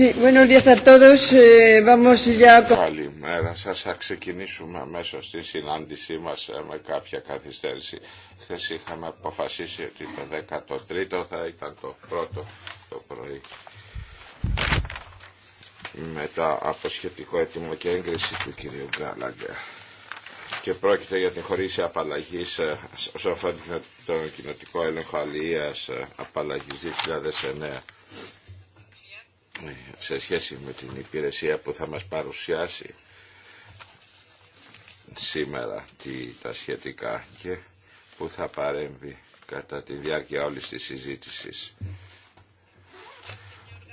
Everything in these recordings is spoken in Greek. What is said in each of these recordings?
Eh, Καλημέρα Σα Θα ξεκινήσουμε αμέσω τη συνάντησή μα ε, με κάποια καθυστέρηση. Χθε είχαμε αποφασίσει ότι το 13ο θα ήταν το πρώτο το πρωί. Μετά από σχετικό έτοιμο και έγκριση του κυρίου Γκάλαγκα. Και πρόκειται για την χωρίση απαλλαγή ε, στον αφορά κοινοτικό έλεγχο αλληλεία ε, απαλλαγή 2009 σε σχέση με την υπηρεσία που θα μας παρουσιάσει σήμερα τα σχετικά και που θα παρέμβει κατά τη διάρκεια όλης της συζήτησης.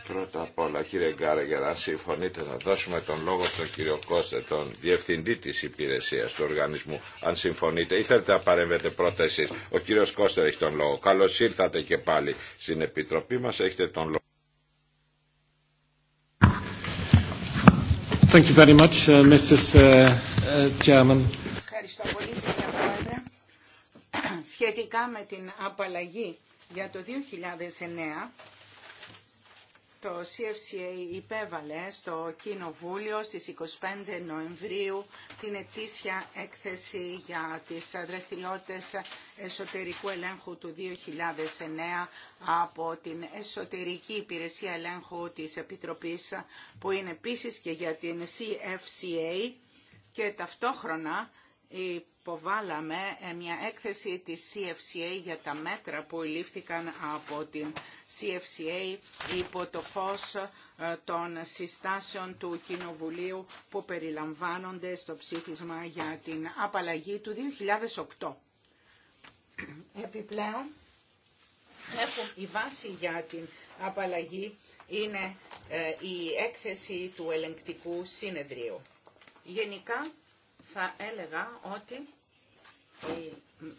Πρώτα απ' όλα κύριε Γκάρα αν συμφωνείτε να δώσουμε τον λόγο στον κύριο Κώστα, τον διευθυντή της υπηρεσίας του οργανισμού, αν συμφωνείτε ή θέλετε να παρέμβετε πρώτα εσείς. Ο κύριος Κώστερ έχει τον λόγο. Καλώς ήρθατε και πάλι στην Επιτροπή μας, έχετε τον λόγο. Thank you uh, uh, uh, Ευχαριστώ πολύ, κύριε Πρόεδρε. Σχετικά με την απαλλαγή για το 2009, το CFCA υπέβαλε στο Κοινοβούλιο στις 25 Νοεμβρίου την ετήσια έκθεση για τις δραστηριότητες εσωτερικού ελέγχου του 2009 από την Εσωτερική Υπηρεσία Ελέγχου της Επιτροπής που είναι επίσης και για την CFCA και ταυτόχρονα υποβάλαμε ε, μια έκθεση της CFCA για τα μέτρα που λήφθηκαν από την CFCA υπό το φως ε, των συστάσεων του Κοινοβουλίου που περιλαμβάνονται στο ψήφισμα για την απαλλαγή του 2008. Επιπλέον, η βάση για την απαλλαγή είναι ε, η έκθεση του ελεγκτικού συνεδρίου. Γενικά θα έλεγα ότι ε,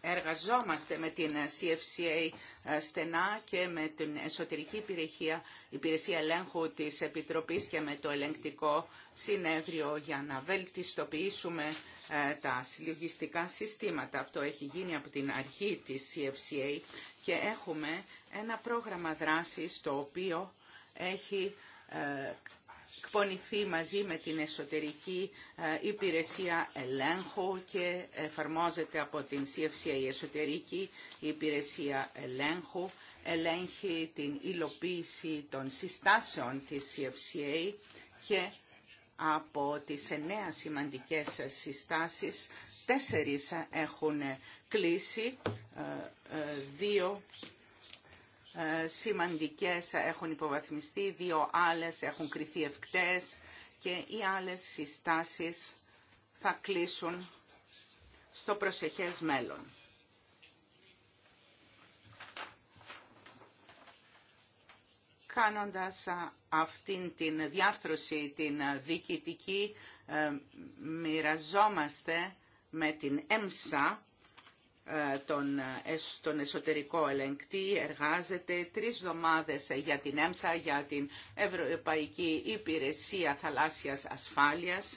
εργαζόμαστε με την CFCA ε, στενά και με την εσωτερική υπηρεσία, υπηρεσία ελέγχου της Επιτροπής και με το ελεγκτικό συνέδριο για να βελτιστοποιήσουμε ε, τα συλλογιστικά συστήματα. Αυτό έχει γίνει από την αρχή της CFCA και έχουμε ένα πρόγραμμα δράσης το οποίο έχει εκπονηθεί μαζί με την εσωτερική ε, υπηρεσία ελέγχου και εφαρμόζεται από την CFCA η εσωτερική υπηρεσία ελέγχου. Ελέγχει την υλοποίηση των συστάσεων της CFCA και από τις εννέα σημαντικές συστάσεις, τέσσερις έχουν κλείσει, ε, ε, δύο ε, σημαντικές έχουν υποβαθμιστεί, δύο άλλες έχουν κρυθεί ευκτές και οι άλλες συστάσεις θα κλείσουν στο προσεχές μέλλον. Κάνοντας αυτήν την διάρθρωση, την διοικητική, ε, μοιραζόμαστε με την ΕΜΣΑ ε, ε, τον, εσωτερικό ελεγκτή, εργάζεται τρεις εβδομάδες για την ΕΜΣΑ, για την Ευρωπαϊκή Υπηρεσία Θαλάσσιας Ασφάλειας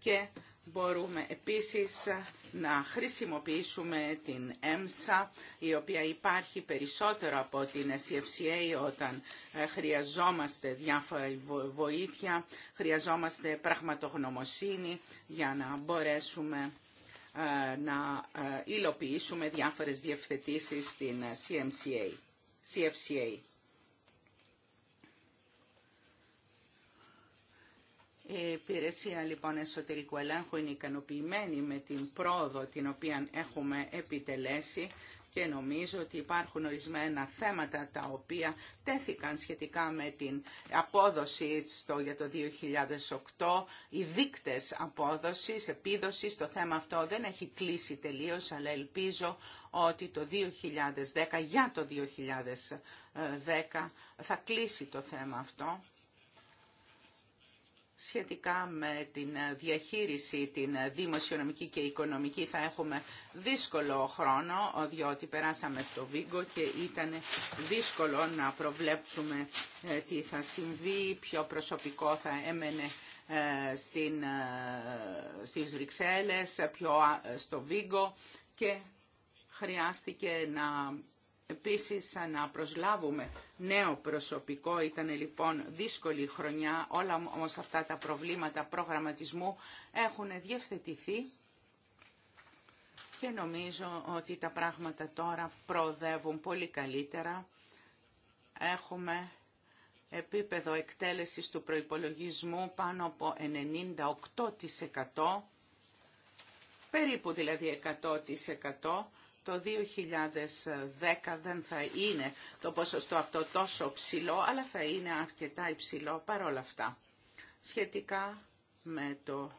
και μπορούμε επίσης να χρησιμοποιήσουμε την ΕΜΣΑ, η οποία υπάρχει περισσότερο από την SFCA όταν ε, χρειαζόμαστε διάφορα βοήθεια, χρειαζόμαστε πραγματογνωμοσύνη για να μπορέσουμε ε, να ε, υλοποιήσουμε διάφορες διευθετήσεις στην ε, CMCA, CFCA. Η υπηρεσία λοιπόν εσωτερικού ελέγχου είναι ικανοποιημένη με την πρόοδο την οποία έχουμε επιτελέσει και νομίζω ότι υπάρχουν ορισμένα θέματα τα οποία τέθηκαν σχετικά με την απόδοση στο, για το 2008, οι δείκτες απόδοσης, επίδοσης, το θέμα αυτό δεν έχει κλείσει τελείως, αλλά ελπίζω ότι το 2010, για το 2010 θα κλείσει το θέμα αυτό σχετικά με την διαχείριση, την δημοσιονομική και οικονομική θα έχουμε δύσκολο χρόνο, διότι περάσαμε στο Βίγκο και ήταν δύσκολο να προβλέψουμε ε, τι θα συμβεί, ποιο προσωπικό θα έμενε ε, στην, ε, στις Βρυξέλλες, ποιο στο Βίγκο και χρειάστηκε να Επίσης να προσλάβουμε νέο προσωπικό ήταν λοιπόν δύσκολη χρονιά, όλα όμως αυτά τα προβλήματα προγραμματισμού έχουν διευθετηθεί και νομίζω ότι τα πράγματα τώρα προοδεύουν πολύ καλύτερα. Έχουμε επίπεδο εκτέλεσης του προϋπολογισμού πάνω από 98%, περίπου δηλαδή 100% το 2010 δεν θα είναι το ποσοστό αυτό τόσο ψηλό, αλλά θα είναι αρκετά υψηλό παρόλα αυτά. Σχετικά με το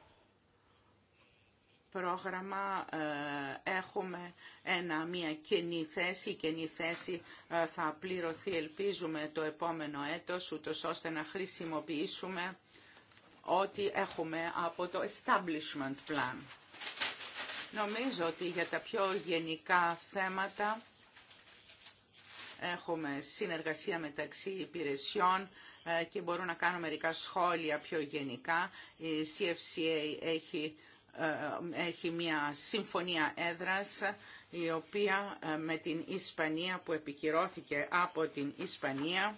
πρόγραμμα ε, έχουμε ένα, μια καινή θέση. Η καινή θέση ε, θα πληρωθεί, ελπίζουμε, το επόμενο έτος, ούτως ώστε να χρησιμοποιήσουμε ό,τι έχουμε από το establishment plan. Νομίζω ότι για τα πιο γενικά θέματα έχουμε συνεργασία μεταξύ υπηρεσιών ε, και μπορώ να κάνω μερικά σχόλια πιο γενικά. Η CFCA έχει, ε, έχει μια συμφωνία έδρας η οποία ε, με την Ισπανία που επικυρώθηκε από την Ισπανία.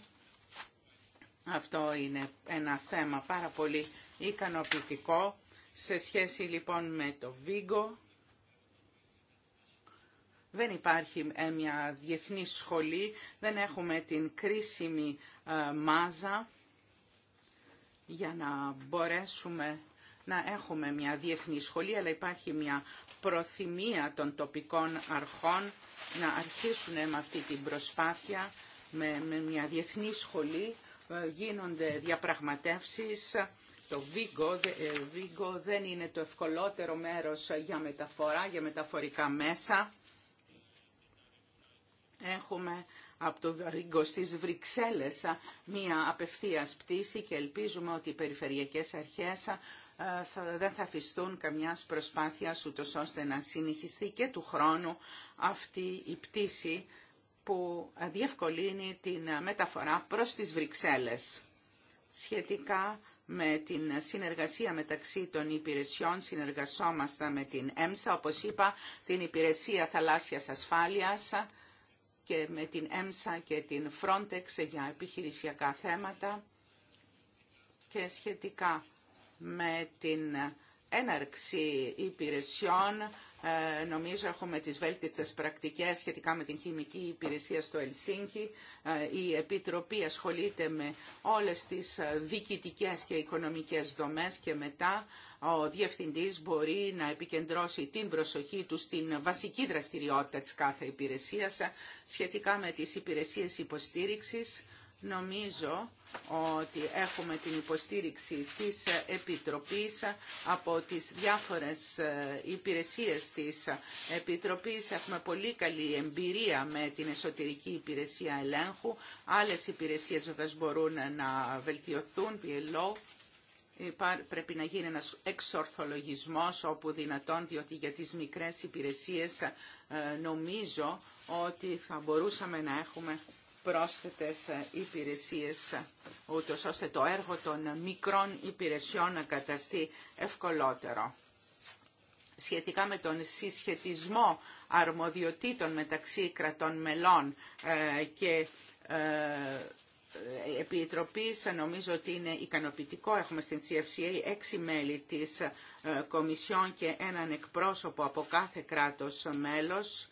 Αυτό είναι ένα θέμα πάρα πολύ ικανοποιητικό σε σχέση λοιπόν με το Βίγκο. Δεν υπάρχει ε, μια διεθνή σχολή, δεν έχουμε την κρίσιμη ε, μάζα για να μπορέσουμε να έχουμε μια διεθνή σχολή, αλλά υπάρχει μια προθυμία των τοπικών αρχών να αρχίσουν με αυτή την προσπάθεια, με, μια διεθνή σχολή, ε, γίνονται διαπραγματεύσεις. Το Βίγκο, δεν είναι το ευκολότερο μέρος για μεταφορά, για μεταφορικά μέσα. Έχουμε από το Ρίγκο στις Βρυξέλλες μία απευθείας πτήση και ελπίζουμε ότι οι περιφερειακές αρχές ε, δεν θα αφιστούν καμιάς προσπάθεια ούτω ώστε να συνεχιστεί και του χρόνου αυτή η πτήση που διευκολύνει την μεταφορά προς τις Βρυξέλλες. Σχετικά με την συνεργασία μεταξύ των υπηρεσιών συνεργασόμαστε με την ΕΜΣΑ, όπως είπα, την Υπηρεσία Θαλάσσιας Ασφάλειας και με την ΕΜΣΑ και την Frontex για επιχειρησιακά θέματα και σχετικά με την έναρξη υπηρεσιών. Ε, νομίζω έχουμε τις βέλτιστες πρακτικές σχετικά με την χημική υπηρεσία στο Ελσίνκι. Ε, η Επιτροπή ασχολείται με όλες τις ε, διοικητικές και οικονομικές δομές και μετά ο Διευθυντής μπορεί να επικεντρώσει την προσοχή του στην βασική δραστηριότητα της κάθε υπηρεσίας σχετικά με τις υπηρεσίες υποστήριξης. Νομίζω ότι έχουμε την υποστήριξη της Επιτροπής από τις διάφορες ε, υπηρεσίες της Επιτροπής. Έχουμε πολύ καλή εμπειρία με την εσωτερική υπηρεσία ελέγχου. Άλλες υπηρεσίες βέβαια μπορούν να βελτιωθούν, πιελό. Πρέπει να γίνει ένας εξορθολογισμός όπου δυνατόν, διότι για τις μικρές υπηρεσίες ε, νομίζω ότι θα μπορούσαμε να έχουμε πρόσθετες υπηρεσίες, ούτως ώστε το έργο των μικρών υπηρεσιών να καταστεί ευκολότερο. Σχετικά με τον συσχετισμό αρμοδιοτήτων μεταξύ κρατών μελών ε, και ε, Επιτροπής νομίζω ότι είναι ικανοποιητικό. Έχουμε στην CFCA έξι μέλη της ε, Κομισιόν και έναν εκπρόσωπο από κάθε κράτος μέλος.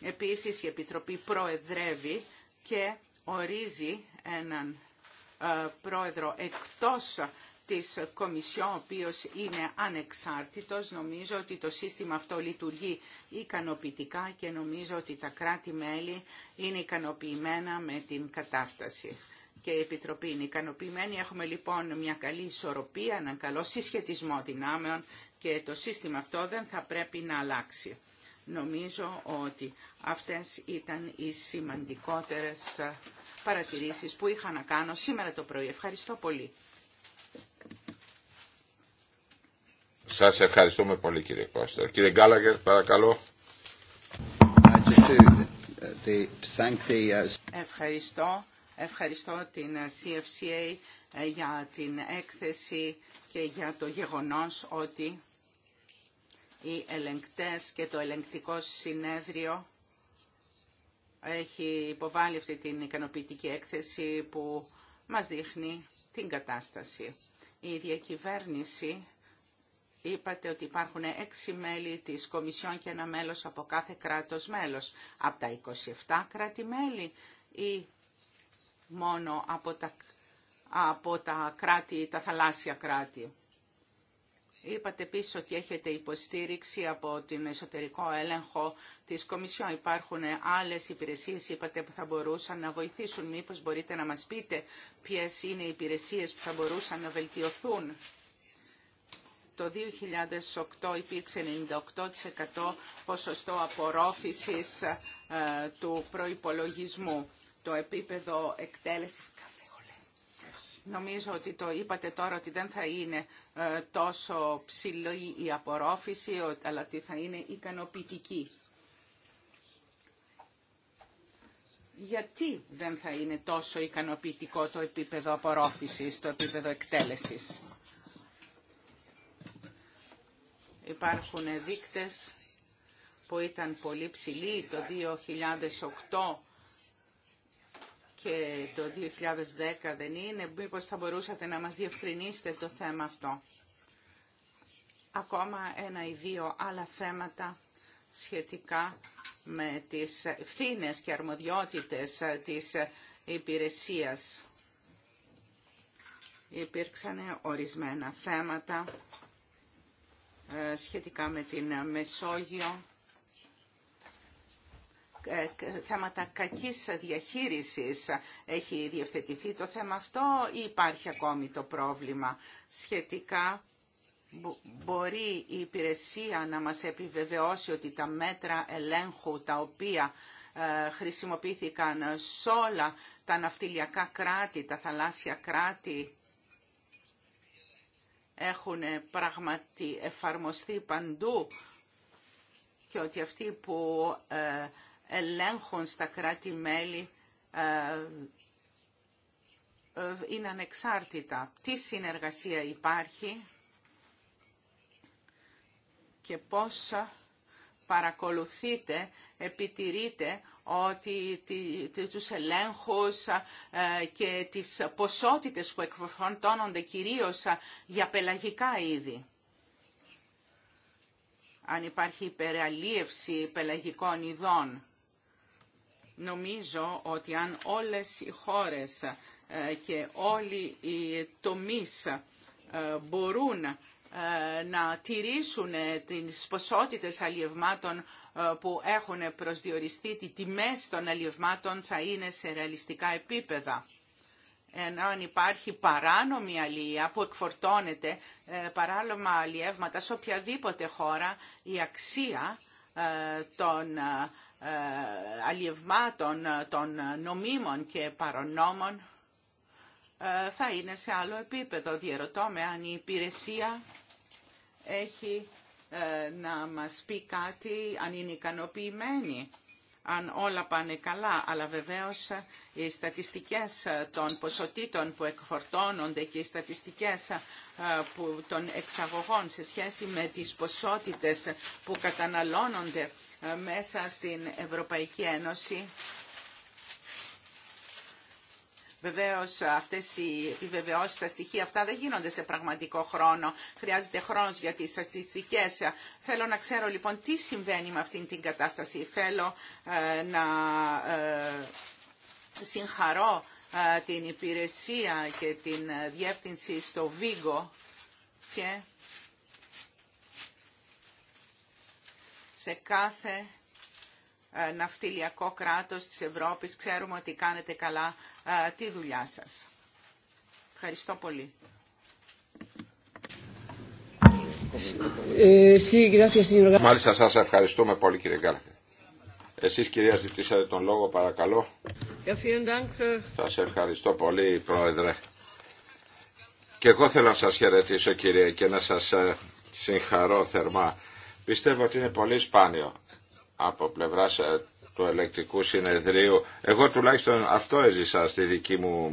Επίσης η Επιτροπή προεδρεύει και ορίζει έναν ε, πρόεδρο εκτός της Κομισιόν, ο οποίος είναι ανεξάρτητος. Νομίζω ότι το σύστημα αυτό λειτουργεί ικανοποιητικά και νομίζω ότι τα κράτη-μέλη είναι ικανοποιημένα με την κατάσταση και η Επιτροπή είναι ικανοποιημένη. Έχουμε λοιπόν μια καλή ισορροπία, έναν καλό συσχετισμό δυνάμεων και το σύστημα αυτό δεν θα πρέπει να αλλάξει. Νομίζω ότι αυτές ήταν οι σημαντικότερες ε, παρατηρήσεις που είχα να κάνω σήμερα το πρωί. Ευχαριστώ πολύ. Σας ευχαριστούμε πολύ κύριε Κώστα. Κύριε Γκάλαγερ, παρακαλώ. Uh, Ευχαριστώ. Ευχαριστώ την ε, CFCA ε, για την έκθεση και για το γεγονός ότι οι ελεγκτές και το ελεγκτικό συνέδριο έχει υποβάλει αυτή την ικανοποιητική έκθεση που μας δείχνει την κατάσταση. Η διακυβέρνηση είπατε ότι υπάρχουν έξι μέλη της Κομισιόν και ένα μέλος από κάθε κράτος μέλος. Από τα 27 κράτη-μέλη ή μόνο από τα, από τα κράτη, τα θαλάσσια κράτη. Είπατε επίσης ότι έχετε υποστήριξη από την εσωτερικό έλεγχο της Κομισιόν. Υπάρχουν άλλες υπηρεσίες, είπατε, που θα μπορούσαν να βοηθήσουν. Μήπως μπορείτε να μας πείτε ποιες είναι οι υπηρεσίες που θα μπορούσαν να βελτιωθούν. Το 2008 υπήρξε 98% ποσοστό απορρόφησης ε, του προϋπολογισμού. Το επίπεδο εκτέλεσης Νομίζω ότι το είπατε τώρα ότι δεν θα είναι ε, τόσο ψηλή η απορρόφηση, αλλά ότι θα είναι ικανοποιητική. Γιατί δεν θα είναι τόσο ικανοποιητικό το επίπεδο απορρόφησης, το επίπεδο εκτέλεσης. Υπάρχουν δείκτες που ήταν πολύ ψηλοί το 2008 και το 2010 δεν είναι. Μήπως θα μπορούσατε να μας διευκρινίσετε το θέμα αυτό. Ακόμα ένα ή δύο άλλα θέματα σχετικά με τις ευθύνε και αρμοδιότητες της υπηρεσίας. Υπήρξαν ορισμένα θέματα ε, σχετικά με την Μεσόγειο θέματα κακής διαχείρισης έχει διευθετηθεί το θέμα αυτό ή υπάρχει ακόμη το πρόβλημα σχετικά μπορεί η υπηρεσία να μας επιβεβαιώσει ότι τα μέτρα ελέγχου τα οποία ε, χρησιμοποιήθηκαν σε όλα τα ναυτιλιακά κράτη, τα θαλάσσια κράτη έχουν πράγματι εφαρμοστεί παντού και ότι αυτοί που ε, ελέγχων στα κράτη-μέλη ε, ε, είναι ανεξάρτητα. Τι συνεργασία υπάρχει και πώς παρακολουθείτε, επιτηρείτε ότι τους ελέγχους ε, και τις ποσότητες που εκφορτώνονται κυρίως για πελαγικά είδη. Αν υπάρχει υπεραλίευση πελαγικών ειδών Νομίζω ότι αν όλες οι χώρες ε, και όλοι οι τομείς ε, μπορούν ε, να τηρήσουν τις ποσότητες αλλιευμάτων που έχουν προσδιοριστεί, τι τιμές των αλλιευμάτων θα είναι σε ρεαλιστικά επίπεδα. Ενώ αν υπάρχει παράνομη αλληλεία που εκφορτώνεται παράνομα αλλιεύματα σε οποιαδήποτε χώρα, η αξία των ε, αλλιευμάτων ε, των νομίμων και παρονόμων ε, θα είναι σε άλλο επίπεδο. Διερωτώ με αν η υπηρεσία έχει να μας πει κάτι, αν είναι ικανοποιημένη αν όλα πάνε καλά, αλλά βεβαίως οι στατιστικές των ποσοτήτων που εκφορτώνονται και οι στατιστικές ε, των εξαγωγών σε σχέση με τις ποσότητες που καταναλώνονται ε, μέσα στην Ευρωπαϊκή Ένωση Βεβαίως αυτές οι επιβεβαιώσεις, τα στοιχεία αυτά δεν γίνονται σε πραγματικό χρόνο. Χρειάζεται χρόνος για τις στατιστικές. Θέλω να ξέρω λοιπόν τι συμβαίνει με αυτήν την κατάσταση. Θέλω ε, να ε, συγχαρώ ε, την υπηρεσία και την διεύθυνση στο Βίγκο και σε κάθε ναυτιλιακό κράτος της Ευρώπης. Ξέρουμε ότι κάνετε καλά τη δουλειά σας. Ευχαριστώ πολύ. Ε, Μάλιστα σας ευχαριστούμε πολύ κύριε Γκάλαφη. Εσείς κυρία ζητήσατε τον λόγο παρακαλώ. Ε. Σας ευχαριστώ πολύ πρόεδρε. Και εγώ θέλω να σας χαιρετήσω κύριε και να σας ε, συγχαρώ θερμά. Πιστεύω ότι είναι πολύ σπάνιο από πλευράς του ελεκτικού συνεδρίου. Εγώ τουλάχιστον αυτό έζησα στη δική μου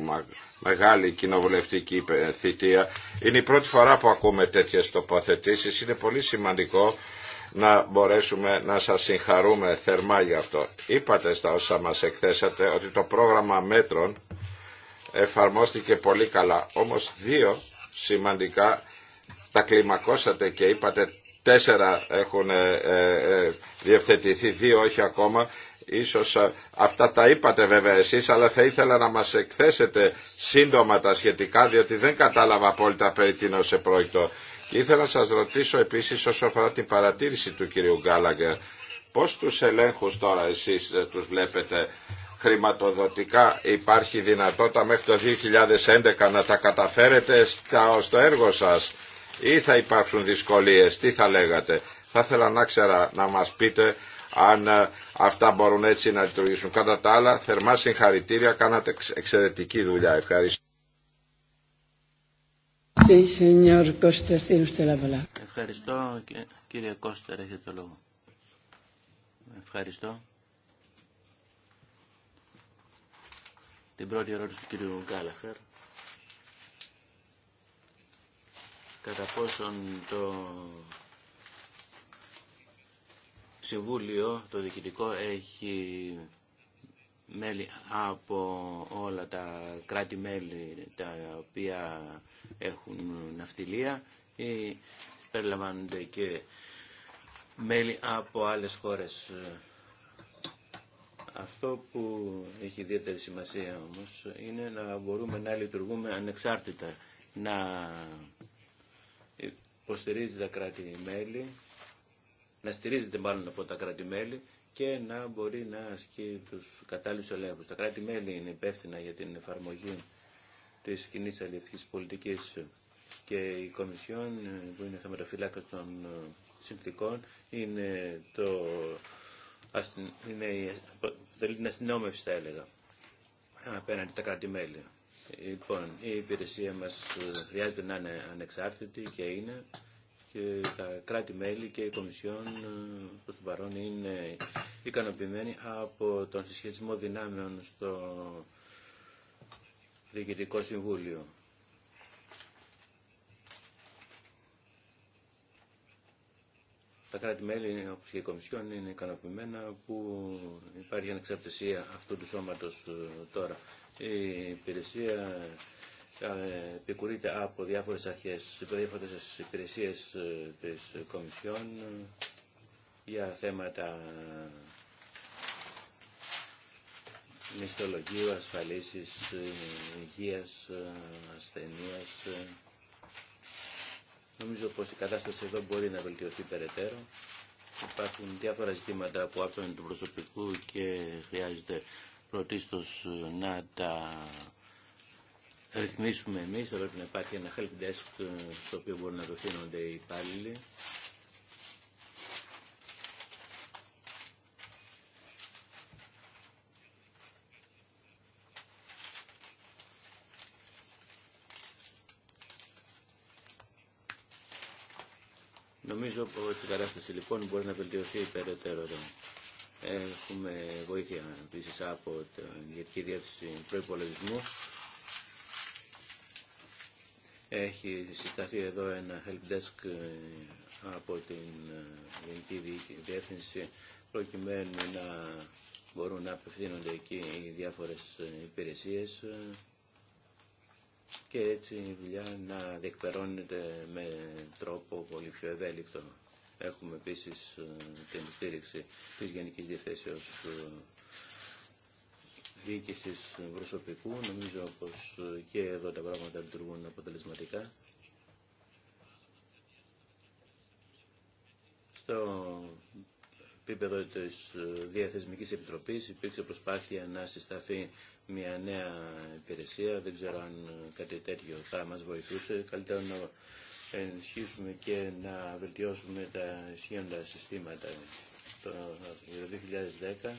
μεγάλη κοινοβουλευτική θητεία. Είναι η πρώτη φορά που ακούμε τέτοιες τοποθετήσεις. Είναι πολύ σημαντικό να μπορέσουμε να σας συγχαρούμε θερμά για αυτό. Είπατε στα όσα μας εκθέσατε ότι το πρόγραμμα μέτρων εφαρμόστηκε πολύ καλά. Όμως δύο σημαντικά τα κλιμακώσατε και είπατε τέσσερα έχουν ε, ε, ε διευθετηθεί, δύο όχι ακόμα Ίσως αυτά τα είπατε βέβαια εσείς, αλλά θα ήθελα να μας εκθέσετε σύντομα τα σχετικά, διότι δεν κατάλαβα απόλυτα περί τίνος επρόκειτο. Και ήθελα να σας ρωτήσω επίσης όσον αφορά την παρατήρηση του κυρίου Γκάλαγκερ, πώς τους ελέγχους τώρα εσείς ε, τους βλέπετε χρηματοδοτικά υπάρχει δυνατότητα μέχρι το 2011 να τα καταφέρετε στο έργο σας ή θα υπάρξουν δυσκολίες, τι θα λέγατε. Θα ήθελα να ξέρα να μας πείτε αν ε, αυτά μπορούν έτσι να λειτουργήσουν. Κατά τα άλλα, θερμά συγχαρητήρια, κάνατε εξαιρετική δουλειά. Ευχαριστώ. Ευχαριστώ κύριε Κώστα, έχετε το λόγο. Ευχαριστώ. Την πρώτη ερώτηση του κύριου Γκάλαχερ. Κατά πόσον το Συμβούλιο, το Διοικητικό, έχει μέλη από όλα τα κράτη-μέλη τα οποία έχουν ναυτιλία ή ε, περιλαμβάνονται και μέλη από άλλες χώρες. Αυτό που έχει ιδιαίτερη σημασία όμως είναι να μπορούμε να λειτουργούμε ανεξάρτητα, να υποστηρίζει τα κράτη-μέλη να στηρίζεται μάλλον από τα κράτη-μέλη και να μπορεί να ασκεί του κατάλληλου ελέγχου. Τα κράτη-μέλη είναι υπεύθυνα για την εφαρμογή της κοινή αλληλευτική πολιτικής και η Κομισιόν που είναι θεματοφύλακα των συνθήκων είναι το είναι η, την αστυνόμευση θα έλεγα απέναντι τα κράτη-μέλη. Λοιπόν, η υπηρεσία μας ε, χρειάζεται να είναι ανεξάρτητη και είναι τα κράτη-μέλη και η Κομισιόν ε, προ τον παρόν είναι ικανοποιημένοι από τον συσχετισμό δυνάμεων στο Διοικητικό Συμβούλιο. Τα κράτη-μέλη, και η Κομισιόν, είναι ικανοποιημένα που υπάρχει ανεξαρτησία αυτού του σώματος ε, τώρα. Η υπηρεσία ε, επικουρείται από διάφορες αρχές, διάφορες υπηρεσίες ε, της Κομισιόν ε, για θέματα μισθολογίου, ασφαλίσεις, υγείας, ασθενείας. Νομίζω πως η κατάσταση εδώ μπορεί να βελτιωθεί περαιτέρω. Υπάρχουν διάφορα ζητήματα που άπτονται του προσωπικού και χρειάζεται πρωτίστως να τα ρυθμίσουμε εμείς, θα πρέπει να υπάρχει ένα help desk στο οποίο μπορούν να απευθύνονται οι υπάλληλοι. Νομίζω ότι η κατάσταση λοιπόν μπορεί να βελτιωθεί περαιτέρω. Έχουμε βοήθεια επίση από την Γενική Διεύθυνση Προπολογισμού έχει συσταθεί εδώ ένα help desk ε, από την ε, Γενική Διεύθυνση προκειμένου να μπορούν να απευθύνονται εκεί οι διάφορες ε, υπηρεσίες και έτσι η δουλειά να διεκπερώνεται με τρόπο πολύ πιο ευέλικτο. Έχουμε επίσης την στήριξη της Γενικής Διευθύνσης διοίκησης προσωπικού. Νομίζω πως ε, και εδώ τα πράγματα λειτουργούν αποτελεσματικά. Στο επίπεδο της ε, Διαθεσμικής Επιτροπής υπήρξε προσπάθεια να συσταθεί μια νέα υπηρεσία. Δεν ξέρω αν ε, κάτι τέτοιο θα μας βοηθούσε. Καλύτερα να ενισχύσουμε και να βελτιώσουμε τα ισχύοντα συστήματα το 2010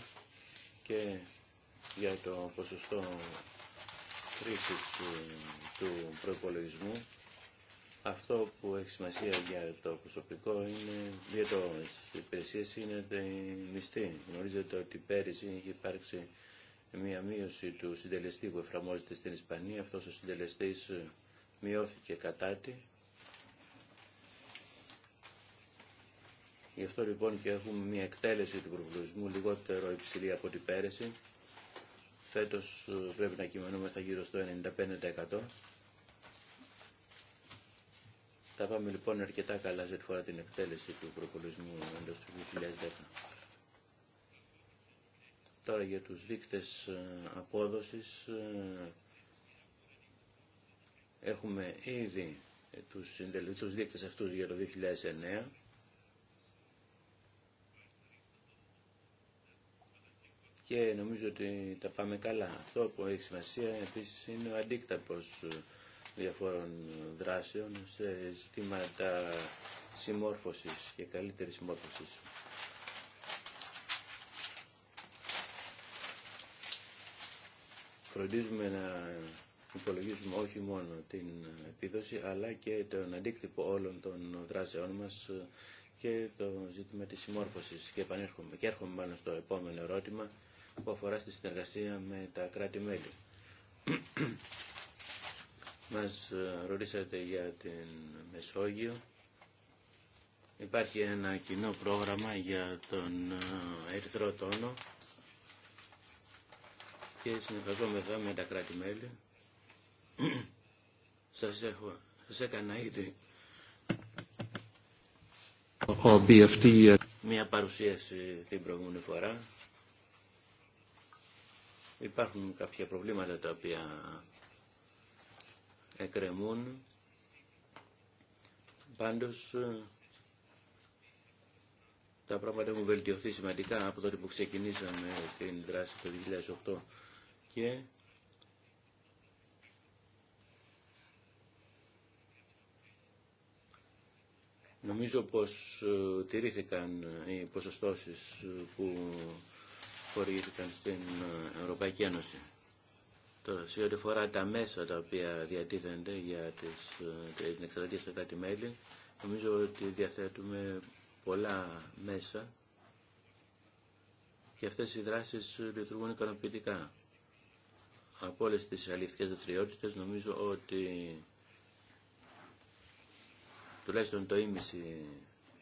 και για το ποσοστό χρήσης ε, του προπολογισμού, Αυτό που έχει σημασία για το προσωπικό είναι, για το υπηρεσίες είναι το μισθή. Γνωρίζετε ότι πέρυσι είχε υπάρξει μια μείωση του συντελεστή που εφαρμόζεται στην Ισπανία. Αυτός ο συντελεστής ε, μειώθηκε κατά τη. Γι' αυτό λοιπόν και έχουμε μια εκτέλεση του προβλησμού λιγότερο υψηλή από την πέρυσι Φέτος ε, πρέπει να θα γύρω στο 95%. Τα πάμε λοιπόν αρκετά καλά σε φορά την εκτέλεση του προπολισμού εντός του 2010. Τώρα για τους δείκτες ε, απόδοσης ε, έχουμε ήδη τους δείκτες αυτούς για το 2009 και νομίζω ότι τα πάμε καλά. Αυτό που έχει σημασία επίσης είναι ο αντίκταπος ε, διαφόρων δράσεων σε ζητήματα συμμόρφωσης και καλύτερης συμμόρφωσης. Φροντίζουμε να υπολογίζουμε όχι μόνο την επίδοση αλλά και τον αντίκτυπο όλων των δράσεών μας ε, και το ζήτημα της συμμόρφωσης και επανέρχομαι και έρχομαι πάνω στο επόμενο ερώτημα που αφορά στη συνεργασία με τα κράτη-μέλη. Μας ε, ρωτήσατε για την Μεσόγειο. Υπάρχει ένα κοινό πρόγραμμα για τον ε, Ερυθρό Τόνο και συνεργαζόμεθα με τα κράτη-μέλη. Σας, έχω, σας έκανα ήδη ε, μια παρουσίαση την προηγούμενη φορά Υπάρχουν κάποια προβλήματα τα οποία εκρεμούν. Πάντως τα πράγματα έχουν βελτιωθεί σημαντικά από τότε που ξεκινήσαμε την δράση το 2008 και νομίζω πως ε, τηρήθηκαν οι ποσοστώσεις που χορηγήθηκαν στην ε, Ευρωπαϊκή Ένωση. Τώρα, σε ό,τι αφορά τα μέσα τα οποία διατίθενται για τις, ε, την εξαρτήση στα κράτη-μέλη, νομίζω ότι διαθέτουμε πολλά μέσα και αυτές οι δράσεις λειτουργούν ικανοποιητικά. Από όλες τις αληθικές δραστηριότητε νομίζω ότι τουλάχιστον το ίμιση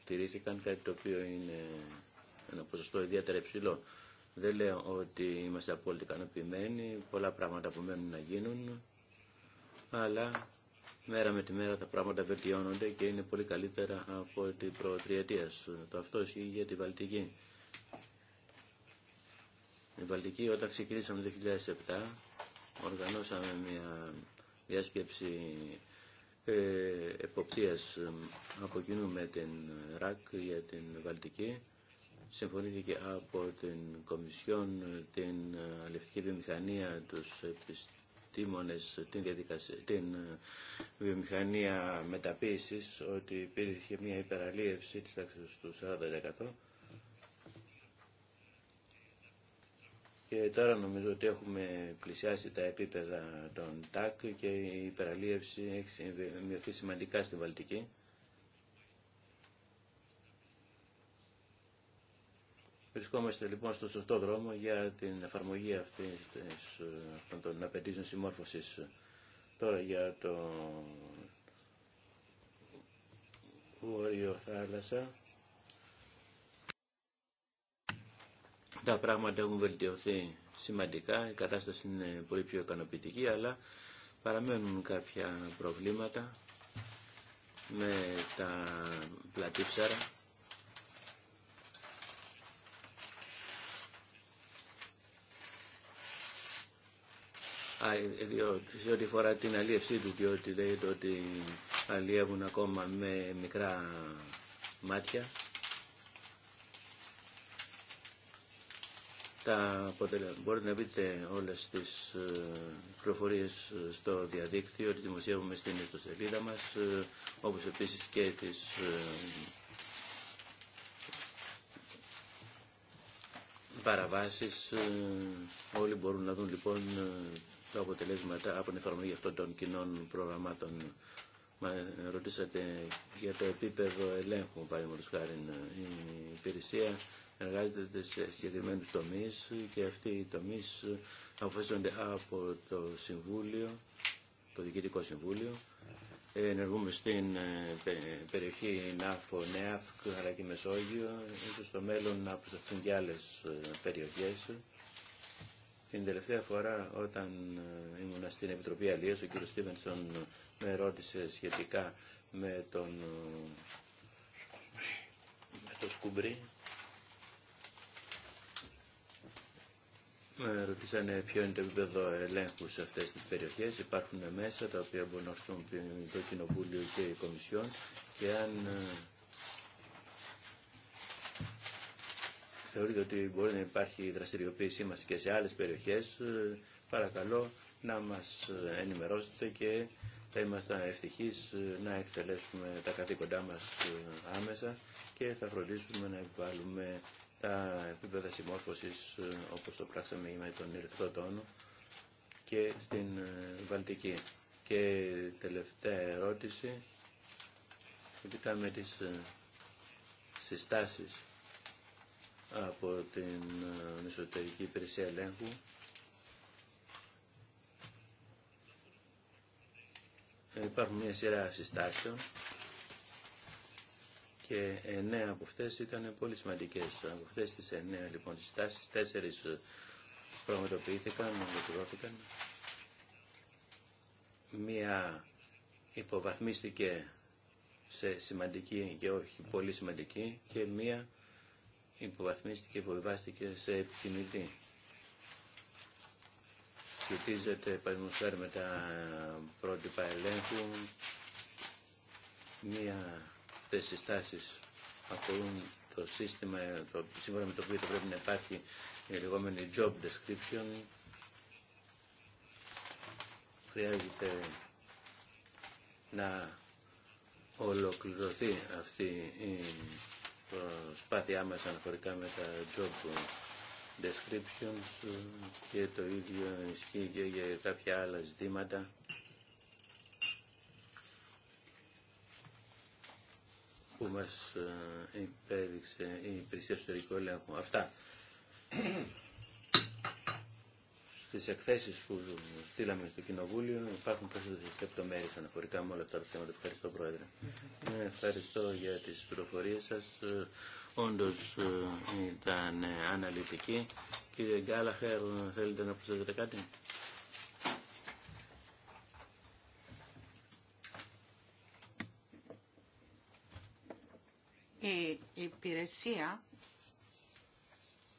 τηρήθηκαν, κάτι το οποίο είναι ένα ποσοστό ιδιαίτερα υψηλό. Δεν λέω ότι είμαστε απόλυτα ικανοποιημένοι, πολλά πράγματα που μένουν να γίνουν, αλλά μέρα με τη μέρα τα πράγματα βελτιώνονται και είναι πολύ καλύτερα από την προτριετία Το αυτό ισχύει για τη Βαλτική. Η Βαλτική όταν ξεκινήσαμε το 2007 οργανώσαμε μια διάσκεψη ε, εποπτείας ε, από κοινού με την ΡΑΚ για την Βαλτική συμφωνήθηκε από την Κομισιόν, ε, την ε, Αλευτική Βιομηχανία, τους επιστήμονες, την, διαδικασία, την ε, βιομηχανία μεταποίησης, ότι υπήρχε μια υπεραλίευση της τάξης του 40% Και τώρα νομίζω ότι έχουμε πλησιάσει τα επίπεδα των ΤΑΚ και η υπεραλίευση έχει μειωθεί σημαντικά στην Βαλτική. Βρισκόμαστε λοιπόν στο σωστό δρόμο για την εφαρμογή αυτή ε, των απαιτήσεων συμμόρφωσης τώρα για το Βόρειο Θάλασσα. Τα πράγματα έχουν βελτιωθεί σημαντικά, η κατάσταση είναι πολύ πιο ικανοποιητική, αλλά παραμένουν κάποια προβλήματα με τα πλατή Ε, ε, σε ό,τι φορά την αλίευσή του, διότι λέγεται ότι αλίευουν ακόμα με μικρά μάτια. Τα Μπορείτε να βρείτε όλες τις ε, προφορίες στο διαδίκτυο, ότι δημοσιεύουμε στην ιστοσελίδα μας, όπως επίσης και τις παραβάσεις. Όλοι μπορούν να δουν λοιπόν τα αποτελέσματα από την εφαρμογή αυτών των κοινών προγραμμάτων. Μα ρωτήσατε για το επίπεδο ελέγχου, παραδείγματο χάρη, η υπηρεσία εργάζεται σε συγκεκριμένου τομεί και αυτοί οι τομεί αποφασίζονται από το Συμβούλιο, το Διοικητικό Συμβούλιο. Ενεργούμε στην ε, περιοχή ΝΑΦΟ, ΝΕΑΦΚ, αλλά και Μεσόγειο, ίσως στο μέλλον να προσταθούν και άλλες ε, περιοχές. Την τελευταία φορά όταν ε, ήμουν στην Επιτροπή Αλίας, ο κ. Στίβενσον ε, με ρώτησε σχετικά με τον ε, με το σκουμπρί. Με ρωτήσανε ποιο είναι το επίπεδο ελέγχου σε αυτές τις περιοχές. Υπάρχουν μέσα τα οποία μπορούν να χρησιμοποιούν το Κοινοβούλιο και η Κομισιόν και αν θεωρείτε ότι μπορεί να υπάρχει δραστηριοποίησή μας και σε άλλες περιοχές, ε, παρακαλώ να μας ενημερώσετε και θα είμαστε ευτυχείς ε, να εκτελέσουμε τα καθήκοντά μας ε, άμεσα και θα φροντίσουμε να επιβάλλουμε τα επίπεδα συμμόρφωσης όπως το πράξαμε με τον ερυθρό τόνο και στην Βαλτική. Και τελευταία ερώτηση σχετικά με τις συστάσεις από την ε, Εσωτερική Υπηρεσία Ελέγχου υπάρχουν μια σειρά συστάσεων και εννέα από αυτές ήταν πολύ σημαντικές. Από αυτές τις εννέα λοιπόν συστάσεις, τέσσερις πραγματοποιήθηκαν, ολοκληρώθηκαν. Μία υποβαθμίστηκε σε σημαντική και όχι πολύ σημαντική και μία υποβαθμίστηκε, υποβιβάστηκε σε επιθυμητή. Σχετίζεται, παραδείγματος με τα πρότυπα ελέγχου, μία τις συστάσεις αφορούν το σύστημα το, σύμφωνα με το οποίο θα πρέπει να υπάρχει η λεγόμενη job description. Χρειάζεται να ολοκληρωθεί αυτή η σπάθειά μας αναφορικά με τα job descriptions ε, και το ίδιο ισχύει και για κάποια άλλα ζητήματα. που μας ε, υπέδειξε η υπηρεσία ιστορικού Αυτά. Στις εκθέσεις που στείλαμε στο Κοινοβούλιο υπάρχουν περισσότερες λεπτομέρειες αναφορικά με όλα αυτά τα θέματα. Ευχαριστώ Πρόεδρε. Ε, ευχαριστώ για τις πληροφορίε σας. Ε, όντως ε, ήταν αναλυτική. Κύριε Γκάλαχερ, θέλετε να προσθέσετε κάτι. Η υπηρεσία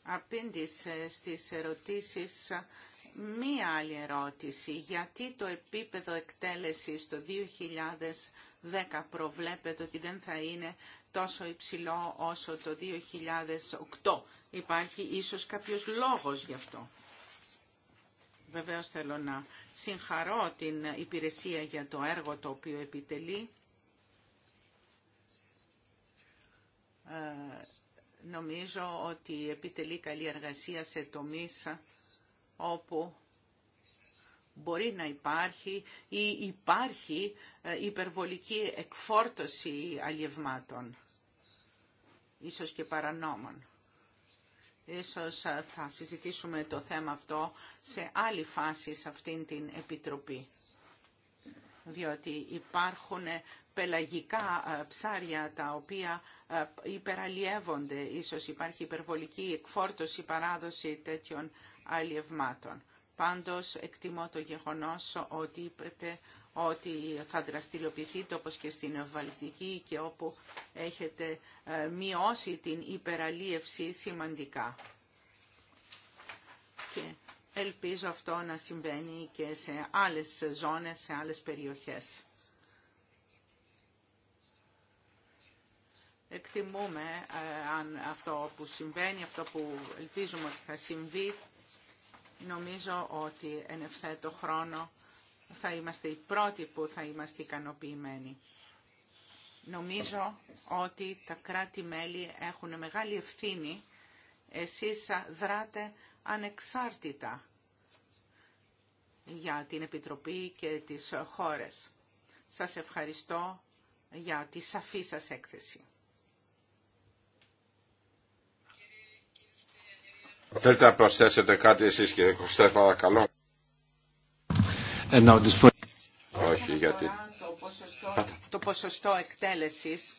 απήντησε στις ερωτήσεις μία άλλη ερώτηση. Γιατί το επίπεδο εκτέλεσης το 2010 προβλέπεται ότι δεν θα είναι τόσο υψηλό όσο το 2008. Υπάρχει ίσως κάποιος λόγος γι' αυτό. Βεβαίως θέλω να συγχαρώ την υπηρεσία για το έργο το οποίο επιτελεί. Ε, νομίζω ότι επιτελεί καλή εργασία σε τομείς όπου μπορεί να υπάρχει ή υπάρχει ε, υπερβολική εκφόρτωση αλλιευμάτων, ίσως και παρανόμων. Ίσως ε, θα συζητήσουμε το θέμα αυτό σε άλλη φάση σε αυτήν την Επιτροπή, διότι υπάρχουν ε, πελαγικά ψάρια τα οποία υπεραλλιεύονται. Ίσως υπάρχει υπερβολική εκφόρτωση, παράδοση τέτοιων αλλιευμάτων. Πάντως εκτιμώ το γεγονός ότι είπετε ότι θα δραστηριοποιηθείτε όπως και στην Βαλτική και όπου έχετε ε, μειώσει την υπεραλίευση σημαντικά. Και ελπίζω αυτό να συμβαίνει και σε άλλες ζώνες, σε άλλες περιοχές. Εκτιμούμε ε, αν αυτό που συμβαίνει, αυτό που ελπίζουμε ότι θα συμβεί Νομίζω ότι εν ευθέτω χρόνο θα είμαστε οι πρώτοι που θα είμαστε ικανοποιημένοι. Νομίζω ότι τα κράτη-μέλη έχουν μεγάλη ευθύνη. Εσείς δράτε ανεξάρτητα για την Επιτροπή και τις χώρες. Σας ευχαριστώ για τη σαφή σας έκθεση. Θέλετε να προσθέσετε κάτι εσείς κύριε Κωστέ, παρακαλώ. Ε, Όχι, γιατί... Το ποσοστό, το ποσοστό εκτέλεσης,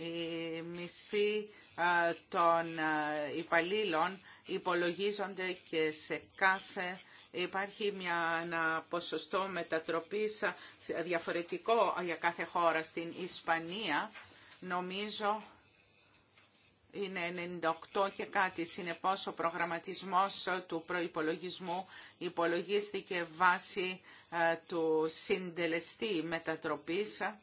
η μισθή των υπαλλήλων υπολογίζονται και σε κάθε υπάρχει μια, ένα ποσοστό μετατροπής διαφορετικό για κάθε χώρα. Στην Ισπανία νομίζω είναι 98 και κάτι. Συνεπώς ο προγραμματισμός του προϋπολογισμού υπολογίστηκε βάσει ε, του συντελεστή μετατροπής ε,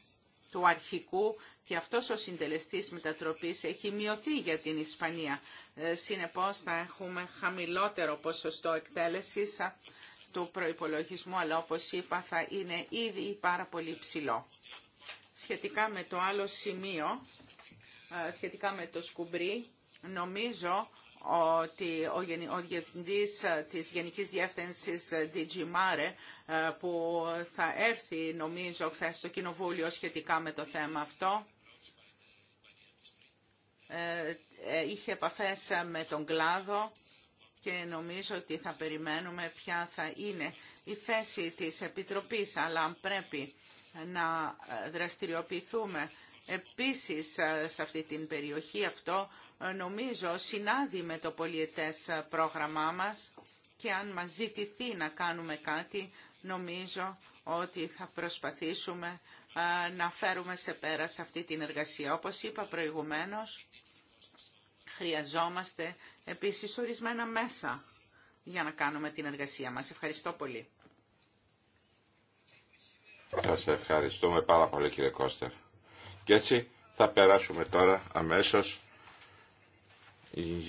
του αρχικού και αυτός ο συντελεστής μετατροπής έχει μειωθεί για την Ισπανία. Ε, συνεπώς θα έχουμε χαμηλότερο ποσοστό εκτέλεσης του προϋπολογισμού, αλλά όπως είπα θα είναι ήδη πάρα πολύ ψηλό. Σχετικά με το άλλο σημείο, σχετικά με το σκουμπρί. Νομίζω ότι ο διευθυντής της Γενικής Διεύθυνσης DG Mare που θα έρθει νομίζω χθε στο Κοινοβούλιο σχετικά με το θέμα αυτό ε, ε, είχε επαφές με τον κλάδο και νομίζω ότι θα περιμένουμε ποια θα είναι η θέση της Επιτροπής αλλά αν πρέπει να ε, δραστηριοποιηθούμε επίσης ε, σε αυτή την περιοχή. Αυτό ε, νομίζω συνάδει με το πολιετές ε, πρόγραμμά μας και αν μας ζητηθεί να κάνουμε κάτι νομίζω ότι θα προσπαθήσουμε να φέρουμε σε πέρα σε αυτή την εργασία. Όπως είπα προηγουμένως, χρειαζόμαστε επίσης ορισμένα μέσα για να κάνουμε την εργασία μας. Ευχαριστώ πολύ. Σας ευχαριστούμε πάρα πολύ κύριε Κώστερ. Και έτσι θα περάσουμε τώρα αμέσως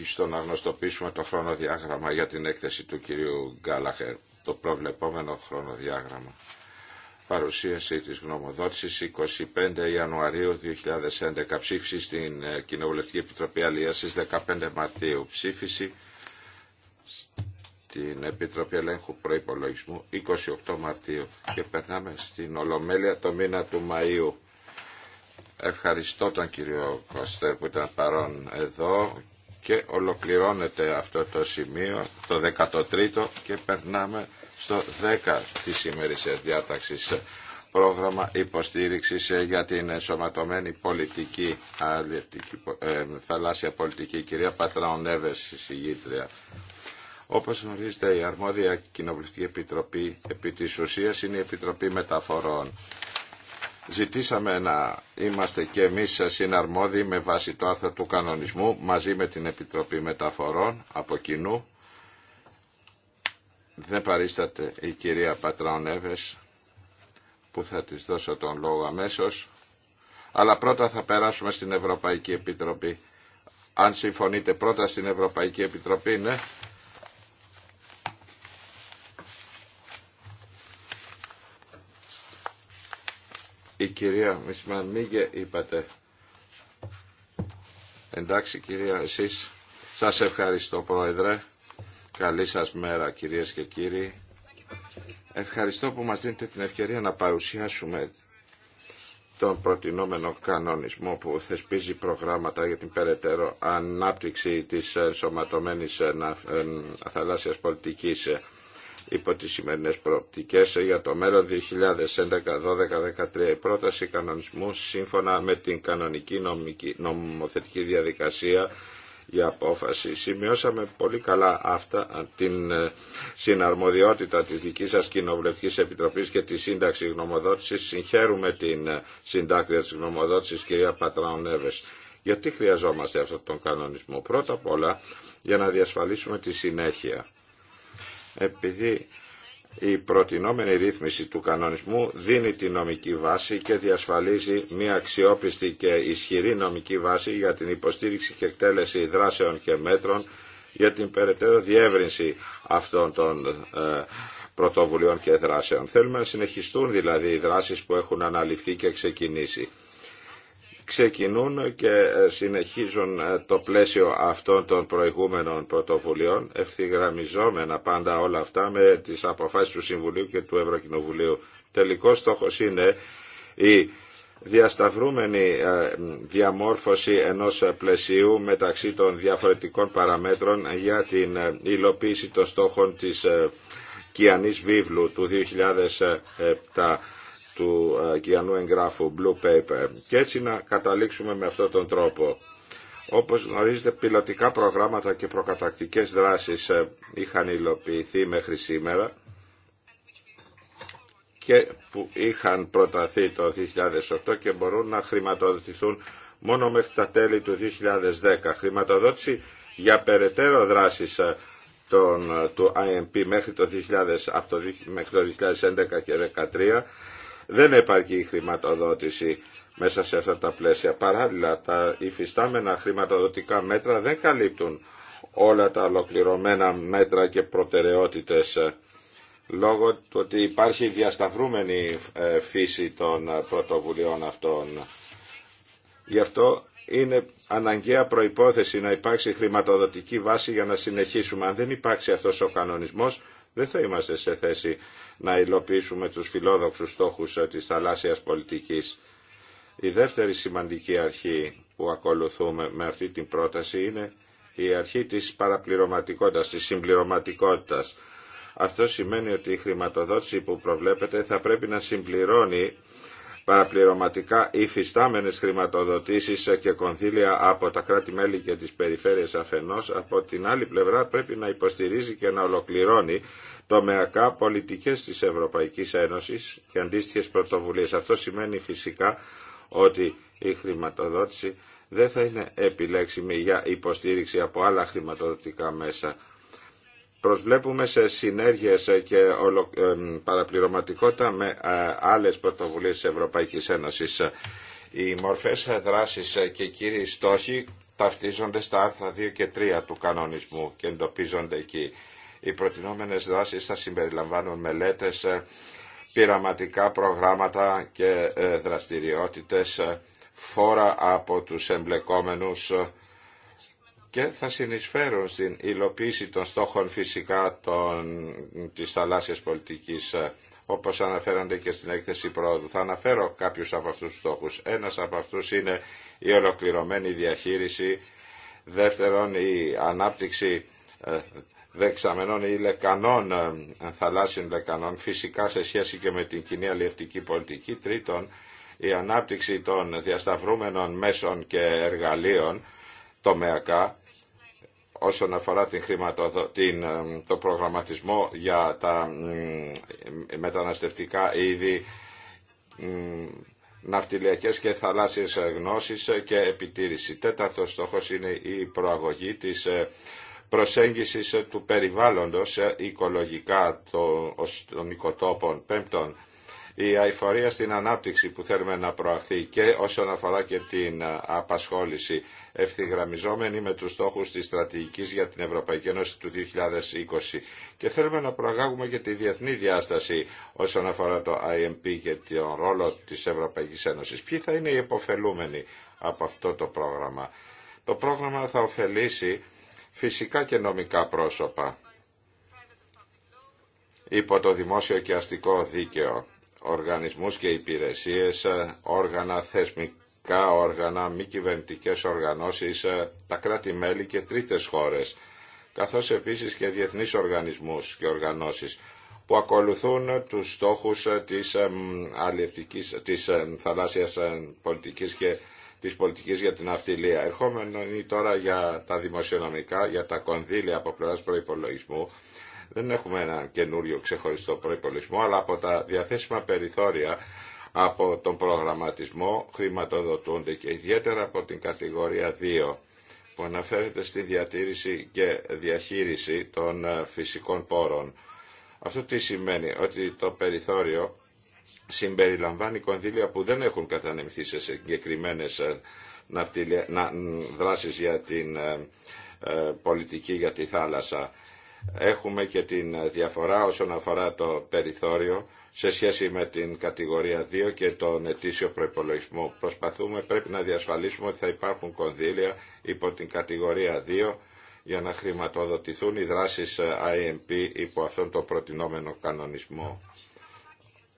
στο να γνωστοποιήσουμε το χρονοδιάγραμμα για την έκθεση του κυρίου Γκάλαχερ, το προβλεπόμενο χρονοδιάγραμμα. Παρουσίαση της γνωμοδότησης 25 Ιανουαρίου 2011, ψήφιση στην ε, Κοινοβουλευτική Επιτροπή Αλίας 15 Μαρτίου, ψήφιση στην Επιτροπή Ελέγχου Προϋπολογισμού 28 Μαρτίου και περνάμε στην Ολομέλεια το μήνα του Μαΐου Ευχαριστώ τον κύριο Κώστερ που ήταν παρόν εδώ και ολοκληρώνεται αυτό το σημείο, το 13ο και περνάμε στο 10 της σήμερης διάταξης πρόγραμμα υποστήριξης ε, για την ενσωματωμένη πολιτική ε, θαλάσσια πολιτική. Κυρία Πατράων Νέβες, συγγήτρια. Όπως γνωρίζετε, η αρμόδια κοινοβουλευτική επιτροπή επί της ουσίας είναι η Επιτροπή Μεταφορών ζητήσαμε να είμαστε και εμείς συναρμόδιοι με βάση το άρθρο του κανονισμού μαζί με την Επιτροπή Μεταφορών από κοινού. Δεν παρίσταται η κυρία Πατραονέβες που θα της δώσω τον λόγο αμέσως. Αλλά πρώτα θα περάσουμε στην Ευρωπαϊκή Επιτροπή. Αν συμφωνείτε πρώτα στην Ευρωπαϊκή Επιτροπή, ναι. Η κυρία Μισμαν είπατε. Εντάξει κυρία εσείς. Σας ευχαριστώ πρόεδρε. Καλή σας μέρα κυρίες και κύριοι. Ευχαριστώ που μας δίνετε την ευκαιρία να παρουσιάσουμε τον προτινόμενο κανονισμό που θεσπίζει προγράμματα για την περαιτέρω ανάπτυξη της ενσωματωμένης ε, ε, θαλάσσιας πολιτικής υπό τις σημερινές προοπτικές για το μέλλον 2011-2012-2013. Η πρόταση κανονισμού σύμφωνα με την κανονική νομική, νομοθετική διαδικασία για απόφαση. Σημειώσαμε πολύ καλά αυτά την ε, συναρμοδιότητα της δικής σας Κοινοβουλευτικής Επιτροπής και τη σύνταξη γνωμοδότησης. Συγχαίρουμε την ε, συντάκτρια της γνωμοδότησης κυρία Πατράων Γιατί χρειαζόμαστε αυτόν τον κανονισμό. Πρώτα απ' όλα για να διασφαλίσουμε τη συνέχεια επειδή η προτινόμενη ρύθμιση του κανονισμού δίνει τη νομική βάση και διασφαλίζει μια αξιόπιστη και ισχυρή νομική βάση για την υποστήριξη και εκτέλεση δράσεων και μέτρων για την περαιτέρω διεύρυνση αυτών των ε, πρωτοβουλειών και δράσεων. Θέλουμε να συνεχιστούν δηλαδή οι δράσεις που έχουν αναλυφθεί και ξεκινήσει ξεκινούν και ε, συνεχίζουν ε, το πλαίσιο αυτών των προηγούμενων πρωτοβουλειών, ευθυγραμμιζόμενα πάντα όλα αυτά με τις αποφάσεις του Συμβουλίου και του Ευρωκοινοβουλίου. Τελικός στόχος είναι η διασταυρούμενη ε, διαμόρφωση ενός πλαισίου μεταξύ των διαφορετικών παραμέτρων για την υλοποίηση των στόχων της Κιανής Βίβλου του 2007 του ε, κιανού εγγράφου Blue Paper και έτσι να καταλήξουμε με αυτόν τον τρόπο. Όπως γνωρίζετε, πιλωτικά προγράμματα και προκατακτικές δράσεις ε, είχαν υλοποιηθεί μέχρι σήμερα και που είχαν προταθεί το 2008 και μπορούν να χρηματοδοτηθούν μόνο μέχρι τα τέλη του 2010. Χρηματοδότηση για περαιτέρω δράσεις ε, των, του IMP μέχρι το, 2000, από το, μέχρι το 2011 και 2013 δεν επαρκεί η χρηματοδότηση μέσα σε αυτά τα πλαίσια. Παράλληλα, τα υφιστάμενα χρηματοδοτικά μέτρα δεν καλύπτουν όλα τα ολοκληρωμένα μέτρα και προτεραιότητες ε, λόγω του ότι υπάρχει διασταυρούμενη ε, φύση των ε, πρωτοβουλειών αυτών. Γι' αυτό είναι αναγκαία προϋπόθεση να υπάρξει χρηματοδοτική βάση για να συνεχίσουμε. Αν δεν υπάρξει αυτός ο κανονισμός, δεν θα είμαστε σε θέση να υλοποιήσουμε τους φιλόδοξους στόχους ε, της θαλάσσιας πολιτικής. Η δεύτερη σημαντική αρχή που ακολουθούμε με αυτή την πρόταση είναι η αρχή της παραπληρωματικότητας, της συμπληρωματικότητας. Αυτό σημαίνει ότι η χρηματοδότηση που προβλέπεται θα πρέπει να συμπληρώνει παραπληρωματικά υφιστάμενες χρηματοδοτήσεις ε, και κονδύλια από τα κράτη-μέλη και τις περιφέρειες αφενός, από την άλλη πλευρά πρέπει να υποστηρίζει και να ολοκληρώνει τομεακά πολιτικές της Ευρωπαϊκής Ένωσης και αντίστοιχες πρωτοβουλίες. Αυτό σημαίνει φυσικά ότι η χρηματοδότηση δεν θα είναι επιλέξιμη για υποστήριξη από άλλα χρηματοδοτικά μέσα. Προσβλέπουμε σε συνέργειες και παραπληρωματικότητα με ε, άλλες πρωτοβουλίες της Ευρωπαϊκής Ένωσης. Οι μορφές δράσης και κύριοι στόχοι ταυτίζονται στα άρθρα 2 και 3 του κανονισμού και εντοπίζονται εκεί. Οι προτινόμενες δράσεις θα συμπεριλαμβάνουν μελέτες, ε, πειραματικά προγράμματα και ε, δραστηριότητες, ε, φόρα από τους εμπλεκόμενους και θα συνεισφέρουν στην υλοποίηση των στόχων φυσικά των, της θαλάσσιας πολιτικής όπως αναφέρονται και στην έκθεση πρόοδου. Θα αναφέρω κάποιους από αυτούς τους στόχους. Ένας από αυτούς είναι η ολοκληρωμένη διαχείριση, δεύτερον η ανάπτυξη δεξαμενών ή λεκανών, ε, θαλάσσιων λεκανών, φυσικά σε σχέση και με την κοινή αλληλευτική πολιτική. Τρίτον, η ανάπτυξη των διασταυρούμενων μέσων και εργαλείων τομεακά όσον αφορά την χρηματοδο... την, ε, το προγραμματισμό για τα μεταναστευτικά είδη ναυτιλιακές και θαλάσσιες γνώσεις και επιτήρηση. Τέταρτος στόχος είναι η προαγωγή της ε, προσέγγισης του περιβάλλοντος ε, οικολογικά των οικοτόπων. Πέμπτον, η αηφορία στην ανάπτυξη που θέλουμε να προαχθεί και όσον αφορά και την ε, απασχόληση ευθυγραμμιζόμενη με τους στόχους της στρατηγικής για την Ευρωπαϊκή Ένωση του 2020 και θέλουμε να προαγάγουμε και τη διεθνή διάσταση όσον αφορά το IMP και τον ρόλο της Ευρωπαϊκής Ένωσης. Ποιοι θα είναι οι εποφελούμενοι από αυτό το πρόγραμμα. Το πρόγραμμα θα ωφελήσει φυσικά και νομικά πρόσωπα υπό το δημόσιο και αστικό δίκαιο, οργανισμούς και υπηρεσίες, όργανα θεσμικά όργανα, μη κυβερνητικέ οργανώσεις, τα κράτη-μέλη και τρίτες χώρες, καθώς επίσης και διεθνείς οργανισμούς και οργανώσεις που ακολουθούν τους στόχους της, αλληλευτικής, της θαλάσσιας πολιτικής και Τη πολιτική για την αυτιλία. Ερχόμενοι τώρα για τα δημοσιονομικά, για τα κονδύλια από πλευρά προπολογισμού. δεν έχουμε ένα καινούριο ξεχωριστό προπολογισμό, αλλά από τα διαθέσιμα περιθώρια από τον προγραμματισμό χρηματοδοτούνται και ιδιαίτερα από την κατηγορία 2 που αναφέρεται στη διατήρηση και διαχείριση των ε, φυσικών πόρων. Αυτό τι σημαίνει, ότι το περιθώριο συμπεριλαμβάνει κονδύλια που δεν έχουν κατανεμηθεί σε συγκεκριμένε ε, δράσεις για την ε, ε, πολιτική για τη θάλασσα. Έχουμε και την διαφορά όσον αφορά το περιθώριο σε σχέση με την κατηγορία 2 και τον ετήσιο προπολογισμό. Προσπαθούμε, πρέπει να διασφαλίσουμε ότι θα υπάρχουν κονδύλια υπό την κατηγορία 2 για να χρηματοδοτηθούν οι δράσεις IMP υπό αυτόν τον προτινόμενο κανονισμό.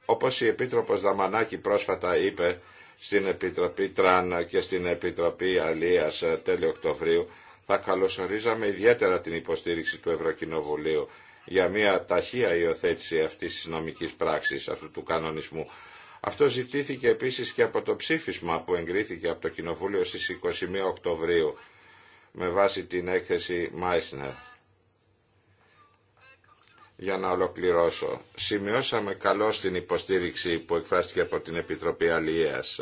Όπως η Επίτροπος Δαμανάκη πρόσφατα είπε στην Επιτροπή Τραν και στην Επιτροπή Αλίας ε, τέλειο Οκτωβρίου, θα καλωσορίζαμε ιδιαίτερα την υποστήριξη του Ευρωκοινοβουλίου για μια ταχεία υιοθέτηση αυτής της νομικής πράξης, αυτού του κανονισμού. Αυτό ζητήθηκε επίσης και από το ψήφισμα που εγκρίθηκε από το Κοινοβούλιο στις 21 Οκτωβρίου με βάση την έκθεση Μάισνερ για να ολοκληρώσω. Σημειώσαμε καλώ την υποστήριξη που εκφράστηκε από την Επιτροπή Αλληλείας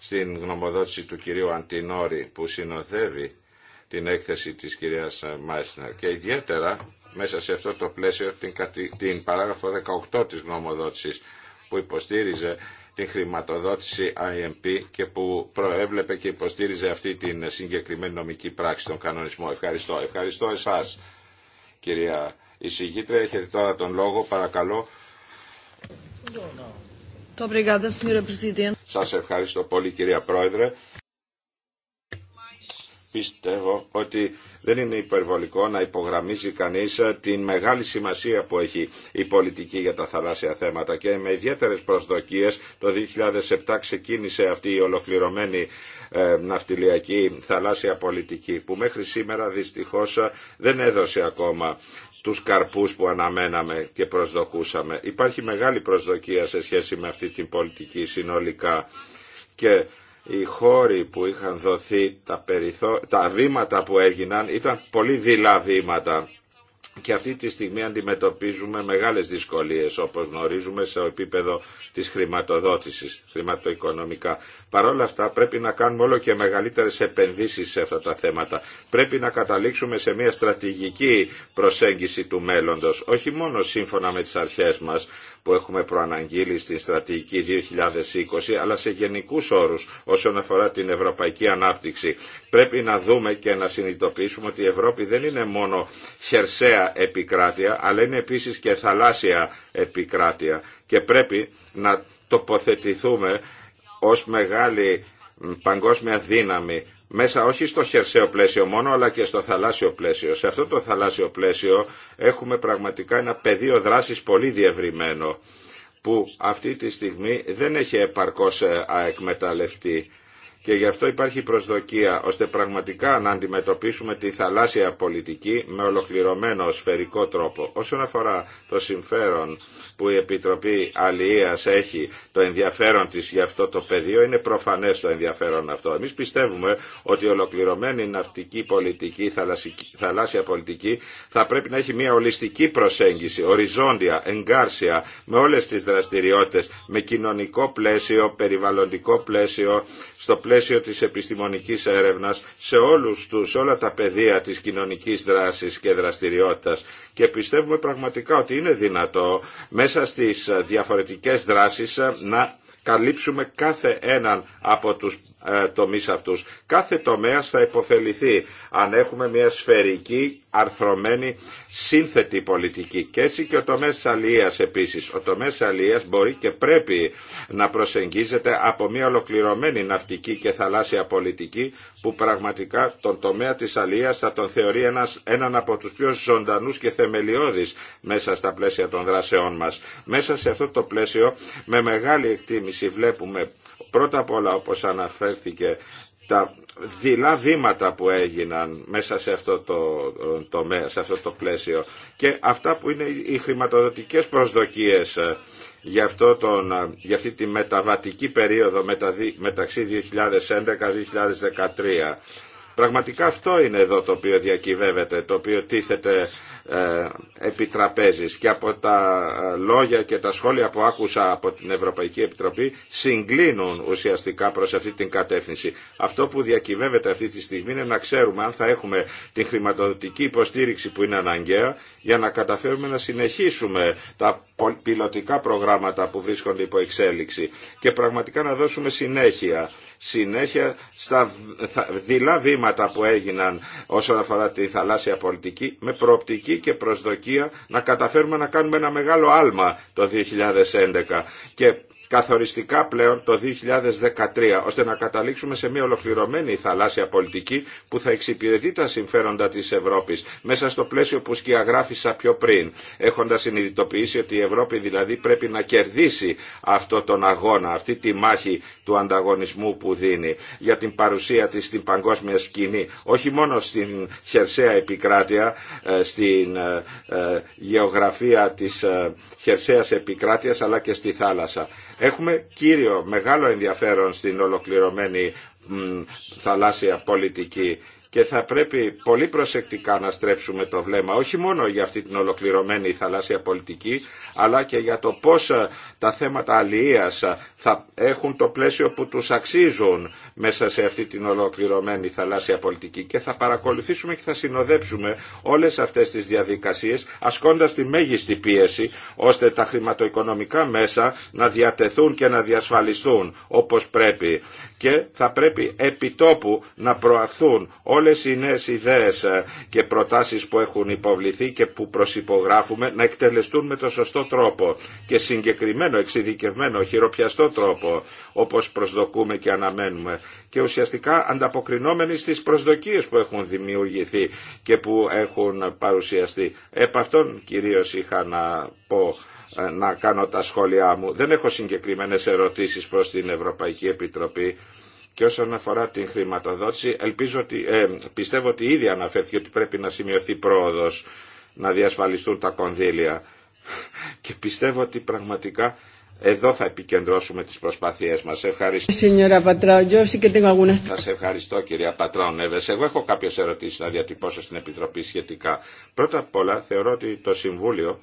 στην γνωμοδότηση του κυρίου Αντινόρη που συνοδεύει την έκθεση της κυρίας Μάισνερ και ιδιαίτερα μέσα σε αυτό το πλαίσιο την, την παράγραφο 18 της γνωμοδότησης που υποστήριζε την χρηματοδότηση IMP και που προέβλεπε και υποστήριζε αυτή την συγκεκριμένη νομική πράξη, τον κανονισμό. Ευχαριστώ. Ευχαριστώ εσάς, κυρία η έχετε τώρα τον λόγο, παρακαλώ. Σας ευχαριστώ πολύ κυρία Πρόεδρε. Πιστεύω ότι δεν είναι υπερβολικό να υπογραμμίζει κανείς ε, την μεγάλη σημασία που έχει η πολιτική για τα θαλάσσια θέματα και με ιδιαίτερες προσδοκίες το 2007 ξεκίνησε αυτή η ολοκληρωμένη ε, ναυτιλιακή θαλάσσια πολιτική που μέχρι σήμερα δυστυχώς ε, δεν έδωσε ακόμα τους καρπούς που αναμέναμε και προσδοκούσαμε. Υπάρχει μεγάλη προσδοκία σε σχέση με αυτή την πολιτική συνολικά και οι χώροι που είχαν δοθεί, τα, περιθώ... τα βήματα που έγιναν ήταν πολύ δειλά βήματα και αυτή τη στιγμή αντιμετωπίζουμε μεγάλες δυσκολίες όπως γνωρίζουμε σε επίπεδο της χρηματοδότησης, χρηματοοικονομικά. Παρ' όλα αυτά πρέπει να κάνουμε όλο και μεγαλύτερες επενδύσεις σε αυτά τα θέματα. Πρέπει να καταλήξουμε σε μια στρατηγική προσέγγιση του μέλλοντος, όχι μόνο σύμφωνα με τις αρχές μας που έχουμε προαναγγείλει στην στρατηγική 2020, αλλά σε γενικούς όρους όσον αφορά την ευρωπαϊκή ανάπτυξη πρέπει να δούμε και να συνειδητοποιήσουμε ότι η Ευρώπη δεν είναι μόνο χερσαία επικράτεια, αλλά είναι επίσης και θαλάσσια επικράτεια και πρέπει να τοποθετηθούμε ως μεγάλη παγκόσμια δύναμη μέσα όχι στο χερσαίο πλαίσιο μόνο αλλά και στο θαλάσσιο πλαίσιο. Σε αυτό το θαλάσσιο πλαίσιο έχουμε πραγματικά ένα πεδίο δράσης πολύ διευρυμένο που αυτή τη στιγμή δεν έχει επαρκώς ε, εκμεταλλευτεί και γι' αυτό υπάρχει προσδοκία ώστε πραγματικά να αντιμετωπίσουμε τη θαλάσσια πολιτική με ολοκληρωμένο σφαιρικό τρόπο. Όσον αφορά το συμφέρον που η Επιτροπή Αλληλείας έχει, το ενδιαφέρον της για αυτό το πεδίο, είναι προφανές το ενδιαφέρον αυτό. Εμείς πιστεύουμε ότι η ολοκληρωμένη ναυτική πολιτική, θαλάσσια πολιτική θα πρέπει να έχει μια ολιστική προσέγγιση, οριζόντια, εγκάρσια, με όλες τις δραστηριότητε, με κοινωνικό πλαίσιο, περιβαλλοντικό πλαίσιο, στο πλαίσιο πλαίσιο της επιστημονικής έρευνας σε όλους τους, σε όλα τα πεδία της κοινωνικής δράσης και δραστηριότητας και πιστεύουμε πραγματικά ότι είναι δυνατό μέσα στις διαφορετικές δράσεις να καλύψουμε κάθε έναν από τους ε, τομείς αυτούς. Κάθε τομέα θα υποφεληθεί αν έχουμε μια σφαιρική, αρθρωμένη, σύνθετη πολιτική. Και έτσι και ο τομέας της επίσης. Ο τομέα της μπορεί και πρέπει να προσεγγίζεται από μια ολοκληρωμένη ναυτική και θαλάσσια πολιτική που πραγματικά τον τομέα της αλληλεία θα τον θεωρεί έναν από τους πιο ζωντανού και θεμελιώδεις μέσα στα πλαίσια των δράσεών μα. Μέσα σε αυτό το πλαίσιο με μεγάλη εκτίμηση βλέπουμε πρώτα απ' όλα όπω αναφέρθηκε τα δειλά βήματα που έγιναν μέσα σε αυτό το ε, το σε αυτό το πλαίσιο και αυτά που είναι οι χρηματοδοτικές προσδοκίες ε, για, αυτό τον, ε, για αυτή τη μεταβατική περίοδο μεταξύ 2011-2013 Πραγματικά αυτό είναι εδώ το οποίο διακυβεύεται, το οποίο τίθεται ε, επί τραπέζης. και από τα ε, λόγια και τα σχόλια που άκουσα από την Ευρωπαϊκή Επιτροπή συγκλίνουν ουσιαστικά προς αυτή την κατεύθυνση. Αυτό που διακυβεύεται αυτή τη στιγμή είναι να ξέρουμε αν θα έχουμε την χρηματοδοτική υποστήριξη που είναι αναγκαία για να καταφέρουμε να συνεχίσουμε τα πιλωτικά προγράμματα που βρίσκονται υπό εξέλιξη και πραγματικά να δώσουμε συνέχεια συνέχεια στα δειλά βήματα που έγιναν όσον αφορά τη θαλάσσια πολιτική με προοπτική και προσδοκία να καταφέρουμε να κάνουμε ένα μεγάλο άλμα το 2011 και καθοριστικά πλέον το 2013, ώστε να καταλήξουμε σε μια ολοκληρωμένη θαλάσσια πολιτική που θα εξυπηρετεί τα συμφέροντα της Ευρώπης μέσα στο πλαίσιο που σκιαγράφησα πιο πριν, έχοντας συνειδητοποιήσει ότι η Ευρώπη δηλαδή πρέπει να κερδίσει αυτό τον αγώνα, αυτή τη μάχη του ανταγωνισμού που δίνει για την παρουσία της στην παγκόσμια σκηνή, όχι μόνο στην χερσαία επικράτεια, ε, στην ε, ε, γεωγραφία της χερσαίας επικράτειας αλλά και στη θάλασσα. Έχουμε κύριο μεγάλο ενδιαφέρον στην ολοκληρωμένη θαλάσσια πολιτική και θα πρέπει πολύ προσεκτικά να στρέψουμε το βλέμμα όχι μόνο για αυτή την ολοκληρωμένη θαλάσσια πολιτική αλλά και για το πώς ε, τα θέματα αλληλείας θα έχουν το πλαίσιο που τους αξίζουν μέσα σε αυτή την ολοκληρωμένη θαλάσσια πολιτική και θα παρακολουθήσουμε και θα συνοδέψουμε όλες αυτές τις διαδικασίες ασκώντας τη μέγιστη πίεση ώστε τα χρηματοοικονομικά μέσα να διατεθούν και να διασφαλιστούν όπως πρέπει και θα πρέπει επιτόπου να προαχθούν όλες οι νέες ιδέες και προτάσεις που έχουν υποβληθεί και που προσυπογράφουμε να εκτελεστούν με το σωστό τρόπο και συγκεκριμένα εξειδικευμένο, χειροπιαστό τρόπο όπως προσδοκούμε και αναμένουμε και ουσιαστικά ανταποκρινόμενοι στις προσδοκίες που έχουν δημιουργηθεί και που έχουν παρουσιαστεί. Επ' αυτόν κυρίως είχα να πω ε, να κάνω τα σχόλιά μου. Δεν έχω συγκεκριμένες ερωτήσεις προς την Ευρωπαϊκή Επιτροπή. Και όσον αφορά την χρηματοδότηση, ελπίζω ότι, ε, πιστεύω ότι ήδη αναφέρθηκε ότι πρέπει να σημειωθεί πρόοδος να διασφαλιστούν τα κονδύλια και πιστεύω ότι πραγματικά εδώ θα επικεντρώσουμε τις προσπάθειές μας. Ευχαριστώ. Σας ευχαριστώ κυρία Πατράου Νέβες. Εγώ έχω κάποιες ερωτήσεις να διατυπώσω στην Επιτροπή σχετικά. Πρώτα απ' όλα θεωρώ ότι το Συμβούλιο,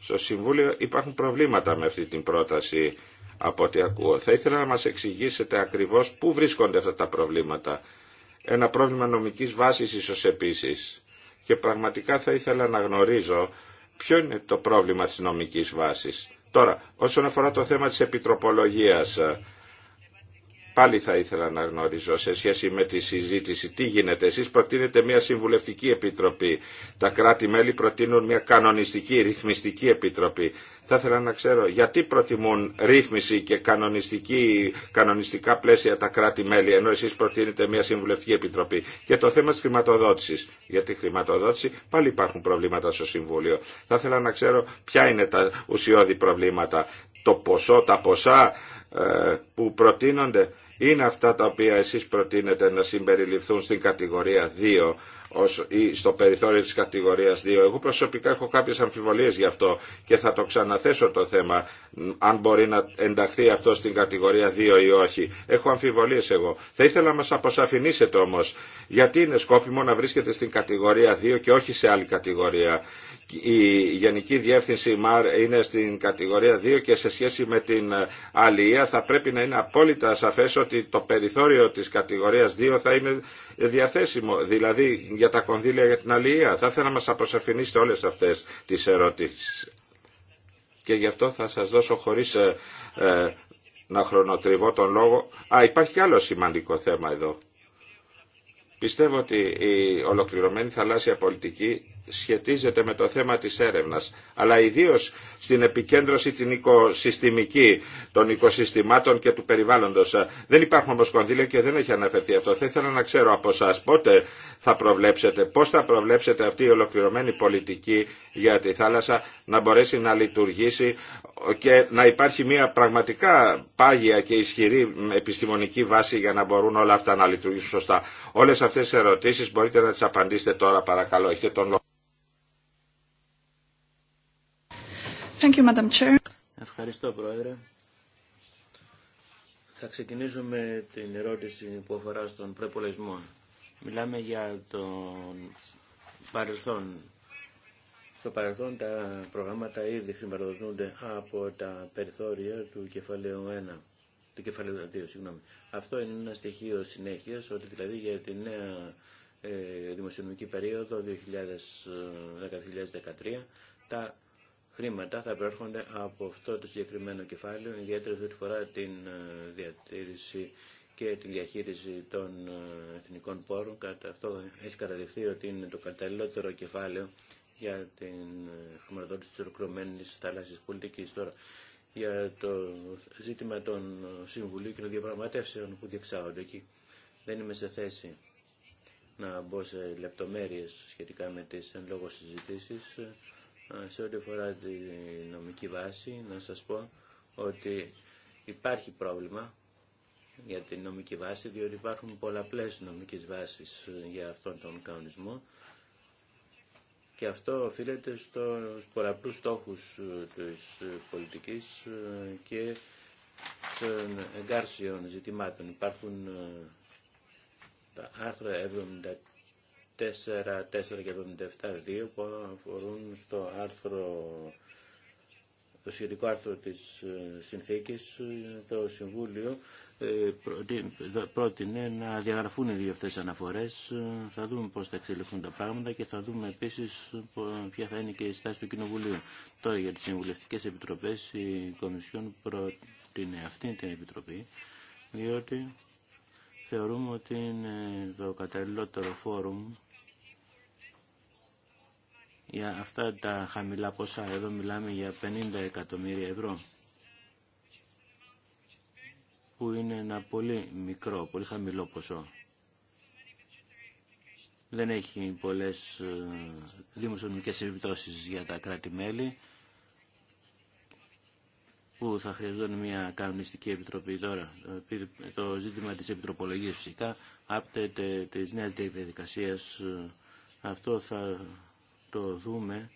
στο Συμβούλιο υπάρχουν προβλήματα με αυτή την πρόταση από ό,τι ακούω. Θα ήθελα να μας εξηγήσετε ακριβώς πού βρίσκονται αυτά τα προβλήματα. Ένα πρόβλημα νομικής βάσης ίσως επίσης. Και πραγματικά θα ήθελα να γνωρίζω ποιο είναι το πρόβλημα της νομικής βάσης. Τώρα, όσον αφορά το θέμα της επιτροπολογίας, πάλι θα ήθελα να γνωρίζω σε σχέση με τη συζήτηση τι γίνεται. Εσείς προτείνετε μια συμβουλευτική επιτροπή. Τα κράτη-μέλη προτείνουν μια κανονιστική, ρυθμιστική επιτροπή. Θα ήθελα να ξέρω γιατί προτιμούν ρύθμιση και κανονιστική, κανονιστικά πλαίσια τα κράτη-μέλη, ενώ εσείς προτείνετε μια συμβουλευτική επιτροπή. Και το θέμα της χρηματοδότησης. Για τη χρηματοδότηση πάλι υπάρχουν προβλήματα στο Συμβούλιο. Θα ήθελα να ξέρω ποια είναι τα ουσιώδη προβλήματα. Το ποσό, τα ποσά ε, που προτείνονται είναι αυτά τα οποία εσείς προτείνετε να συμπεριληφθούν στην κατηγορία 2 ή στο περιθώριο της κατηγορίας 2. Εγώ προσωπικά έχω κάποιες αμφιβολίες γι' αυτό και θα το ξαναθέσω το θέμα αν μπορεί να ενταχθεί αυτό στην κατηγορία 2 ή όχι. Έχω αμφιβολίες εγώ. Θα ήθελα να μας αποσαφηνίσετε όμως γιατί είναι σκόπιμο να βρίσκεται στην κατηγορία 2 και όχι σε άλλη κατηγορία η Γενική Διεύθυνση ΜΑΡ είναι στην κατηγορία 2 και σε σχέση με την αλληλεία θα πρέπει να είναι απόλυτα σαφές ότι το περιθώριο της κατηγορίας 2 θα είναι διαθέσιμο, δηλαδή για τα κονδύλια για την αλληλεία. Θα ήθελα να μας αποσαφηνίσετε όλες αυτές τις ερωτήσεις. Και γι' αυτό θα σας δώσω χωρίς ε, ε, να χρονοτριβώ τον λόγο. Α, υπάρχει κι άλλο σημαντικό θέμα εδώ. Πιστεύω ότι η ολοκληρωμένη θαλάσσια πολιτική σχετίζεται με το θέμα της έρευνας, αλλά ιδίως στην επικέντρωση την οικοσυστημική των οικοσυστημάτων και του περιβάλλοντος. Δεν υπάρχουν όμως κονδύλια και δεν έχει αναφερθεί αυτό. Θα ήθελα να ξέρω από εσά πότε θα προβλέψετε, πώς θα προβλέψετε αυτή η ολοκληρωμένη πολιτική για τη θάλασσα να μπορέσει να λειτουργήσει και να υπάρχει μια πραγματικά πάγια και ισχυρή επιστημονική βάση για να μπορούν όλα αυτά να λειτουργήσουν σωστά. Όλες αυτές τις ερωτήσεις μπορείτε να τις απαντήσετε τώρα παρακαλώ. Έχετε τον λόγο. Ευχαριστώ, Πρόεδρε. Θα ξεκινήσουμε την ερώτηση που αφορά στον προπολισμό. Μιλάμε για τον παρελθόν. Στο παρελθόν τα προγράμματα ήδη χρηματοδοτούνται από τα περιθώρια του κεφαλαίου 1. Του κεφαλαίου 2, συγγνώμη. Αυτό είναι ένα στοιχείο συνέχειας, ότι δηλαδή για τη νέα ε, δημοσιονομική περίοδο περίοδο ε, 2013 τα χρήματα θα προέρχονται από αυτό το συγκεκριμένο κεφάλαιο, ιδιαίτερα σε φορά την ε, διατήρηση και τη διαχείριση των ε, εθνικών πόρων. αυτό έχει καταδειχθεί ότι είναι το καταλληλότερο κεφάλαιο για την ε, χρηματοδότηση της ολοκληρωμένης θαλάσσης πολιτικής. Τώρα, για το ζήτημα των Συμβουλίων και των διαπραγματεύσεων που διεξάγονται εκεί. Δεν είμαι σε θέση να μπω σε λεπτομέρειες σχετικά με τις εν λόγω συζητήσεις. Σε ό,τι αφορά τη νομική βάση, να σας πω ότι υπάρχει πρόβλημα για την νομική βάση, διότι υπάρχουν πολλαπλές νομικές βάσεις για αυτόν τον κανονισμό και αυτό οφείλεται στους πολλαπλούς στόχους ε, της ε, πολιτικής ε, και των εγκάρσιων ζητημάτων. Υπάρχουν τα άρθρα 4, 4 και 77, 2 που αφορούν στο άρθρο το σχετικό άρθρο της ε, συνθήκης, το Συμβούλιο ε, πρότεινε να διαγραφούν οι δύο αυτές τις αναφορές. Θα δούμε πώς θα εξελιχθούν τα πράγματα και θα δούμε επίσης ποια θα είναι και η στάση του Κοινοβουλίου. Τώρα για τις συμβουλευτικές επιτροπές η Κομισιόν πρότεινε αυτή την επιτροπή, διότι θεωρούμε ότι είναι το καταλληλότερο φόρουμ για αυτά τα χαμηλά ποσά. Εδώ μιλάμε για 50 εκατομμύρια ευρώ που είναι ένα πολύ μικρό, πολύ χαμηλό ποσό. Δεν έχει πολλές ε, δημοσιονομικές επιπτώσεις για τα κράτη-μέλη που θα χρειαζόταν μια κανονιστική επιτροπή τώρα. Το ζήτημα της επιτροπολογίας φυσικά άπτεται της νέας διαδικασίας. Ε, αυτό θα το δούμε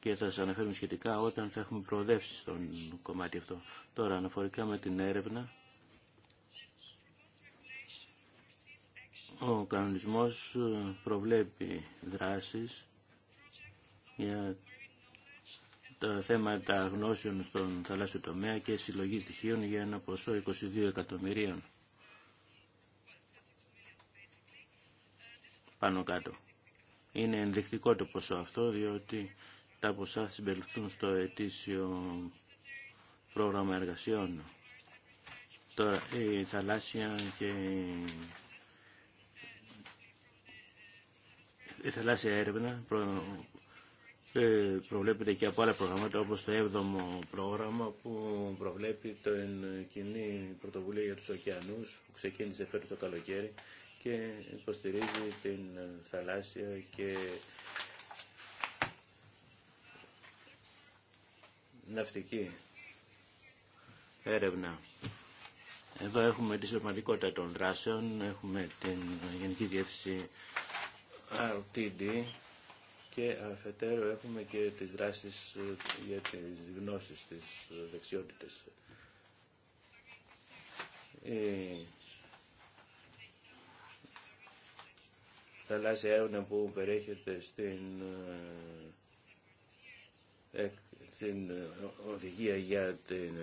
και θα σας αναφέρουμε σχετικά όταν θα έχουμε προοδεύσει στον κομμάτι αυτό. Τώρα, αναφορικά με την έρευνα, ο κανονισμός ε, προβλέπει δράσεις για τα θέματα γνώσεων στον θαλάσσιο τομέα και συλλογή στοιχείων για ένα ποσό 22 εκατομμυρίων πάνω κάτω. Είναι ενδεικτικό το ποσό αυτό, διότι τα ποσά συμπεριληφθούν στο ετήσιο πρόγραμμα εργασιών. Τώρα, η θαλάσσια και η θαλάσσια έρευνα ε, προβλέπεται και από άλλα προγράμματα όπως το 7ο πρόγραμμα που προβλέπει την κοινή πρωτοβουλία για τους ωκεανούς που ξεκίνησε φέτος το καλοκαίρι και υποστηρίζει την θαλάσσια και ναυτική έρευνα. Εδώ έχουμε τη σημαντικότητα των δράσεων, έχουμε την Γενική Διεύθυνση RTD και αφετέρου έχουμε και τις δράσεις για τις γνώσεις, τις δεξιότητες. θαλάσσια έρευνα που περιέχεται στην, ε, στην ε, οδηγία για την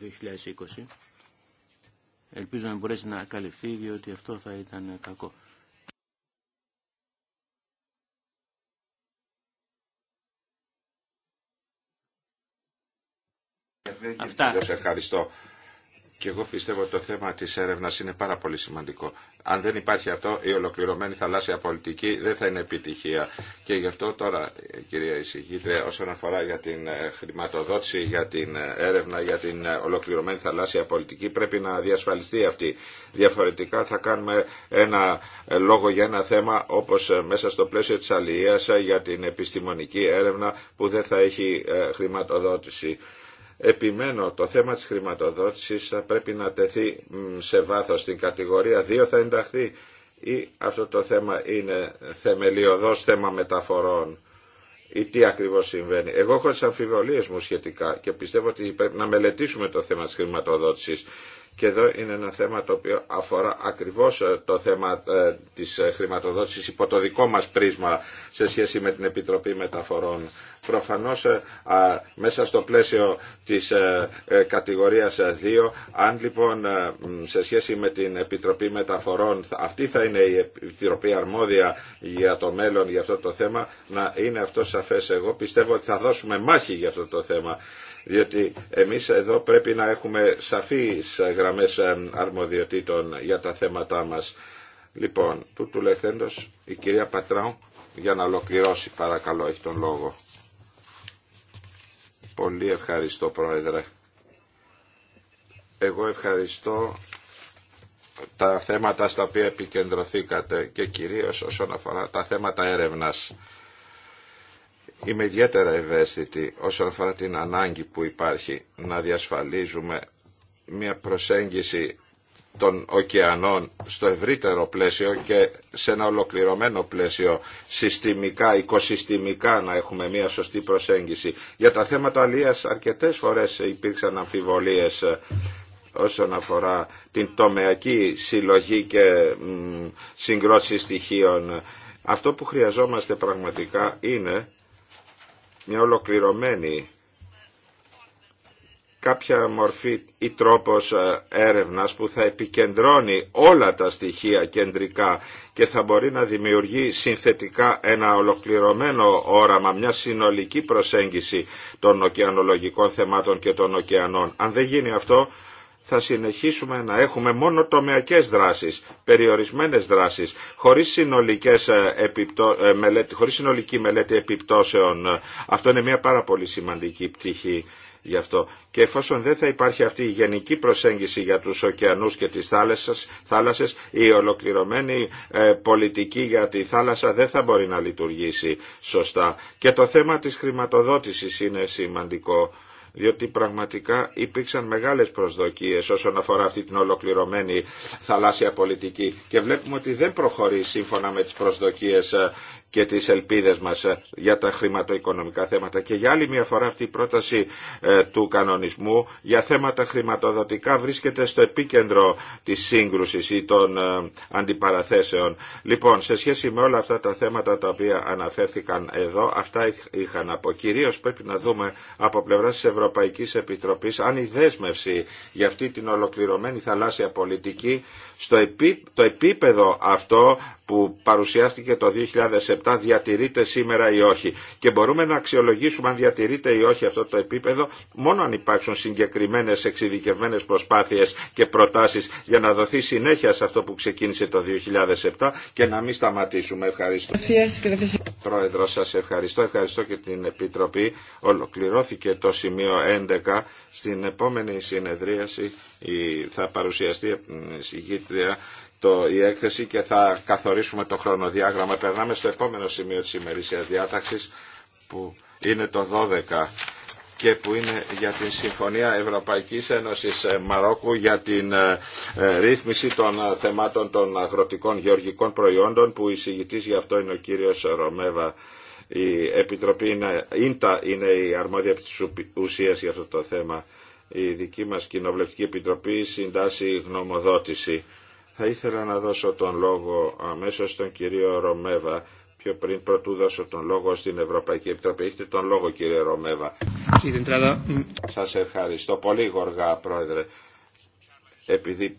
2020. Ε, Ελπίζω να μπορέσει να καλυφθεί διότι αυτό θα ήταν κακό. Αυτά. Σας ευχαριστώ. Και εγώ πιστεύω ότι το θέμα της έρευνας είναι πάρα πολύ σημαντικό. Αν δεν υπάρχει αυτό, η ολοκληρωμένη θαλάσσια πολιτική δεν θα είναι επιτυχία. Και γι' αυτό τώρα, κυρία Ισηγήτρια, όσον αφορά για την ε, χρηματοδότηση, για την ε, έρευνα, για την ε, ολοκληρωμένη θαλάσσια πολιτική, πρέπει να διασφαλιστεί αυτή. Διαφορετικά θα κάνουμε ένα λόγο για ένα θέμα, όπως μέσα στο πλαίσιο της αλληλείας για την επιστημονική έρευνα που δεν θα έχει χρηματοδότηση. Επιμένω, το θέμα της χρηματοδότησης θα πρέπει να τεθεί σε βάθος στην κατηγορία 2 θα ενταχθεί ή αυτό το θέμα είναι θεμελιωδός θέμα μεταφορών ή τι ακριβώς συμβαίνει. Εγώ έχω τις αμφιβολίες μου σχετικά και πιστεύω ότι πρέπει να μελετήσουμε το θέμα της χρηματοδότησης και εδώ είναι ένα θέμα το οποίο αφορά ακριβώς ε, το θέμα ε, της ε, χρηματοδότησης υπό το δικό μας πρίσμα σε σχέση με την Επιτροπή Μεταφορών. Προφανώς μέσα στο πλαίσιο της κατηγορίας 2, αν λοιπόν σε σχέση με την Επιτροπή Μεταφορών, αυτή θα είναι η Επιτροπή αρμόδια για το μέλλον για αυτό το θέμα, να είναι αυτό σαφές. Εγώ πιστεύω ότι θα δώσουμε μάχη για αυτό το θέμα διότι εμείς εδώ πρέπει να έχουμε σαφείς ε, γραμμές ε, αρμοδιοτήτων για τα θέματα μας. Λοιπόν, τούτου λεχθέντος, η κυρία Πατράου, για να ολοκληρώσει παρακαλώ, έχει τον λόγο. Πολύ ευχαριστώ Πρόεδρε. Εγώ ευχαριστώ τα θέματα στα οποία επικεντρωθήκατε και κυρίως όσον αφορά τα θέματα έρευνας. Είμαι ιδιαίτερα ευαίσθητη όσον αφορά την ανάγκη που υπάρχει να διασφαλίζουμε μια προσέγγιση των ωκεανών στο ευρύτερο πλαίσιο και σε ένα ολοκληρωμένο πλαίσιο συστημικά, οικοσυστημικά να έχουμε μια σωστή προσέγγιση. Για τα θέματα αλίας αρκετές φορές υπήρξαν αμφιβολίες ε, όσον αφορά την τομεακή συλλογή και συγκρότηση στοιχείων. Αυτό που χρειαζόμαστε πραγματικά είναι μια ολοκληρωμένη κάποια μορφή ή τρόπος ε, έρευνας που θα επικεντρώνει όλα τα στοιχεία κεντρικά και θα μπορεί να δημιουργεί συνθετικά ένα ολοκληρωμένο όραμα, μια συνολική προσέγγιση των ωκεανολογικών θεμάτων και των ωκεανών. Αν δεν γίνει αυτό θα συνεχίσουμε να έχουμε μόνο τομεακές δράσεις, περιορισμένες δράσεις, χωρίς, συνολικές ε, επιπτω... Ε, χωρίς συνολική μελέτη επιπτώσεων. Αυτό είναι μια πάρα πολύ σημαντική πτυχή γι' αυτό. Και εφόσον δεν θα υπάρχει αυτή η γενική προσέγγιση για τους ωκεανούς και τις θάλασσες, θάλασσες η ολοκληρωμένη ε, πολιτική για τη θάλασσα δεν θα μπορεί να λειτουργήσει σωστά. Και το θέμα της χρηματοδότησης είναι σημαντικό διότι πραγματικά υπήρξαν μεγάλες προσδοκίες όσον αφορά αυτή την ολοκληρωμένη θαλάσσια πολιτική και βλέπουμε ότι δεν προχωρεί σύμφωνα με τις προσδοκίες ε, και τις ελπίδες μας ε, για τα χρηματοοικονομικά θέματα. Και για άλλη μια φορά αυτή η πρόταση ε, του κανονισμού για θέματα χρηματοδοτικά βρίσκεται στο επίκεντρο της σύγκρουσης ή των ε, αντιπαραθέσεων. Λοιπόν, σε σχέση με όλα αυτά τα θέματα τα οποία αναφέρθηκαν εδώ, αυτά είχαν από κυρίως πρέπει να δούμε από πλευράς της Ευρωπαϊκής Επιτροπής αν η δέσμευση για αυτή την ολοκληρωμένη θαλάσσια πολιτική στο επίπεδο αυτό που παρουσιάστηκε το 2007 διατηρείται σήμερα ή όχι. Και μπορούμε να αξιολογήσουμε αν διατηρείται ή όχι αυτό το επίπεδο μόνο αν υπάρξουν συγκεκριμένες εξειδικευμένες προσπάθειες και προτάσεις για να δοθεί συνέχεια σε αυτό που ξεκίνησε το 2007 και να μην σταματήσουμε. Ευχαριστώ. Πρόεδρο σας ευχαριστώ. Ευχαριστώ και την Επιτροπή. Ολοκληρώθηκε το σημείο 11. Στην επόμενη συνεδρίαση θα παρουσιαστεί η συγκήτρια το, η έκθεση και θα καθορίσουμε το χρονοδιάγραμμα. Περνάμε στο επόμενο σημείο της ημερήσιας διάταξης που είναι το 12 και που είναι για την Συμφωνία Ευρωπαϊκής Ένωσης ε, Μαρόκου για την ε, ε, ρύθμιση των θεμάτων των αγροτικών γεωργικών προϊόντων που εισηγητής γι' αυτό είναι ο κύριος Ρωμέβα. Η Επιτροπή είναι, ίντα είναι η αρμόδια της ουσίας για αυτό το θέμα. Η δική μας Κοινοβουλευτική Επιτροπή συντάσσει γνωμοδότηση θα ήθελα να δώσω τον λόγο αμέσως στον κύριο Ρωμέβα, πιο πριν πρωτού δώσω τον λόγο στην Ευρωπαϊκή Επιτροπή. Έχετε τον λόγο κύριε Ρωμέβα. Σας ευχαριστώ πολύ γοργά πρόεδρε, επειδή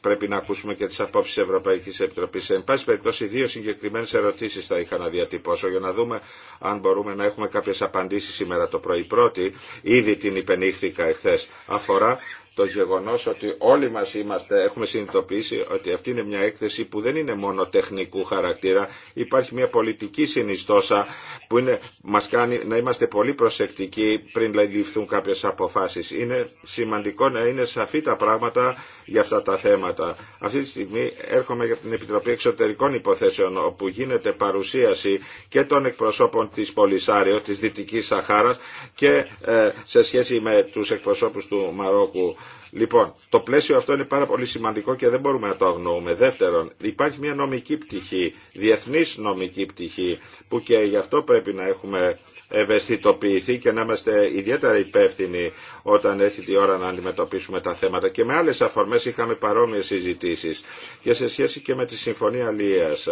πρέπει να ακούσουμε και τις απόψεις της Ευρωπαϊκής Επιτροπής. Εν πάση περιπτώσει, δύο συγκεκριμένες ερωτήσεις θα είχα να διατυπώσω για να δούμε αν μπορούμε να έχουμε κάποιες απαντήσεις σήμερα το πρωί. πρώτη, ήδη την υπενήχθηκα εχθές, αφορά το γεγονός ότι όλοι μας είμαστε, έχουμε συνειδητοποιήσει ότι αυτή είναι μια έκθεση που δεν είναι μόνο τεχνικού χαρακτήρα. Υπάρχει μια πολιτική συνιστόσα που είναι, μας κάνει να είμαστε πολύ προσεκτικοί πριν ληφθούν κάποιες αποφάσεις. Είναι σημαντικό να είναι σαφή τα πράγματα για αυτά τα θέματα. Αυτή τη στιγμή έρχομαι για την Επιτροπή Εξωτερικών Υποθέσεων όπου γίνεται παρουσίαση και των εκπροσώπων της Πολυσάριο, της Δυτικής Σαχάρας και ε, σε σχέση με τους εκπροσώπους του Μαρόκου Λοιπόν, το πλαίσιο αυτό είναι πάρα πολύ σημαντικό και δεν μπορούμε να το αγνοούμε. Δεύτερον, υπάρχει μια νομική πτυχή, διεθνής νομική πτυχή, που και γι' αυτό πρέπει να έχουμε ευαισθητοποιηθεί και να είμαστε ιδιαίτερα υπεύθυνοι όταν έρθει η ώρα να αντιμετωπίσουμε τα θέματα. Και με άλλες αφορμέ είχαμε παρόμοιε συζητήσει και σε σχέση και με τη Συμφωνία Λίας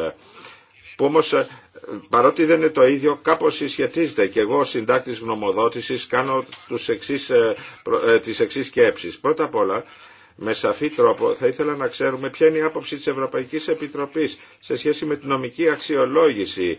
που παρότι δεν είναι το ίδιο, κάπως συσχετίζεται και εγώ συντάκτης γνωμοδότησης κάνω τους εξή ε, ε, τις εξής σκέψεις. Πρώτα απ' όλα, με σαφή τρόπο θα ήθελα να ξέρουμε ποια είναι η άποψη της Ευρωπαϊκής Επιτροπής σε σχέση με την νομική αξιολόγηση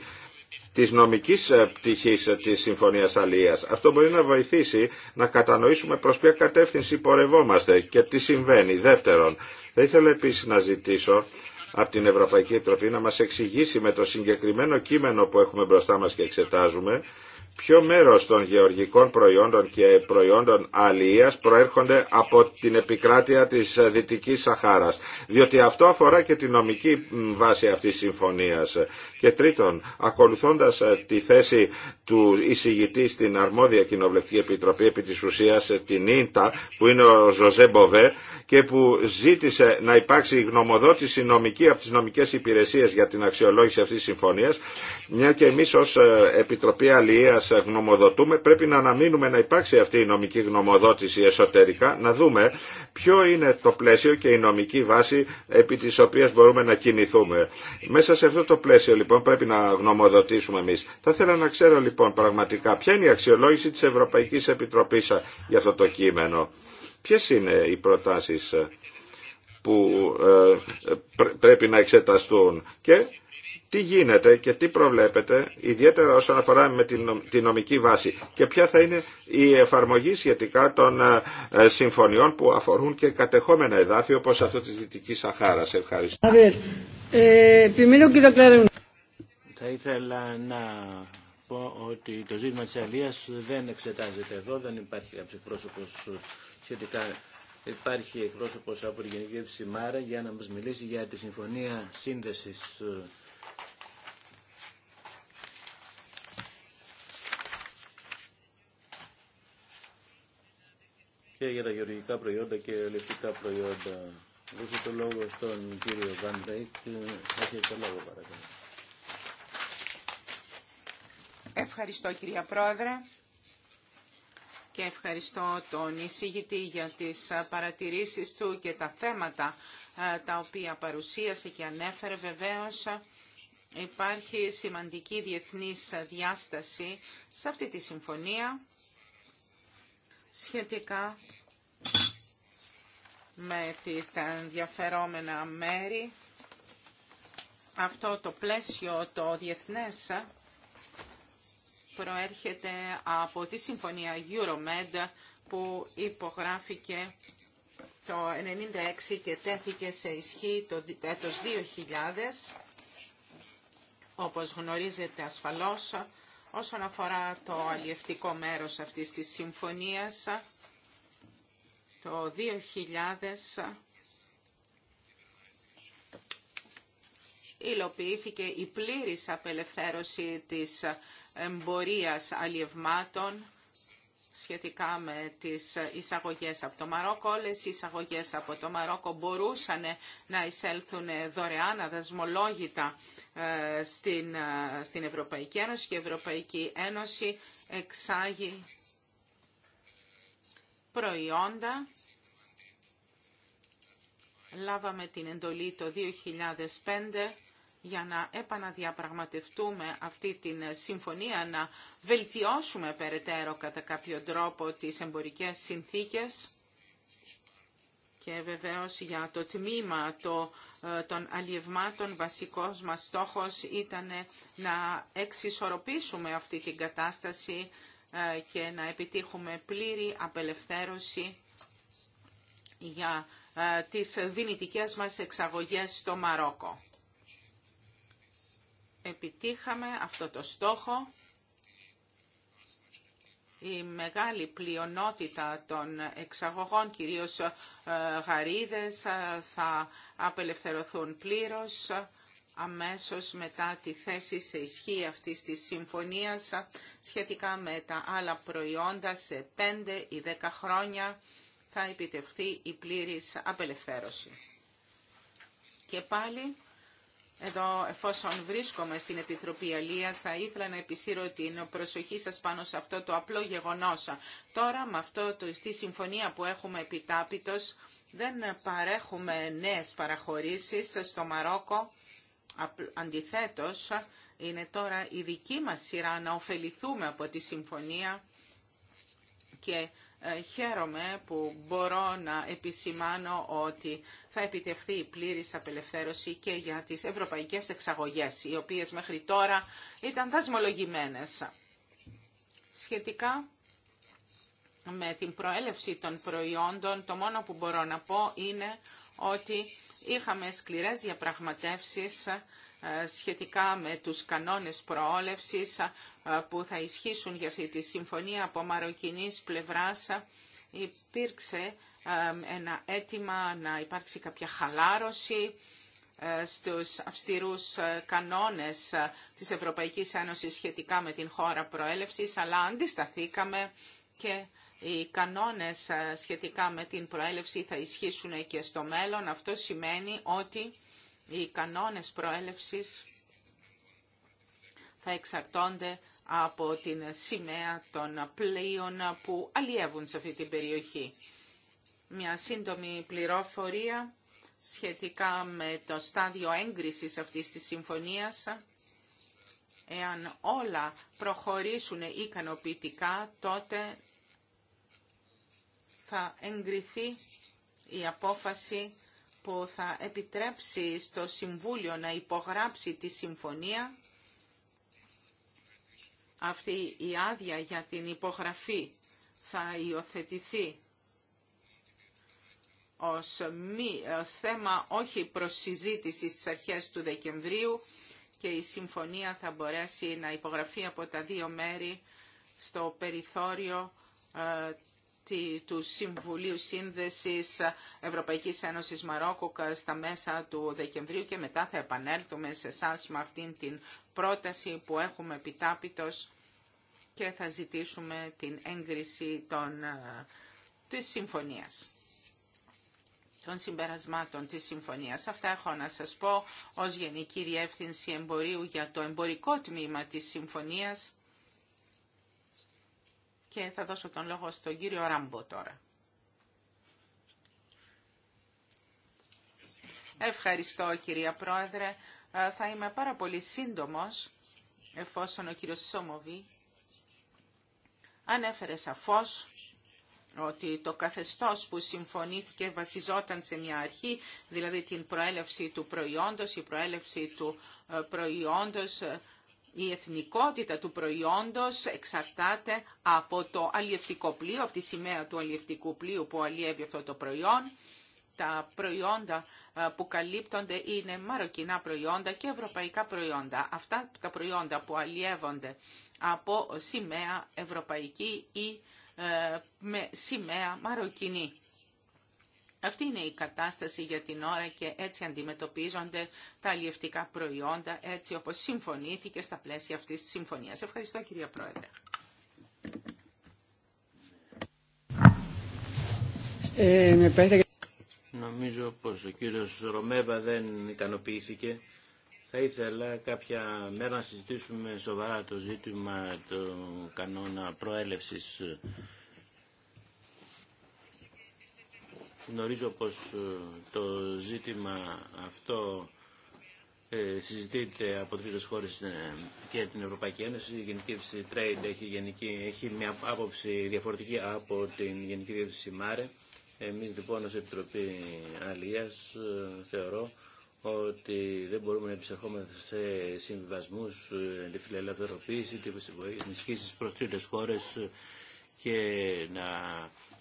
της νομικής ε, πτυχής της Συμφωνίας Αλίας. Αυτό μπορεί να βοηθήσει να κατανοήσουμε προς ποια κατεύθυνση πορευόμαστε και τι συμβαίνει. Δεύτερον, θα ήθελα επίσης να ζητήσω από την Ευρωπαϊκή Επιτροπή να μας εξηγήσει με το συγκεκριμένο κείμενο που έχουμε μπροστά μας και εξετάζουμε ποιο μέρος των γεωργικών προϊόντων και προϊόντων αλληλείας προέρχονται από την επικράτεια της Δυτικής Σαχάρας. Διότι αυτό αφορά και τη νομική βάση αυτής της συμφωνίας. Και τρίτον, ακολουθώντας ε, τη θέση του εισηγητή στην αρμόδια κοινοβουλευτική επιτροπή επί της ουσίας ε, την ΙΝΤΑ, που είναι ο Ζωζέ Μποβέ, και που ζήτησε να υπάρξει γνωμοδότηση νομική από τις νομικές υπηρεσίες για την αξιολόγηση αυτής της συμφωνίας, μια και εμείς ως ε, Επιτροπή Αλληλείας γνωμοδοτούμε, πρέπει να αναμείνουμε να υπάρξει αυτή η νομική γνωμοδότηση εσωτερικά, να δούμε ποιο είναι το πλαίσιο και η νομική βάση επί της οποίας μπορούμε να κινηθούμε. Μέσα σε αυτό το πλαίσιο λοιπόν πρέπει να γνωμοδοτήσουμε εμείς. Θα ήθελα να ξέρω λοιπόν πραγματικά ποια είναι η αξιολόγηση της Ευρωπαϊκής Επιτροπής για αυτό το κείμενο. Ποιες είναι οι προτάσεις ε, που ε, πρέπει να εξεταστούν και τι γίνεται και τι προβλέπετε, ιδιαίτερα όσον αφορά με την νομική βάση και ποια θα είναι η εφαρμογή σχετικά των ε, συμφωνιών που αφορούν και κατεχόμενα εδάφη όπως αυτό της Δυτικής Σαχάρας. Ευχαριστώ. Θα ήθελα να πω ότι το ζήτημα της Αλίας δεν εξετάζεται εδώ, δεν υπάρχει κάποιος πρόσωπος σχετικά. Υπάρχει εκπρόσωπο από τη Γενική Εύση Μάρα για να μας μιλήσει για τη Συμφωνία Σύνδεσης και για τα γεωργικά προϊόντα και ελευτικά προϊόντα. Δώσε το λόγο στον κύριο Βαν Ρέικ. Έχετε το λόγο παρακαλώ. Ευχαριστώ κυρία Πρόεδρε και ευχαριστώ τον εισηγητή για τις παρατηρήσεις του και τα θέματα τα οποία παρουσίασε και ανέφερε. Βεβαίως υπάρχει σημαντική διεθνής διάσταση σε αυτή τη συμφωνία σχετικά με τις, τα ενδιαφερόμενα μέρη. Αυτό το πλαίσιο το διεθνές προέρχεται από τη συμφωνία Euromed που υπογράφηκε το 1996 και τέθηκε σε ισχύ το έτος 2000, όπως γνωρίζετε ασφαλώς, όσον αφορά το αλλιευτικό μέρος αυτής της συμφωνίας, το 2000 υλοποιήθηκε η πλήρης απελευθέρωση της εμπορίας αλλιευμάτων σχετικά με τις εισαγωγές από το Μαρόκο. Όλες οι εισαγωγές από το Μαρόκο μπορούσαν να εισέλθουν δωρεάν, αδασμολόγητα ε, στην, ε, στην Ευρωπαϊκή Ένωση και η Ευρωπαϊκή Ένωση εξάγει προϊόντα. Λάβαμε την εντολή το 2005 για να επαναδιαπραγματευτούμε αυτή την συμφωνία, να βελτιώσουμε περαιτέρω κατά κάποιο τρόπο τις εμπορικές συνθήκες και βεβαίως για το τμήμα το, ε, των αλλιευμάτων βασικός μας στόχος ήταν να εξισορροπήσουμε αυτή την κατάσταση ε, και να επιτύχουμε πλήρη απελευθέρωση για ε, τις δυνητικές μας εξαγωγές στο Μαρόκο επιτύχαμε αυτό το στόχο. Η μεγάλη πλειονότητα των εξαγωγών, κυρίως ε, γαρίδες, ε, θα απελευθερωθούν πλήρως ε, αμέσως μετά τη θέση σε ισχύ αυτής της συμφωνίας σχετικά με τα άλλα προϊόντα σε 5 ή 10 χρόνια θα επιτευχθεί η πλήρης απελευθέρωση. Και πάλι εδώ, εφόσον βρίσκομαι στην Επιτροπή Αλίας, θα ήθελα να επισύρω την προσοχή σας πάνω σε αυτό το απλό γεγονός. Τώρα, με αυτό το, στη συμφωνία που έχουμε επιτάπητος, δεν παρέχουμε νέες παραχωρήσεις στο Μαρόκο. Αντιθέτως, είναι τώρα η δική μας σειρά να ωφεληθούμε από τη συμφωνία και ε, χαίρομαι που μπορώ να επισημάνω ότι θα επιτευχθεί η πλήρης απελευθέρωση και για τις ευρωπαϊκές εξαγωγές, οι οποίες μέχρι τώρα ήταν δασμολογημένες. Σχετικά με την προέλευση των προϊόντων, το μόνο που μπορώ να πω είναι ότι είχαμε σκληρές διαπραγματεύσεις ε, σχετικά με τους κανόνες προόλευσης ε, που θα ισχύσουν για αυτή τη συμφωνία από μαροκινής πλευράς υπήρξε ε, ένα αίτημα να υπάρξει κάποια χαλάρωση στους αυστηρούς κανόνες της Ευρωπαϊκής Ένωσης σχετικά με την χώρα προέλευσης, αλλά αντισταθήκαμε και οι κανόνες σχετικά με την προέλευση θα ισχύσουν και στο μέλλον. Αυτό σημαίνει ότι οι κανόνες προέλευσης θα εξαρτώνται από την σημαία των πλοίων που αλλιεύουν σε αυτή την περιοχή. Μια σύντομη πληροφορία σχετικά με το στάδιο έγκρισης αυτής της συμφωνίας. Εάν όλα προχωρήσουν ικανοποιητικά, τότε θα εγκριθεί η απόφαση που θα επιτρέψει στο Συμβούλιο να υπογράψει τη συμφωνία. Αυτή η άδεια για την υπογραφή θα υιοθετηθεί ως, θέμα όχι προς συζήτηση στις αρχές του Δεκεμβρίου και η συμφωνία θα μπορέσει να υπογραφεί από τα δύο μέρη στο περιθώριο ε, του Συμβουλίου Σύνδεσης Ευρωπαϊκής Ένωσης Μαρόκου στα μέσα του Δεκεμβρίου και μετά θα επανέλθουμε σε εσά με αυτήν την πρόταση που έχουμε επιτάπητος και θα ζητήσουμε την έγκριση των, ε, της συμφωνίας των συμπερασμάτων της συμφωνίας. Αυτά έχω να σας πω ως Γενική Διεύθυνση Εμπορίου για το εμπορικό τμήμα της συμφωνίας και θα δώσω τον λόγο στον κύριο Ράμπο τώρα. Ευχαριστώ κυρία Πρόεδρε. Ε, θα είμαι πάρα πολύ σύντομος εφόσον ο κύριος Σόμοβη ανέφερε σαφώς ότι το καθεστώς που συμφωνήθηκε βασιζόταν σε μια αρχή, δηλαδή την προέλευση του προϊόντος, η προέλευση του ε, προϊόντος ε, η εθνικότητα του προϊόντος εξαρτάται από το αλλιευτικό πλοίο, από τη σημαία του αλλιευτικού πλοίου που αλλιεύει αυτό το προϊόν. Τα προϊόντα ε, που καλύπτονται είναι μαροκινά προϊόντα και ευρωπαϊκά προϊόντα. Αυτά τα προϊόντα που αλλιεύονται από σημαία ευρωπαϊκή ή ε, με σημαία μαροκινή. Αυτή είναι η κατάσταση για την ώρα και έτσι αντιμετωπίζονται τα αλλιευτικά προϊόντα, έτσι όπως συμφωνήθηκε στα πλαίσια αυτής της συμφωνίας. Ευχαριστώ κυρία Πρόεδρε. Ε, Νομίζω πως ο κύριος Ρωμέβα δεν ικανοποιήθηκε. Θα ήθελα κάποια μέρα να συζητήσουμε σοβαρά το ζήτημα του κανόνα προέλευσης Γνωρίζω πως ε, το ζήτημα αυτό ε, συζητείται από τρίτες χώρες ε, και την Ευρωπαϊκή Ένωση. Η Γενική Διεύθυνση Trade έχει, γενική, έχει μια άποψη διαφορετική από την Γενική Διεύθυνση ΜΑΡΕ. Εμείς λοιπόν ως Επιτροπή Αλίας θεωρώ ότι δεν μπορούμε να επισερχόμαστε σε συμβιβασμούς, τη φιλελευθερωποίηση, τη ενισχύσεις προς τρίτες χώρες και να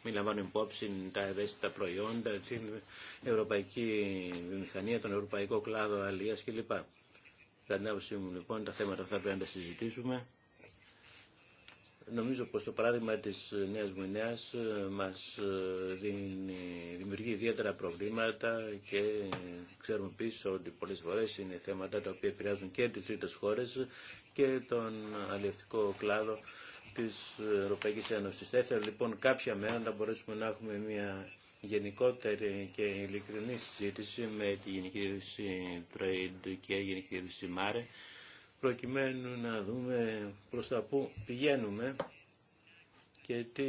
μην λαμβάνουν υπόψη τα ευαίσθητα προϊόντα, την ευρωπαϊκή βιομηχανία, τον ευρωπαϊκό κλάδο αλληλεία κλπ. Κατά την άποψή μου λοιπόν τα θέματα αυτά πρέπει να τα συζητήσουμε. Νομίζω πως το παράδειγμα της Νέας Γουινέας ε, μας ε, δημιουργεί ιδιαίτερα προβλήματα και ξέρουμε πίσω ότι πολλές φορές είναι θέματα τα οποία επηρεάζουν και τις τρίτες χώρες και τον αλληλευτικό κλάδο της Ευρωπαϊκής Ένωσης. Θα ήθελα λοιπόν κάποια μέρα να μπορέσουμε να έχουμε μια γενικότερη και ειλικρινή συζήτηση με τη Γενική Διευθυνσή Τρέιντ και Γενική Μάρε προκειμένου να δούμε προς τα που πηγαίνουμε και τι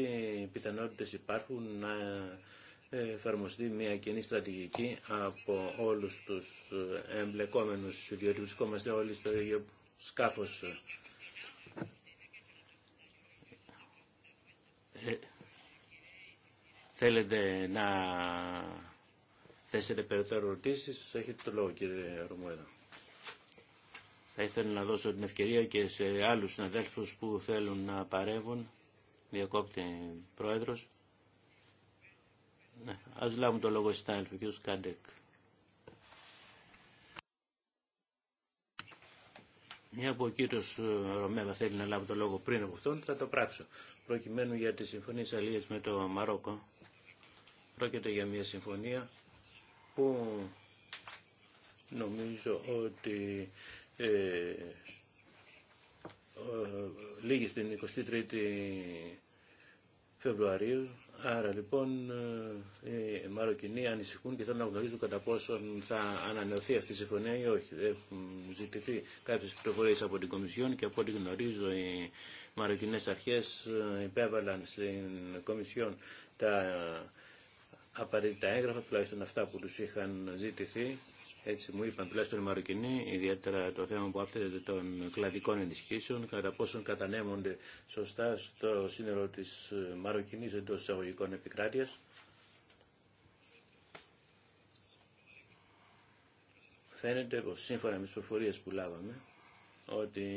πιθανότητες υπάρχουν να εφαρμοστεί μια κοινή στρατηγική από όλους τους εμπλεκόμενους, διότι βρισκόμαστε όλοι στο ίδιο σκάφος. Ε, θέλετε να θέσετε περαιτέρω ερωτήσει, έχετε το λόγο κύριε Ρωμουέδα. Θα ήθελα να δώσω την ευκαιρία και σε άλλους συναδέλφους που θέλουν να παρεύουν. Διακόπτη Πρόεδρος. Ναι, ας λάβουμε το λόγο και κύριος Κάντεκ. Μια από ο κύριος Ρωμέδα θέλει να λάβει το λόγο πριν από αυτόν, θα το πράξω προκειμένου για τις συμφωνίες Αλίας με το Μαρόκο. Πρόκειται για μια συμφωνία που νομίζω ότι ε, ε, λήγει στην 23η Φεβρουαρίου. Άρα λοιπόν ε, οι Μαροκινοί ανησυχούν και θέλουν να γνωρίζουν κατά πόσον θα ανανεωθεί αυτή η συμφωνία ή όχι. Έχουν ζητηθεί κάποιε πληροφορίε από την Κομισιόν και από ό,τι γνωρίζω οι μαροκινοι ανησυχουν και θελουν να γνωριζουν κατα ποσον θα ανανεωθει αυτη η συμφωνια η οχι εχουν ζητηθει καποιες πληροφοριε απο την κομισιον και απο οτι γνωριζω μαροκινές αρχές ε, υπέβαλαν στην Κομισιόν τα απαραίτητα έγγραφα, τουλάχιστον αυτά που τους είχαν ζητηθεί, έτσι μου είπαν τουλάχιστον οι Μαροκινοί, ιδιαίτερα το θέμα που άπτεται των κλαδικών ενισχύσεων, κατά πόσον κατανέμονται σωστά στο σύνολο της Μαροκινής εντός εισαγωγικών επικράτειας. Φαίνεται πως σύμφωνα με τις προφορίες που λάβαμε, ότι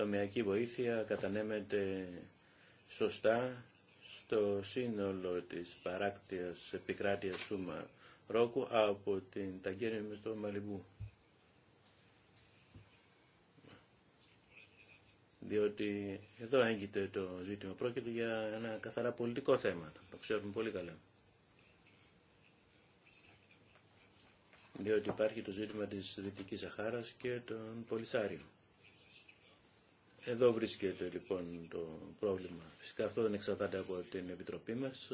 τομεακή βοήθεια κατανέμεται σωστά στο σύνολο της παράκτιας επικράτειας Σούμα Ρόκου από την Ταγκέρνη με το Μαλιμπού. Διότι εδώ έγκυται το ζήτημα. Πρόκειται για ένα καθαρά πολιτικό θέμα. Το ξέρουμε πολύ καλά. Διότι υπάρχει το ζήτημα της Δυτικής Σαχάρας και των Πολυσάριων. Εδώ βρίσκεται λοιπόν το πρόβλημα. Φυσικά αυτό δεν εξαρτάται από την Επιτροπή μας,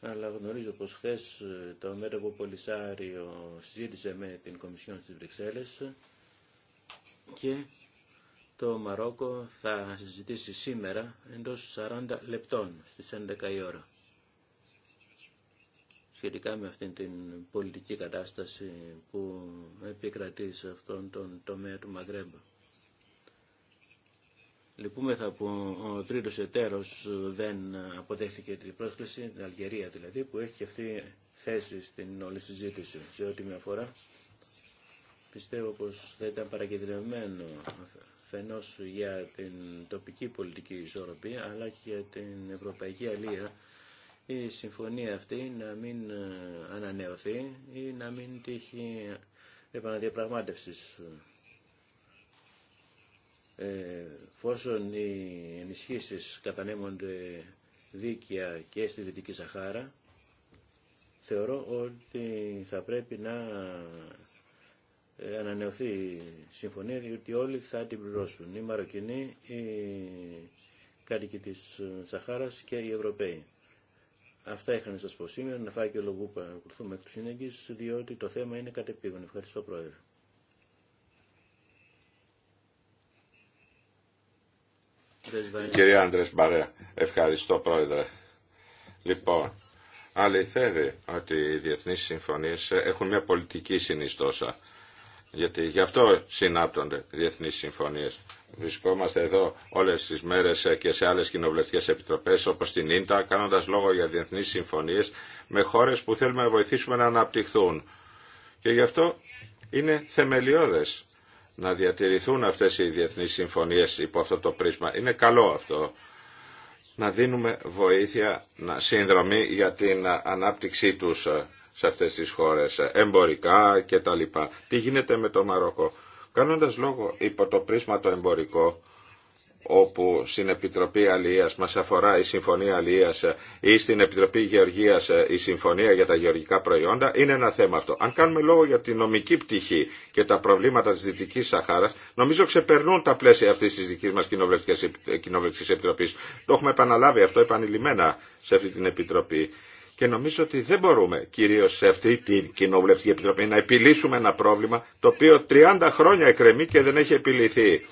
αλλά γνωρίζω πως χθε ε, το μέτωπο Πολυσάριο συζήτησε με την Κομισιόν στις Βρυξέλλες και το Μαρόκο θα συζητήσει σήμερα εντός 40 λεπτών στις 11 η ώρα σχετικά με αυτήν την πολιτική κατάσταση που επικρατεί σε αυτόν τον τομέα του Μαγκρέμπα. Λυπούμεθα που ο τρίτο εταίρος δεν αποδέχθηκε την πρόσκληση, την Αλγερία δηλαδή, που έχει και αυτή θέση στην όλη συζήτηση σε ό,τι με αφορά. Πιστεύω πως θα ήταν παρακεντρευμένο φαινό για την τοπική πολιτική ισορροπία αλλά και για την ευρωπαϊκή αλία η συμφωνία αυτή να μην ανανεωθεί ή να μην τύχει επαναδιαπραγμάτευσης φόσον οι ενισχύσεις κατανέμονται δίκαια και στη Δυτική Σαχάρα, θεωρώ ότι θα πρέπει να ε, ανανεωθεί η συμφωνία, διότι όλοι θα την πληρώσουν, οι Μαροκινοί, οι κάτοικοι της Σαχάρας και οι Ευρωπαίοι. Αυτά είχα να σας πω σήμερα, να φάει και να ακολουθούμε εκ του σύνεγγης, διότι το θέμα είναι κατεπίγον. Ευχαριστώ Πρόεδρε. Κυρία Άντρες Μπαρέα, ευχαριστώ πρόεδρε. Λοιπόν, αληθεύει ότι οι διεθνείς συμφωνίες έχουν μια πολιτική συνιστόσα. Γιατί γι' αυτό συνάπτονται οι διεθνείς συμφωνίες. Βρισκόμαστε εδώ όλες τις μέρες και σε άλλες κοινοβουλευτικέ επιτροπές όπως την ΙΝΤΑ κάνοντας λόγο για διεθνείς συμφωνίες με χώρες που θέλουμε να βοηθήσουμε να αναπτυχθούν. Και γι' αυτό είναι θεμελιώδες να διατηρηθούν αυτές οι διεθνείς συμφωνίες υπό αυτό το πρίσμα. Είναι καλό αυτό να δίνουμε βοήθεια, να σύνδρομη για την ανάπτυξή τους σε αυτές τις χώρες, εμπορικά και τα λοιπά. Τι γίνεται με το Μαρόκο. Κάνοντας λόγο υπό το πρίσμα το εμπορικό, όπου στην Επιτροπή Αλίας μας αφορά η Συμφωνία Αλίας ή στην Επιτροπή Γεωργίας η Συμφωνία για τα γεωργικά προϊόντα, είναι ένα θέμα αυτό. Αν κάνουμε λόγο για τη νομική πτυχή και τα προβλήματα της Δυτικής Σαχάρας, νομίζω ξεπερνούν τα πλαίσια αυτής της δικής μας Κοινοβουλευτικής Επιτροπής. Το έχουμε επαναλάβει αυτό επανειλημμένα σε αυτή την Επιτροπή. Και νομίζω ότι δεν μπορούμε κυρίω σε αυτή την Κοινοβουλευτική Επιτροπή να επιλύσουμε ένα πρόβλημα το οποίο 30 χρόνια εκρεμεί και δεν έχει επιλυθεί.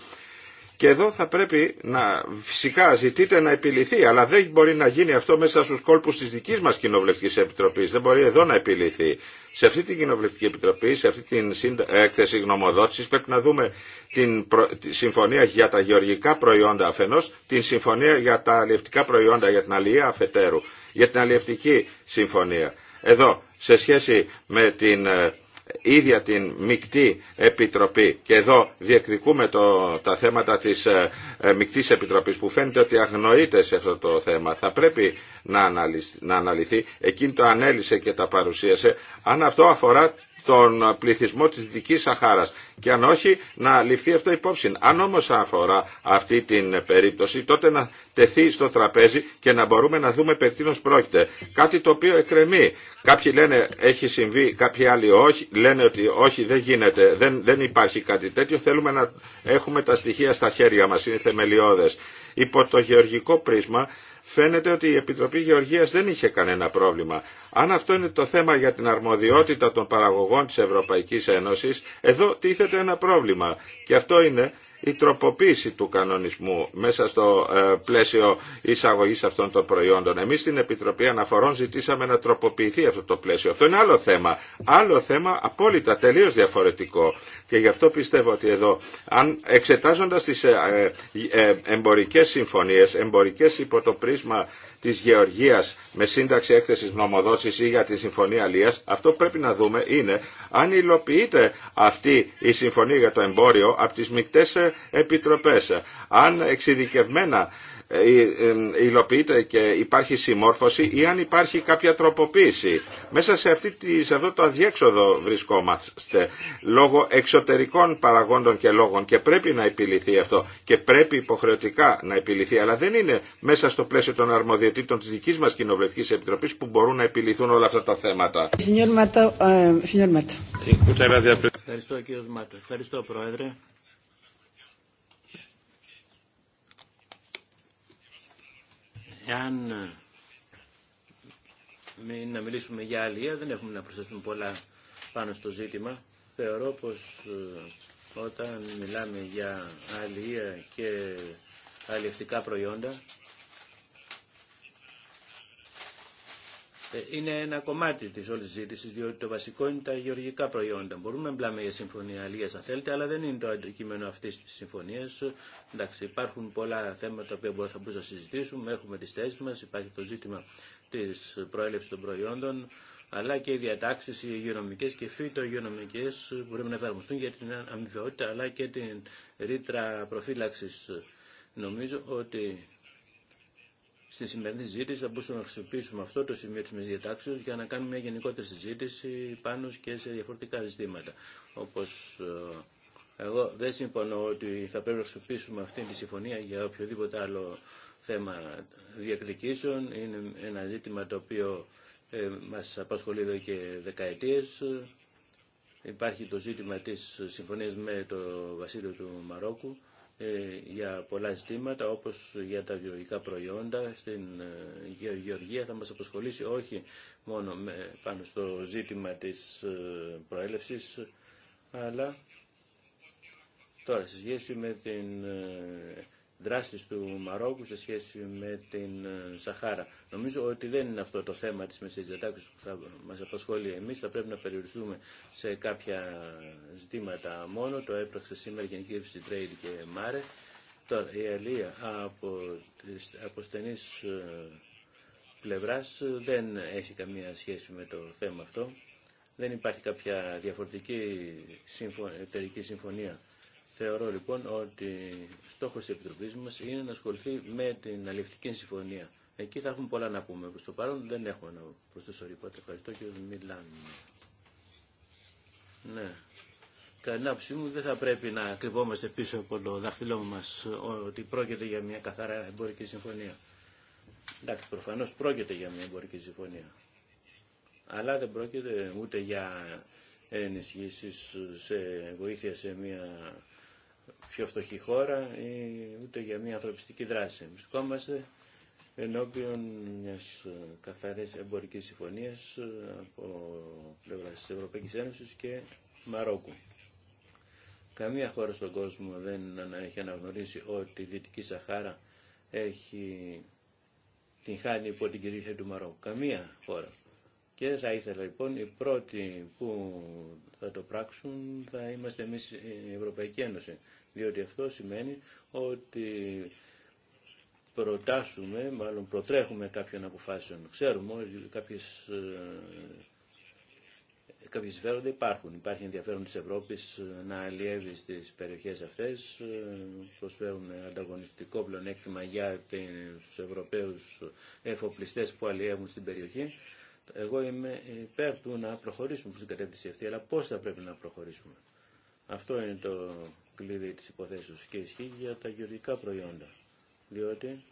Και εδώ θα πρέπει να φυσικά ζητείτε να επιληθεί, αλλά δεν μπορεί να γίνει αυτό μέσα στους κόλπους της δικής μας Κοινοβουλευτικής Επιτροπής. Δεν μπορεί εδώ να επιληθεί. Σε αυτή την Κοινοβουλευτική Επιτροπή, σε αυτή την έκθεση γνωμοδότησης πρέπει να δούμε την συμφωνία για τα γεωργικά προϊόντα αφενός, την συμφωνία για τα αλληλευτικά προϊόντα για την αλληλεία αφετέρου, για την αλληλευτική συμφωνία. Εδώ, σε σχέση με την ε, ίδια την μεικτή επιτροπή και εδώ διεκδικούμε το, τα θέματα της ε, ε, μεικτής επιτροπής που φαίνεται ότι αγνοείται σε αυτό το θέμα θα πρέπει να, να αναλυθεί εκείνη το ανέλησε και τα παρουσίασε αν αυτό αφορά τον πληθυσμό της Δυτικής Σαχάρας και αν όχι να ληφθεί αυτό υπόψη. Αν όμως αφορά αυτή την περίπτωση τότε να τεθεί στο τραπέζι και να μπορούμε να δούμε περί τίνος πρόκειται. Κάτι το οποίο εκρεμεί. Κάποιοι λένε έχει συμβεί, κάποιοι άλλοι όχι, λένε ότι όχι δεν γίνεται, δεν, δεν υπάρχει κάτι τέτοιο. Θέλουμε να έχουμε τα στοιχεία στα χέρια μας, είναι θεμελιώδες. Υπό το γεωργικό πρίσμα φαίνεται ότι η Επιτροπή Γεωργίας δεν είχε κανένα πρόβλημα. Αν αυτό είναι το θέμα για την αρμοδιότητα των παραγωγών της Ευρωπαϊκής Ένωσης, εδώ τίθεται ένα πρόβλημα. Και αυτό είναι η τροποποίηση του κανονισμού μέσα στο ε, πλαίσιο εισαγωγή αυτών των προϊόντων. Εμεί στην Επιτροπή Αναφορών ζητήσαμε να τροποποιηθεί αυτό το πλαίσιο. Αυτό είναι άλλο θέμα. Άλλο θέμα απόλυτα τελείω διαφορετικό. Και γι' αυτό πιστεύω ότι εδώ, αν εξετάζοντα τι εμπορικέ συμφωνίε, ε, εμπορικέ υπό το πρίσμα της γεωργίας με σύνταξη έκθεσης νομοδόσης ή για τη Συμφωνία Αλίας, αυτό πρέπει να δούμε είναι αν υλοποιείται αυτή η Συμφωνία για το Εμπόριο από τις μικτές επιτροπές. Αν εξειδικευμένα ε, ε, υλοποιείται και υπάρχει συμμόρφωση ή αν υπάρχει κάποια τροποποίηση. Μέσα σε, αυτή, σε αυτό το αδιέξοδο βρισκόμαστε λόγω εξωτερικών παραγόντων και λόγων και πρέπει να επιληθεί αυτό και πρέπει υποχρεωτικά να επιληθεί αλλά δεν είναι μέσα στο πλαίσιο των αρμοδιοτήτων της δικής μας Κοινοβουλευτικής Επιτροπής που μπορούν να επιληθούν όλα αυτά τα θέματα. Eh, Ευχαριστώ κύριο Ευχαριστώ Πρόεδρε. Εάν ε, να μιλήσουμε για αλληλεία, δεν έχουμε να προσθέσουμε πολλά πάνω στο ζήτημα. Θεωρώ πως ε, όταν μιλάμε για αλληλεία και αλληλευτικά προϊόντα, Ε, είναι ένα κομμάτι τη όλη συζήτηση, διότι το βασικό είναι τα γεωργικά προϊόντα. Μπορούμε να μπλάμε για συμφωνία αλλίας αν θέλετε, αλλά δεν είναι το αντικείμενο αυτή τη συμφωνία. Εντάξει, υπάρχουν πολλά θέματα που οποία θα μπορούσαμε να συζητήσουμε, έχουμε τι θέσει μα, υπάρχει το ζήτημα τη πρόέλευση των προϊόντων, αλλά και οι διατάξει οι υγειονομικέ και οι μπορούμε να εφαρμοστούν για την αμοιβαιότητα αλλά και την ρήτρα προφύλαξη. Νομίζω ότι στη σημερινή συζήτηση θα μπορούσαμε να χρησιμοποιήσουμε αυτό το σημείο της μεσδιατάξεω για να κάνουμε μια γενικότερη συζήτηση πάνω και σε διαφορετικά ζητήματα. Όπως ε, εγώ δεν συμφωνώ ότι θα πρέπει να χρησιμοποιήσουμε αυτή τη συμφωνία για οποιοδήποτε άλλο θέμα διεκδικήσεων. Είναι ένα ζήτημα το οποίο ε, μας απασχολεί εδώ και δεκαετίες. Υπάρχει το ζήτημα της συμφωνίας με το βασίλειο του Μαρόκου ε, για πολλά ζητήματα όπως για τα βιολογικά προϊόντα στην ε, γεωργία θα μας αποσχολήσει όχι μόνο με, πάνω στο ζήτημα της ε, προέλευσης αλλά τώρα σε σχέση με την δράσεις του Μαρόκου σε σχέση με την ε, Σαχάρα. Νομίζω ότι δεν είναι αυτό το θέμα της μεσής διατάξης που θα μας απασχολεί εμείς. Θα πρέπει να περιοριστούμε σε κάποια ζητήματα μόνο. Το έπραξε σήμερα η Γενική Εύση Τρέιντ και Μάρε. Τώρα η Αλία από, από στενής ε, πλευράς δεν έχει καμία σχέση με το θέμα αυτό. Δεν υπάρχει κάποια διαφορετική εταιρική συμφωνία Θεωρώ λοιπόν ότι στόχος της Επιτροπής μας είναι να ασχοληθεί με την αλληλευτική συμφωνία. Εκεί θα έχουμε πολλά να πούμε. Προς το παρόν δεν έχω να προσθέσω ρίποτε. Ευχαριστώ και μιλάμε. Ναι. Κατά άποψή μου δεν θα πρέπει να κρυβόμαστε πίσω από το δάχτυλό μας ότι πρόκειται για μια καθαρά εμπορική συμφωνία. Εντάξει, προφανώς πρόκειται για μια εμπορική συμφωνία. Αλλά δεν πρόκειται ούτε για ενισχύσεις σε βοήθεια σε μια πιο φτωχή χώρα ή ούτε για μια ανθρωπιστική δράση. Βρισκόμαστε ενώπιον μιας ε, καθαρής εμπορικής συμφωνία ε, από πλευρά τη Ευρωπαϊκής Ένωσης και Μαρόκου. Καμία χώρα στον κόσμο δεν έχει αναγνωρίσει ότι η Δυτική Σαχάρα έχει την χάνει υπό την κυρία του Μαρόκου. Καμία χώρα. Και θα ήθελα λοιπόν οι πρώτοι που θα το πράξουν θα είμαστε εμείς η Ευρωπαϊκή Ένωση διότι αυτό σημαίνει ότι προτάσουμε, μάλλον προτρέχουμε κάποιων αποφάσεων. Ξέρουμε ότι κάποιες, ε, κάποιες συμφέροντα υπάρχουν. Υπάρχει ενδιαφέρον της Ευρώπης ε, να αλλιεύει στις περιοχές αυτές, ε, προσφέρουν ανταγωνιστικό πλεονέκτημα για τους Ευρωπαίους εφοπλιστές που αλλιεύουν στην περιοχή. Εγώ είμαι υπέρ του να προχωρήσουμε στην κατεύθυνση αυτή, αλλά πώς θα πρέπει να προχωρήσουμε. Αυτό είναι το κλειδί της υποθέσεως και ισχύει για τα γεωργικά προϊόντα. Διότι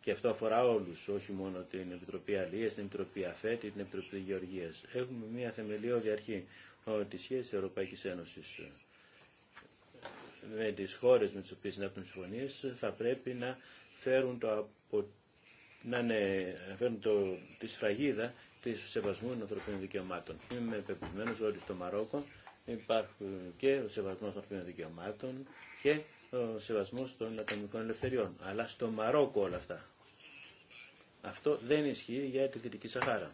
και αυτό αφορά όλους, όχι μόνο την Επιτροπή Αλίας, την Επιτροπή ΑΦΕΤ την Επιτροπή Γεωργίας. Έχουμε μια θεμελιώδη αρχή ότι σχέση της Ευρωπαϊκής Ένωσης με τις χώρες με τις οποίες συνάπτουν συμφωνίες θα πρέπει να φέρουν το απο... να φέρουν το... τη σφραγίδα της σεβασμού των ανθρωπίνων δικαιωμάτων. Είμαι πεπισμένος ότι στο Μαρόκο υπάρχουν και ο σεβασμός των δικαιωμάτων και ο σεβασμός των ατομικών ελευθεριών. Αλλά στο Μαρόκο όλα αυτά. Αυτό δεν ισχύει για τη Δυτική Σαχάρα.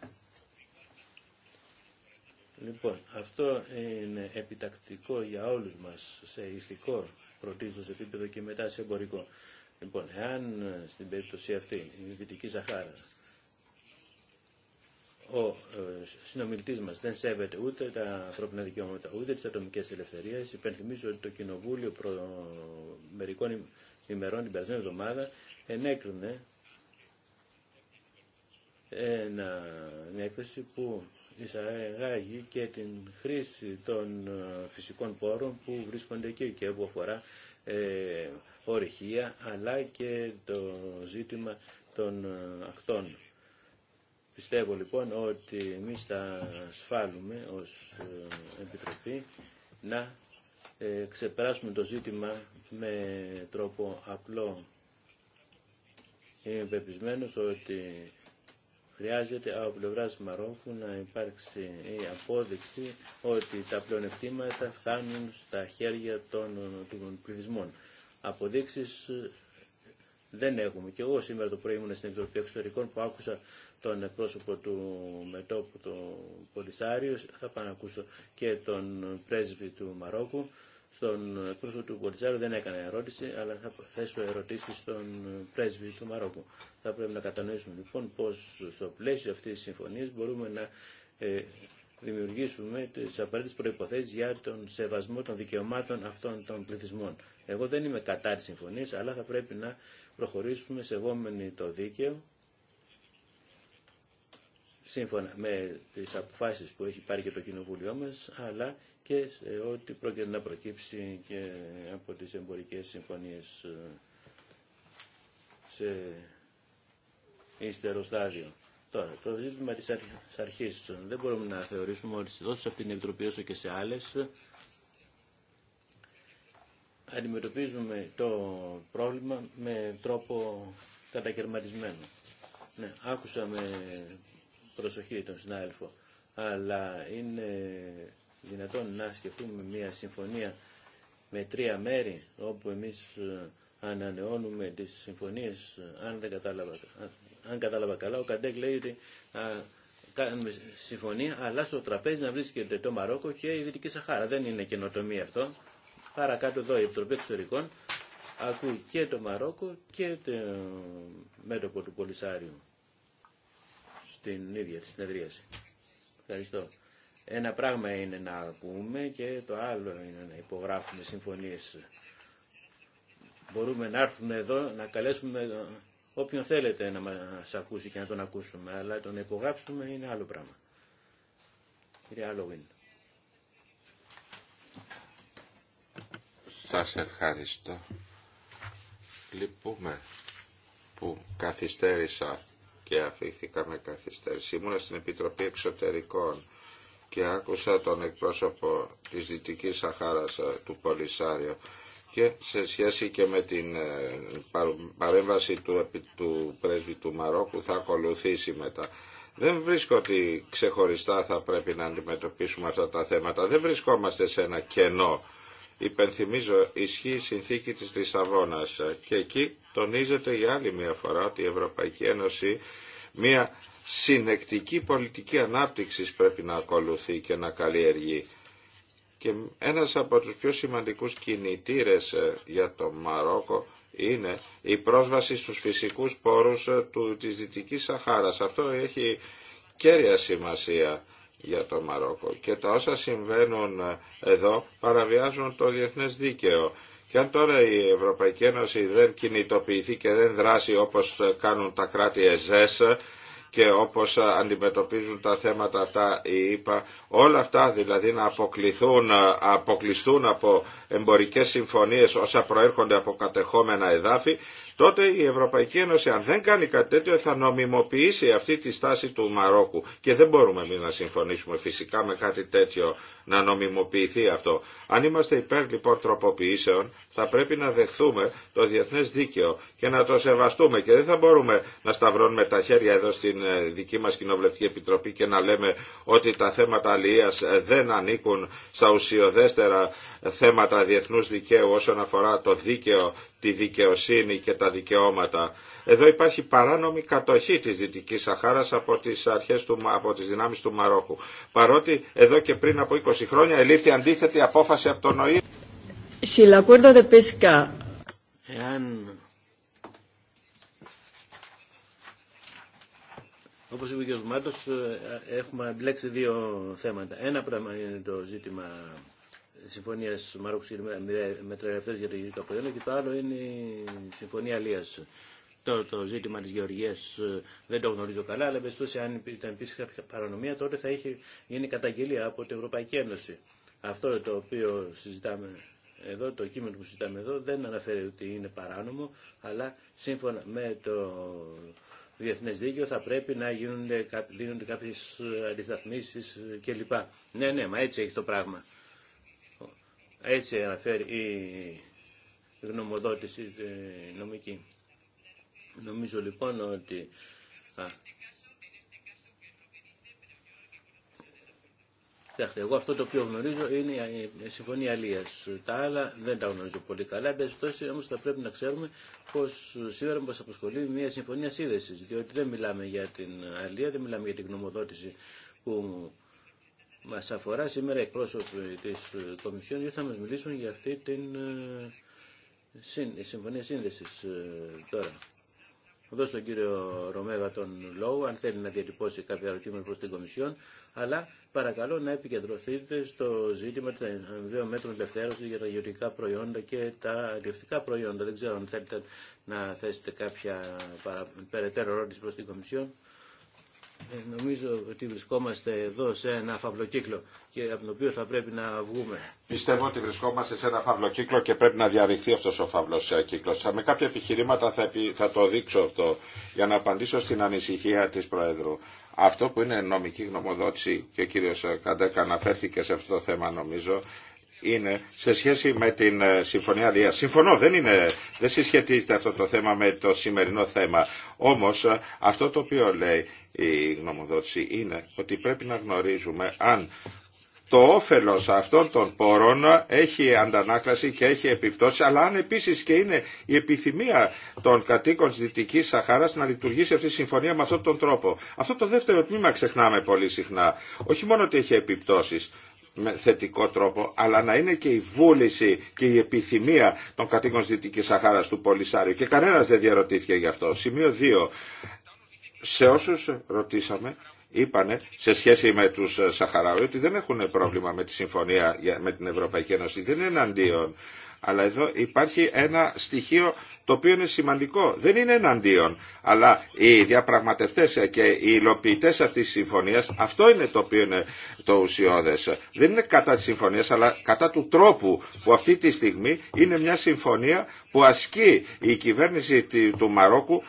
Λοιπόν, αυτό είναι επιτακτικό για όλους μας σε ηθικό πρωτίστως επίπεδο και μετά σε εμπορικό. Λοιπόν, εάν στην περίπτωση αυτή η Δυτική Σαχάρα ο ε, συνομιλητή μας δεν σέβεται ούτε τα ανθρώπινα δικαιώματα, ούτε τι ατομικές ελευθερίες. Υπενθυμίζω ότι το Κοινοβούλιο προ μερικών ημερών την περασμένη εβδομάδα ενέκρινε ένα, μια έκθεση που εισαγάγει και την χρήση των ε, φυσικών πόρων που βρίσκονται εκεί και που αφορά ε, ορυχεία αλλά και το ζήτημα των ε, ακτών. Πιστεύω λοιπόν ότι εμείς θα ασφάλουμε ως ε, Επιτροπή να ε, ξεπεράσουμε το ζήτημα με τρόπο απλό. Είμαι πεπισμένος ότι χρειάζεται από πλευρά Μαρόκου να υπάρξει η απόδειξη ότι τα πλεονεκτήματα φτάνουν στα χέρια των πληθυσμών. Αποδείξεις δεν έχουμε. Και εγώ σήμερα το πρωί ήμουν στην Επιτροπή Εξωτερικών που άκουσα τον πρόσωπο του μετόπου, του Πολυσάριο, θα πάω να ακούσω και τον πρέσβη του Μαρόκου. Στον πρόσωπο του Πολυσάριου δεν έκανα ερώτηση, αλλά θα θέσω ερωτήσει στον πρέσβη του Μαρόκου. Θα πρέπει να κατανοήσουμε λοιπόν πώ στο πλαίσιο αυτή τη συμφωνία μπορούμε να ε, δημιουργήσουμε τι απαραίτητε προποθέσει για τον σεβασμό των δικαιωμάτων αυτών των πληθυσμών. Εγώ δεν είμαι κατά τη συμφωνία, αλλά θα πρέπει να προχωρήσουμε σεβόμενοι το δίκαιο σύμφωνα με τις αποφάσεις που έχει πάρει και το Κοινοβούλιο μας, αλλά και σε ό,τι πρόκειται να προκύψει και από τις εμπορικές συμφωνίες ε, σε ύστερο στάδιο. Τώρα, το ζήτημα της αρχής. Δεν μπορούμε να θεωρήσουμε ότι σε αυτήν την Επιτροπή όσο και σε άλλες αντιμετωπίζουμε το πρόβλημα με τρόπο κατακαιρματισμένο. Ναι, άκουσα με προσοχή τον συνάδελφο, αλλά είναι δυνατόν να σκεφτούμε μια συμφωνία με τρία μέρη, όπου εμείς ε, ανανεώνουμε τις συμφωνίες, ε, αν κατάλαβα, αν καλά, ο Καντέκ λέει ότι κάνουμε συμφωνία, αλλά στο τραπέζι να βρίσκεται το Μαρόκο και η Δυτική Σαχάρα. Δεν είναι καινοτομία αυτό. Παρακάτω εδώ η Επιτροπή Εξωτερικών ακούει και το Μαρόκο και το μέτωπο του Πολυσάριου στην ίδια τη συνεδρίαση. Ευχαριστώ. Ένα πράγμα είναι να ακούμε και το άλλο είναι να υπογράφουμε συμφωνίες. Μπορούμε να έρθουμε εδώ, να καλέσουμε όποιον θέλετε να μας ακούσει και να τον ακούσουμε, αλλά το να υπογράψουμε είναι άλλο πράγμα. Κύριε Σας ευχαριστώ. Λυπούμε που καθυστέρησα και αφήθηκα με καθυστέρηση. Ήμουνα στην Επιτροπή Εξωτερικών και άκουσα τον εκπρόσωπο της Δυτικής Σαχάρας ε, του Πολυσάριο και σε σχέση και με την ε, παρέμβαση του, του πρέσβη του Μαρόκου θα ακολουθήσει μετά. Δεν βρίσκω ότι ξεχωριστά θα πρέπει να αντιμετωπίσουμε αυτά τα θέματα. Δεν βρισκόμαστε σε ένα κενό υπενθυμίζω ισχύει η συνθήκη της Λισαβόνας και εκεί τονίζεται για άλλη μια φορά ότι η Ευρωπαϊκή Ένωση μια συνεκτική πολιτική ανάπτυξης πρέπει να ακολουθεί και να καλλιεργεί. Και ένας από τους πιο σημαντικούς κινητήρες ε, για το Μαρόκο είναι η πρόσβαση στους φυσικούς πόρους ε, του, της Δυτικής Σαχάρας. Αυτό έχει κέρια σημασία για το Μαρόκο και τα όσα συμβαίνουν εδώ παραβιάζουν το διεθνές δίκαιο. Και αν τώρα η Ευρωπαϊκή Ένωση δεν κινητοποιηθεί και δεν δράσει όπως κάνουν τα κράτη ΕΖΕΣ και όπως αντιμετωπίζουν τα θέματα αυτά οι όλα αυτά δηλαδή να αποκληθούν, αποκλειστούν από εμπορικές συμφωνίες όσα προέρχονται από κατεχόμενα εδάφη, τότε η Ευρωπαϊκή Ένωση αν δεν κάνει κάτι τέτοιο θα νομιμοποιήσει αυτή τη στάση του Μαρόκου και δεν μπορούμε εμεί να συμφωνήσουμε φυσικά με κάτι τέτοιο να νομιμοποιηθεί αυτό. Αν είμαστε υπέρ λοιπόν τροποποιήσεων θα πρέπει να δεχθούμε το διεθνές δίκαιο και να το σεβαστούμε και δεν θα μπορούμε να σταυρώνουμε τα χέρια εδώ στην ε, δική μας Κοινοβουλευτική Επιτροπή και να λέμε ότι τα θέματα αλληλεία ε, δεν ανήκουν στα ουσιοδέστερα θέματα διεθνούς δικαίου όσον αφορά το δίκαιο, τη δικαιοσύνη και τα δικαιώματα. Εδώ υπάρχει παράνομη κατοχή της Δυτικής Σαχάρας από τις, αρχές του, από τις δυνάμεις του Μαρόκου. Παρότι εδώ και πριν από 20 χρόνια ελήφθη αντίθετη απόφαση από τον ΟΗΕ. Εάν... Όπως είπε ο κ. Μάτος, ε, έχουμε μπλέξει δύο θέματα. Ένα πράγμα είναι το ζήτημα συμφωνία Μαρόκου με για το γεωργικό προϊόν και το άλλο είναι η συμφωνία Αλίας. Το, το ζήτημα της Γεωργίας ε, δεν το γνωρίζω καλά, αλλά βεστούσε αν ήταν επίση κάποια παρανομία τότε θα είχε γίνει καταγγελία από την Ευρωπαϊκή Ένωση. Αυτό το οποίο συζητάμε εδώ, το κείμενο που συζητάμε εδώ δεν αναφέρει ότι είναι παράνομο, αλλά σύμφωνα με το διεθνέ δίκαιο θα πρέπει να γίνονται, δίνονται κάποιε αντισταθμίσει ε, κλπ. Ναι, ναι, μα έτσι έχει το πράγμα. Έτσι αναφέρει η γνωμοδότηση ε, νομική. Νομίζω λοιπόν ότι Κοιτάξτε, εγώ αυτό το οποίο γνωρίζω είναι η συμφωνία Αλία. Τα άλλα δεν τα γνωρίζω πολύ καλά. Εν πάση όμω θα πρέπει να ξέρουμε πω σήμερα μα απασχολεί μια συμφωνία σύνδεση. Διότι δεν μιλάμε για την Αλία, δεν μιλάμε για την γνωμοδότηση που Μα αφορά. Σήμερα εκπρόσωποι της ε, Κομισιόν ή θα μας μιλήσουν για αυτή την ε, συμφωνία σύνδεσης ε, τώρα. Δώσω τον κύριο Ρωμέβα τον λόγο, αν θέλει να διατυπώσει κάποια ερωτήματα προς την Κομισιόν, αλλά παρακαλώ να επικεντρωθείτε στο ζήτημα των δύο μέτρων ελευθέρωση για τα γεωργικά προϊόντα και τα αντιευτικά προϊόντα. Δεν ξέρω αν θέλετε να θέσετε κάποια περαιτέρω ερώτηση προς την Κομισιόν. Ε, νομίζω ότι βρισκόμαστε εδώ σε ένα φαυλοκύκλο και από τον οποίο θα πρέπει να βγούμε. Πιστεύω ότι βρισκόμαστε σε ένα φαυλοκύκλο και πρέπει να διαρριχθεί αυτό ο φαύλο ε, κύκλο. Με κάποια επιχειρήματα θα, θα το δείξω αυτό για να απαντήσω στην ανησυχία τη Προέδρου. Αυτό που είναι νομική γνωμοδότηση και ο κύριο Καντέκα αναφέρθηκε σε αυτό το θέμα νομίζω είναι σε σχέση με την ε, Συμφωνία Αλία. Συμφωνώ, δεν, είναι, δεν συσχετίζεται αυτό το θέμα με το σημερινό θέμα. Όμως ε, αυτό το οποίο λέει η γνωμοδότηση είναι ότι πρέπει να γνωρίζουμε αν το όφελος αυτών των πόρων έχει αντανάκλαση και έχει επιπτώσει, αλλά αν επίσης και είναι η επιθυμία των κατοίκων της Δυτικής Σαχάρας να λειτουργήσει αυτή η συμφωνία με αυτόν τον τρόπο. Αυτό το δεύτερο τμήμα ξεχνάμε πολύ συχνά. Όχι μόνο ότι έχει επιπτώσεις, με θετικό τρόπο, αλλά να είναι και η βούληση και η επιθυμία των κατοίκων της Δυτικής Σαχάρας του Πολυσάριου. Και κανένας δεν διαρωτήθηκε γι' αυτό. Σημείο 2. Σε όσους ρωτήσαμε, είπανε σε σχέση με τους Σαχαράου ότι δεν έχουν πρόβλημα με τη συμφωνία με την Ευρωπαϊκή Ένωση. Δεν είναι εναντίον. Αλλά εδώ υπάρχει ένα στοιχείο το οποίο είναι σημαντικό. Δεν είναι εναντίον, αλλά οι διαπραγματευτές και οι υλοποιητέ αυτής της συμφωνίας, αυτό είναι το οποίο είναι το ουσιώδες. Δεν είναι κατά τη συμφωνία αλλά κατά του τρόπου που αυτή τη στιγμή είναι μια συμφωνία που ασκεί η κυβέρνηση του Μαρόκου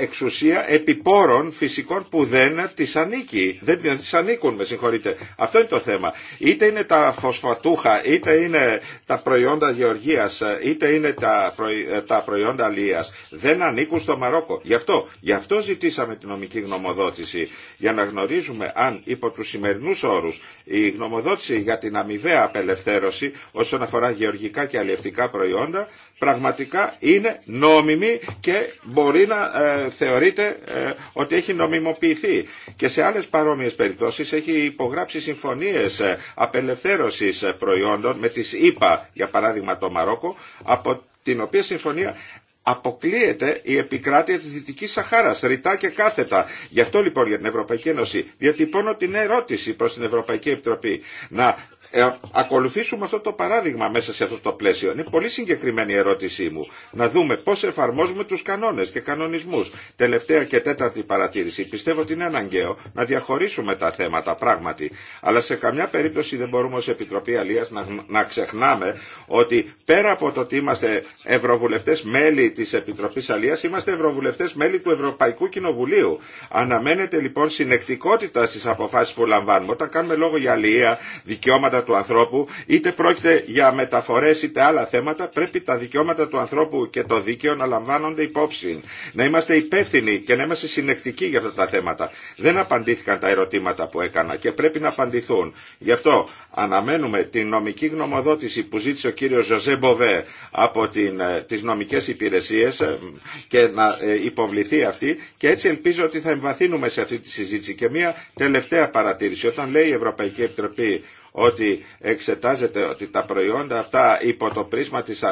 εξουσία επιπόρων φυσικών που δεν τη ανήκει. Δεν τις ανήκουν, με συγχωρείτε. Αυτό είναι το θέμα. Είτε είναι τα φωσφατούχα, είτε είναι τα προϊόντα γεωργία είτε είναι τα, ε, τα προϊόντα αλεία. Δεν ανήκουν στο Μαρόκο. Γι' αυτό, γι αυτό ζητήσαμε την νομική γνωμοδότηση. Για να γνωρίζουμε αν υπό του σημερινού όρου η γνωμοδότηση για την αμοιβαία απελευθέρωση όσον αφορά γεωργικά και αλλιευτικά προϊόντα πραγματικά είναι νόμιμη και μπορεί να ε, θεωρείται ε, ότι έχει νομιμοποιηθεί. Και σε άλλες παρόμοιες περιπτώσεις έχει υπογράψει συμφωνίες ε, απελευθέρωσης προϊόντων με τις ΙΠΑ για παράδειγμα το Μαρόκο, από την οποία συμφωνία αποκλείεται η επικράτεια της Δυτικής Σαχάρας, ρητά και κάθετα. Γι' αυτό λοιπόν για την Ευρωπαϊκή Ένωση διατυπώνω την ερώτηση προς την Ευρωπαϊκή Επιτροπή να ε, ακολουθήσουμε αυτό το παράδειγμα μέσα σε αυτό το πλαίσιο. Είναι πολύ συγκεκριμένη η ερώτησή μου. Να δούμε πώς εφαρμόζουμε τους κανόνες και κανονισμούς. Τελευταία και τέταρτη παρατήρηση. Πιστεύω ότι είναι αναγκαίο να διαχωρίσουμε τα θέματα πράγματι. Αλλά σε καμιά περίπτωση δεν μπορούμε ως Επιτροπή Αλίας να, να ξεχνάμε ότι πέρα από το ότι είμαστε ευρωβουλευτές μέλη της Επιτροπής Αλίας, είμαστε ευρωβουλευτές μέλη του Ευρωπαϊκού Κοινοβουλίου. Αναμένεται λοιπόν συνεκτικότητα στις αποφάσεις που λαμβάνουμε. Όταν κάνουμε λόγο για αλία, δικαιώματα του ανθρώπου, είτε πρόκειται για μεταφορέ είτε άλλα θέματα, πρέπει τα δικαιώματα του ανθρώπου και το δίκαιο να λαμβάνονται υπόψη. Να είμαστε υπεύθυνοι και να είμαστε συνεκτικοί για αυτά τα θέματα. Δεν απαντήθηκαν τα ερωτήματα που έκανα και πρέπει να απαντηθούν. Γι' αυτό αναμένουμε την νομική γνωμοδότηση που ζήτησε ο κύριο Ζωζέ Μποβέ από την, ε, τις νομικές υπηρεσίες ε, και να ε, υποβληθεί αυτή και έτσι ελπίζω ότι θα εμβαθύνουμε σε αυτή τη συζήτηση. Και μια τελευταία παρατήρηση. Όταν λέει η Ευρωπαϊκή Επιτροπή ότι εξετάζεται ότι τα προϊόντα αυτά υπό το πρίσμα της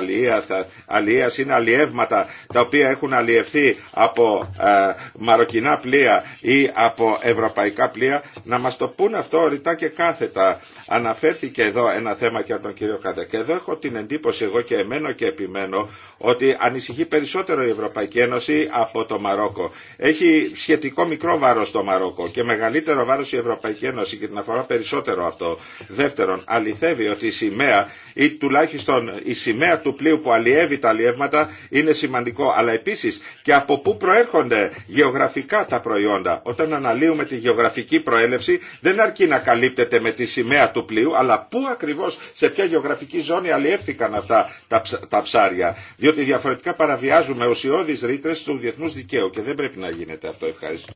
αλληλείας είναι αλλιεύματα τα οποία έχουν αλλιευθεί από ε, μαροκινά πλοία ή από ευρωπαϊκά πλοία να μας το πούν αυτό ρητά και κάθετα. Αναφέρθηκε εδώ ένα θέμα και από τον κύριο Κάντα εδώ έχω την εντύπωση εγώ και εμένα και επιμένω ότι ανησυχεί περισσότερο η Ευρωπαϊκή Ένωση από το Μαρόκο. Έχει σχετικό μικρό βάρος το Μαρόκο και μεγαλύτερο βάρος η Ευρωπαϊκή Ένωση και την αφορά περισσότερο αυτό. Δεύτερον, αληθεύει ότι η σημαία ή τουλάχιστον η σημαία του πλοίου που αλλιεύει τα αλλιεύματα είναι σημαντικό. Αλλά επίση και από πού προέρχονται γεωγραφικά τα προϊόντα. Όταν αναλύουμε τη γεωγραφική προέλευση δεν αρκεί να καλύπτεται με τη σημαία του πλοίου, αλλά πού ακριβώ, σε ποια γεωγραφική ζώνη αλλιεύθηκαν αυτά τα ψάρια. Διότι διαφορετικά παραβιάζουμε ουσιώδει ρήτρε του διεθνού δικαίου και δεν πρέπει να γίνεται αυτό. Ευχαριστώ.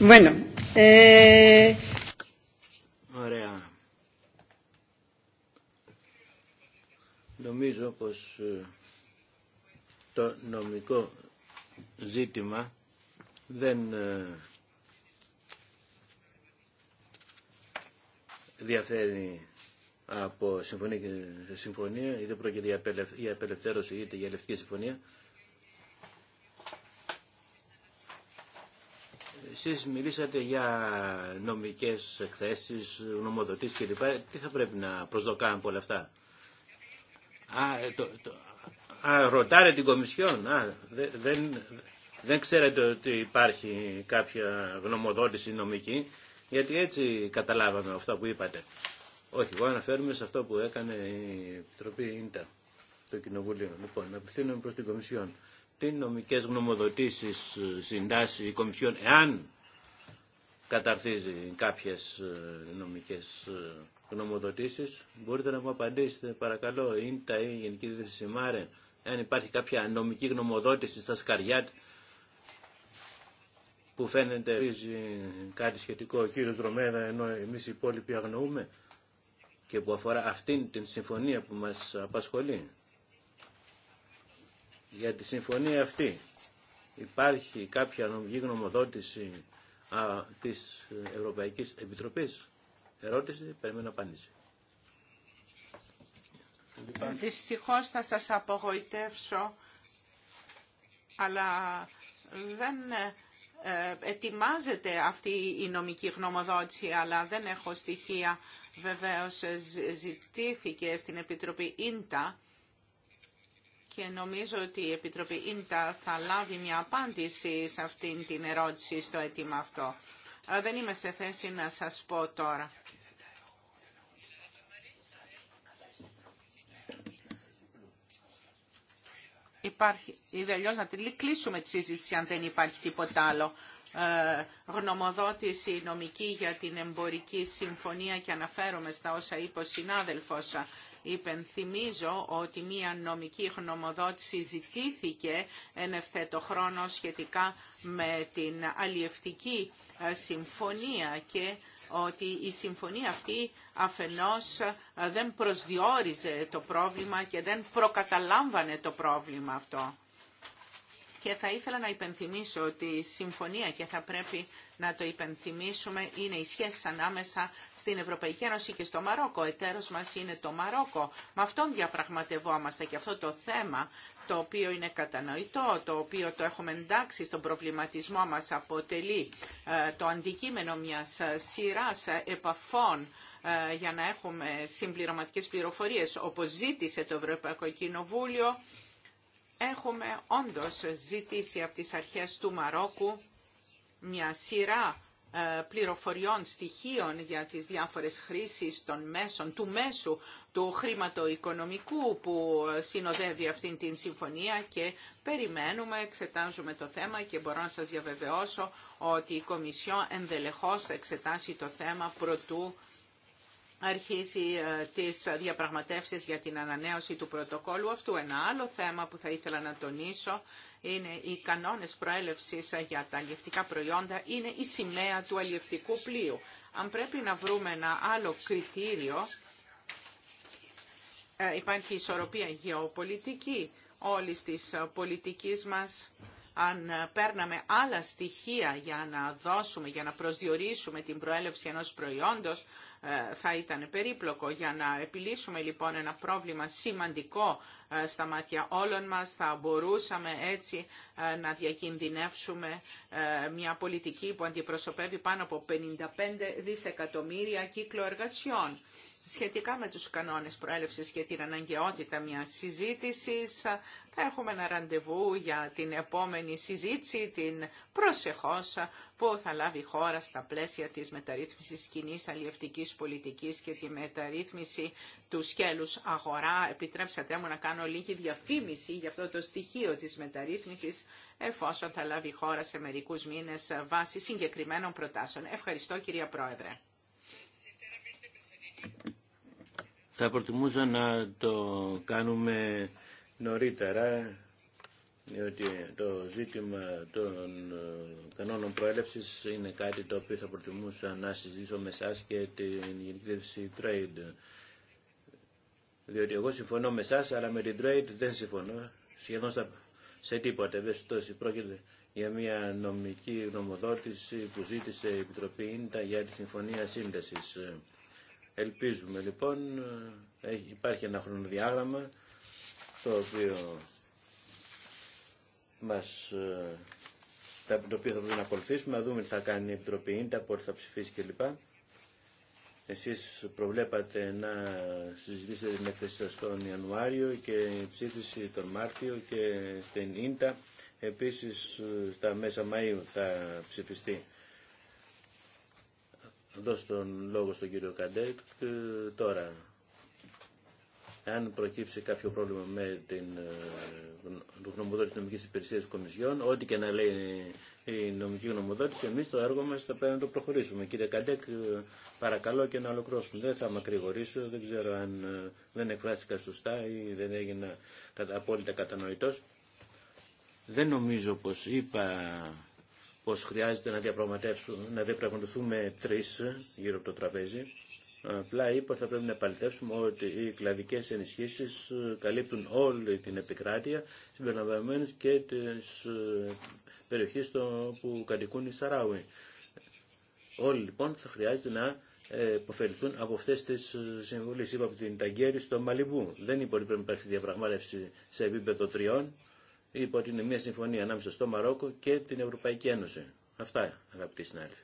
Bueno, eh, Ωραία. Νομίζω πως ε, το νομικό ζήτημα δεν ε, διαφέρει από συμφωνία ή συμφωνία, είτε πρόκειται για απελευθέρωση είτε για ελευθερική συμφωνία. Εσείς μιλήσατε για νομικές εκθέσεις, γνωμοδοτήσεις κλπ. Τι θα πρέπει να προσδοκάμε από όλα αυτά. Α, το, το, ρωτάρε την Κομισιόν. δεν, δεν ξέρετε ότι υπάρχει κάποια γνωμοδότηση νομική, γιατί έτσι καταλάβαμε αυτά που είπατε. Όχι, εγώ αναφέρουμε σε αυτό που έκανε η Επιτροπή Ίντα, το Κοινοβούλιο. Λοιπόν, απευθύνομαι προς την Κομισιόν νομικές γνωμοδοτήσεις ε, συντάσσει η Κομισιόν εάν καταρτίζει κάποιες ε, νομικές ε, γνωμοδοτήσεις. Μπορείτε να μου απαντήσετε παρακαλώ, είναι τα ή Γενική Διευθυνσή Μάρε, εάν υπάρχει κάποια νομική γνωμοδότηση στα σκαριά που φαίνεται κάτι σχετικό ο κύριος Δρομέδα ενώ εμείς οι υπόλοιποι αγνοούμε και που αφορά αυτήν την συμφωνία που μας απασχολεί για τη συμφωνία αυτή. Υπάρχει κάποια νομική γνωμοδότηση α, της Ευρωπαϊκής Επιτροπής. Ερώτηση, περιμένω απάντηση. Δυστυχώς θα σας απογοητεύσω, αλλά δεν ε, ετοιμάζεται αυτή η νομική γνωμοδότηση, αλλά δεν έχω στοιχεία. Βεβαίως ζητήθηκε στην Επιτροπή Ίντα και νομίζω ότι η Επιτροπή ΙΝΤΑ θα λάβει μια απάντηση σε αυτήν την ερώτηση στο αίτημα αυτό. Ε, δεν είμαι σε θέση να σας πω τώρα. Υπάρχει, ή αλλιώς να κλείσουμε τη συζήτηση αν δεν υπάρχει τίποτα άλλο. Ε, γνωμοδότηση νομική για την εμπορική συμφωνία και αναφέρομαι στα όσα είπε ο συνάδελφος. Υπενθυμίζω ότι μία νομική γνωμοδότηση ζητήθηκε εν ευθέτω χρόνο σχετικά με την αλλιευτική ε, συμφωνία και ότι η συμφωνία αυτή αφενός ε, δεν προσδιόριζε το πρόβλημα και δεν προκαταλάμβανε το πρόβλημα αυτό. Και θα ήθελα να υπενθυμίσω ότι η συμφωνία, και θα πρέπει να το υπενθυμίσουμε, είναι οι σχέσει ανάμεσα στην Ευρωπαϊκή Ένωση και στο Μαρόκο. Ο εταίρος μας είναι το Μαρόκο. Με αυτόν διαπραγματευόμαστε και αυτό το θέμα το οποίο είναι κατανοητό, το οποίο το έχουμε εντάξει στον προβληματισμό μας αποτελεί ε, το αντικείμενο μιας ε, σειράς ε, επαφών για να έχουμε συμπληρωματικές πληροφορίες, όπως ζήτησε το Ευρωπαϊκό Κοινοβούλιο Έχουμε όντως ζητήσει από τις αρχές του Μαρόκου μια σειρά ε, πληροφοριών, στοιχείων για τις διάφορες χρήσεις των μέσων, του μέσου του χρηματοοικονομικού που συνοδεύει αυτήν την συμφωνία και περιμένουμε, εξετάζουμε το θέμα και μπορώ να σας διαβεβαιώσω ότι η Κομισιό ενδελεχώς θα εξετάσει το θέμα προτού αρχίσει ε, τις διαπραγματεύσεις για την ανανέωση του πρωτοκόλου αυτού. Ένα άλλο θέμα που θα ήθελα να τονίσω είναι οι κανόνες προέλευσης για τα αλλιευτικά προϊόντα είναι η σημαία του αλλιευτικού πλοίου. Αν πρέπει να βρούμε ένα άλλο κριτήριο, ε, υπάρχει ισορροπία γεωπολιτική όλης της πολιτικής μας. Αν ε, παίρναμε άλλα στοιχεία για να δώσουμε, για να προσδιορίσουμε την προέλευση ενός προϊόντος, ε, θα ήταν περίπλοκο. Για να επιλύσουμε λοιπόν ένα πρόβλημα σημαντικό ε, στα μάτια όλων μας, θα μπορούσαμε έτσι ε, να διακινδυνεύσουμε μια πολιτική που αντιπροσωπεύει πάνω από 55 δισεκατομμύρια κύκλο εργασιών. Σχετικά με τους κανόνες προέλευσης και την αναγκαιότητα μια συζήτησης, θα έχουμε ένα ραντεβού για την επόμενη συζήτηση, την προσεχώς, που θα λάβει η χώρα στα πλαίσια της μεταρρύθμισης κοινή αλλιευτικής πολιτικής και τη μεταρρύθμιση του σκέλους αγορά. Επιτρέψατε μου να κάνω λίγη διαφήμιση για αυτό το στοιχείο της μεταρρύθμισης, εφόσον θα λάβει η χώρα σε μερικούς μήνες βάσει συγκεκριμένων προτάσεων. Ευχαριστώ κυρία Πρόεδρε. Θα να το κάνουμε νωρίτερα διότι το ζήτημα των ε, κανόνων προέλευσης είναι κάτι το οποίο θα προτιμούσα να συζητήσω με εσά και την Γενική Διεύθυνση Trade. Διότι εγώ συμφωνώ με εσά, αλλά με την Trade δεν συμφωνώ σχεδόν σε τίποτα. Ευαισθητός πρόκειται για μια νομική γνωμοδότηση που ζήτησε η Επιτροπή Ίντα για τη Συμφωνία Σύνδεσης. Ελπίζουμε λοιπόν, ε, υπάρχει ένα χρονοδιάγραμμα το οποίο μας ε, θα πρέπει να ακολουθήσουμε, να δούμε τι θα κάνει η Επιτροπή Ίντα, πότε θα ψηφίσει κλπ. Εσείς προβλέπατε να συζητήσετε την έκθεση σας τον Ιανουάριο και η ψήφιση τον Μάρτιο και στην Ίντα. Επίσης ε, στα μέσα Μαΐου θα ψηφιστεί. Δώστε τον λόγο στον κύριο Καντέκ ε, τώρα αν προκύψει κάποιο πρόβλημα με την ε, γνωμοδότηση της νομικής υπηρεσίας της Κομισιόν, ό,τι και να λέει η νομική γνωμοδότηση, εμείς το έργο μας θα πρέπει να το προχωρήσουμε. Κύριε Καντέκ, ε, παρακαλώ και να ολοκληρώσουμε. Δεν θα μακρηγορήσω, δεν ξέρω αν ε, δεν εκφράστηκα σωστά ή δεν έγινα απόλυτα κατανοητός. Δεν νομίζω πως είπα πως χρειάζεται να διαπραγματεύσουμε, να διαπραγματευτούμε τρεις γύρω από το τραπέζι. Απλά είπα θα πρέπει να επαληθεύσουμε ότι οι κλαδικές ενισχύσεις ε, καλύπτουν όλη την επικράτεια συμπεριλαμβανομένες και τις ε, περιοχές που κατοικούν οι Σαράουι. Όλοι λοιπόν θα χρειάζεται να ε, υποφεληθούν από αυτές τις συμβουλές. Είπα από την Ταγκέρη στο Μαλιμπού. Δεν είπα ότι πρέπει να υπάρξει διαπραγμάτευση σε επίπεδο τριών. Είπε ότι είναι μια συμφωνία ανάμεσα στο Μαρόκο και την Ευρωπαϊκή Ένωση. Αυτά αγαπητοί συνάδελφοι.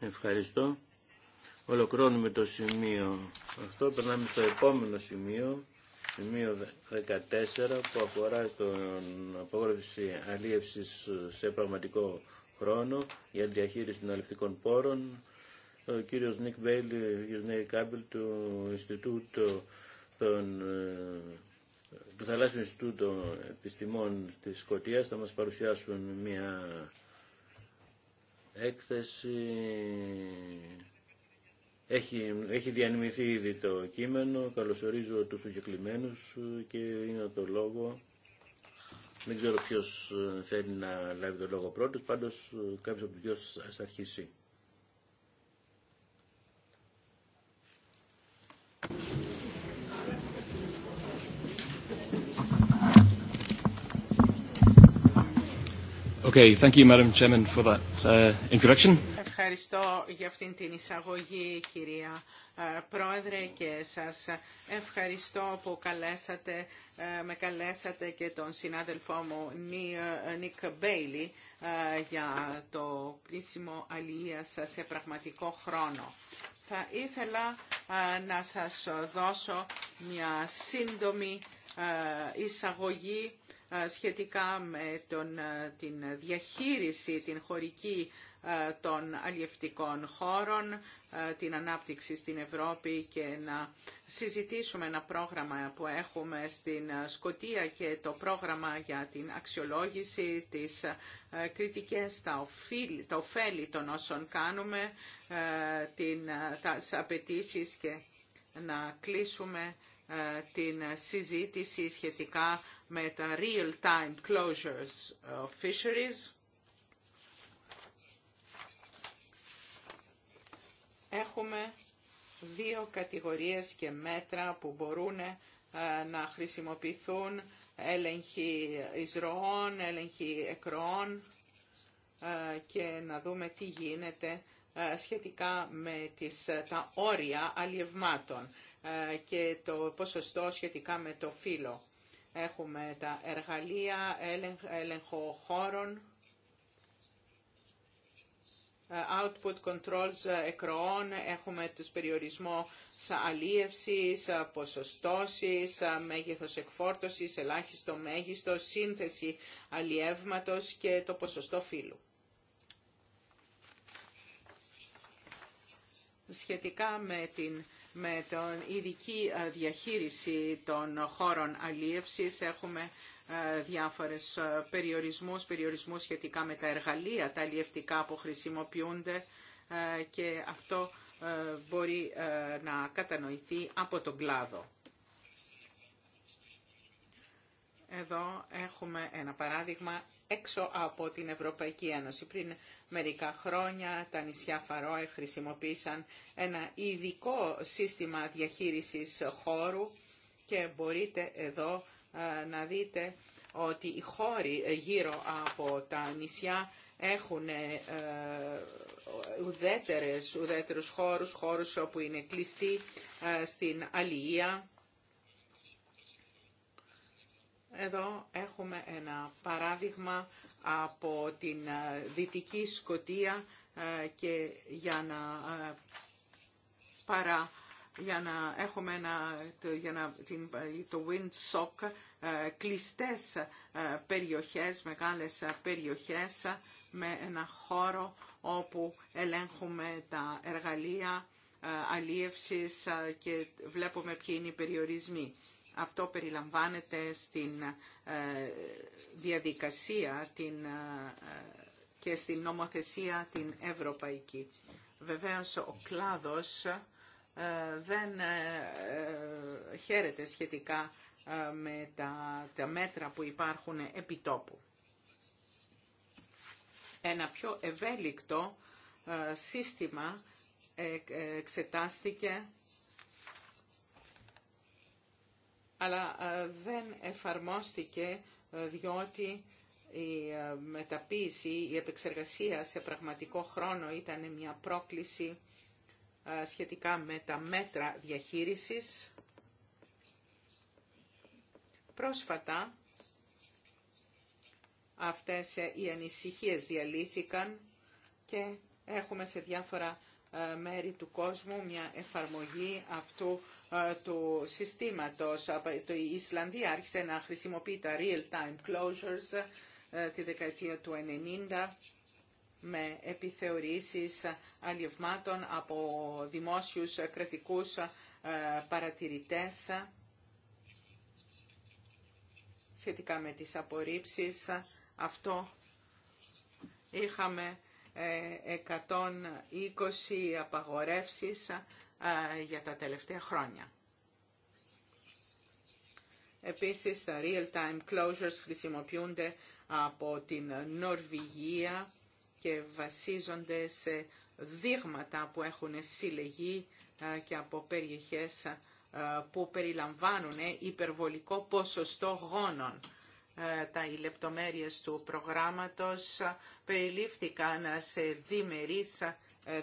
Ευχαριστώ. Ολοκληρώνουμε το σημείο αυτό. Περνάμε στο επόμενο σημείο, σημείο 14, που αφορά την απόγραφηση αλίευση σε πραγματικό χρόνο για τη διαχείριση των αληθικών πόρων. Ο κύριος Νίκ Μπέιλ, ο κύριος Νέι του Ινστιτούτου των ε, του Θαλάσσιου Ινστιτούτο Επιστημών της Σκωτίας θα μας παρουσιάσουν μια έκθεση. Έχει, έχει διανυμηθεί ήδη το κείμενο, καλωσορίζω τους συγκεκριμένους και είναι το λόγο. Δεν ξέρω ποιος θέλει να λάβει το λόγο πρώτος, πάντως κάποιος από τους δυο σας αρχίσει. Uh, ευχαριστώ για αυτήν την εισαγωγή, κυρία ε, Πρόεδρε, και σας ευχαριστώ που καλέσατε, ε, με καλέσατε και τον συνάδελφό μου Νίκ Μπέιλι ε, για το κρίσιμο σα σε πραγματικό χρόνο. Θα ήθελα να σας δώσω μια σύντομη εισαγωγή ε, σχετικά με τον, ε, την διαχείριση, την χωρική ε, των αλλιευτικών χώρων, την ανάπτυξη στην Ευρώπη και να συζητήσουμε ένα πρόγραμμα που έχουμε στην Σκοτία και το πρόγραμμα για την αξιολόγηση, της κριτικές, τα, οφείλη, ωφέλη των όσων κάνουμε, την, τα απαιτήσει και να κλείσουμε την συζήτηση σχετικά με τα real-time closures of fisheries. Έχουμε δύο κατηγορίες και μέτρα που μπορούν ε, να χρησιμοποιηθούν έλεγχη εισρωών, έλεγχη εκροών ε, και να δούμε τι γίνεται ε, σχετικά με τις, τα όρια αλλιευμάτων και το ποσοστό σχετικά με το φύλλο. Έχουμε τα εργαλεία έλεγχο χώρων, ε, output controls ε, εκροών, έχουμε τους περιορισμό αλίευσης, ε, ποσοστώσεις, μέγεθος εκφόρτωσης, ελάχιστο μέγιστο, σύνθεση αλιεύματος και το ποσοστό φύλου. Σχετικά με την με την ειδική ε, διαχείριση των χώρων αλίευσης. Έχουμε ε, διάφορες ε, περιορισμούς, περιορισμούς σχετικά με τα εργαλεία, τα αλλιευτικά που χρησιμοποιούνται και αυτό μπορεί να κατανοηθεί από τον κλάδο. Εδώ έχουμε ένα παράδειγμα έξω από την Ευρωπαϊκή Ένωση μερικά χρόνια τα νησιά Φαρόε χρησιμοποίησαν ένα ειδικό σύστημα διαχείρισης χώρου και μπορείτε εδώ να δείτε ότι οι χώροι γύρω από τα νησιά έχουν ε, ουδέτερες, ουδέτερους χώρους, χώρους όπου είναι κλειστοί στην αλληλεία εδώ έχουμε ένα παράδειγμα από την ε, Δυτική Σκοτία ε, και για να ε, παρά για να έχουμε το, για να, την, το windsock, κλειστές περιοχές, μεγάλες περιοχές με ένα χώρο όπου ελέγχουμε τα εργαλεία αλίευσης και βλέπουμε ποιοι είναι οι περιορισμοί. Αυτό περιλαμβάνεται στην ε, διαδικασία την, ε, και στην νομοθεσία την ευρωπαϊκή. Βεβαίως ο κλάδος ε, δεν χαίρεται σχετικά με τα, τα μέτρα που υπάρχουν επιτόπου. Ένα πιο ευέλικτο σύστημα εξετάστηκε αλλά ε, δεν εφαρμόστηκε ε, διότι η ε, μεταποίηση, η επεξεργασία σε πραγματικό χρόνο ήταν μια πρόκληση σχετικά με τα μέτρα διαχείρισης. Πρόσφατα αυτές οι ανησυχίες διαλύθηκαν και έχουμε σε διάφορα μέρη του κόσμου μια εφαρμογή αυτού ε, του συστήματος. Ε, η Ισλανδία άρχισε να χρησιμοποιεί τα real-time closures ε, στη δεκαετία του 90 με επιθεωρήσεις αλλιευμάτων από δημόσιους κρατικούς παρατηρητές σχετικά με τις απορρίψεις. Αυτό είχαμε 120 απαγορεύσεις για τα τελευταία χρόνια. Επίσης, τα real-time closures χρησιμοποιούνται από την Νορβηγία και βασίζονται σε δείγματα που έχουν συλλεγεί και από περιοχές που περιλαμβάνουν ε, υπερβολικό ποσοστό γόνων. Ε, τα λεπτομέρειε του προγράμματος περιλήφθηκαν σε διμερείς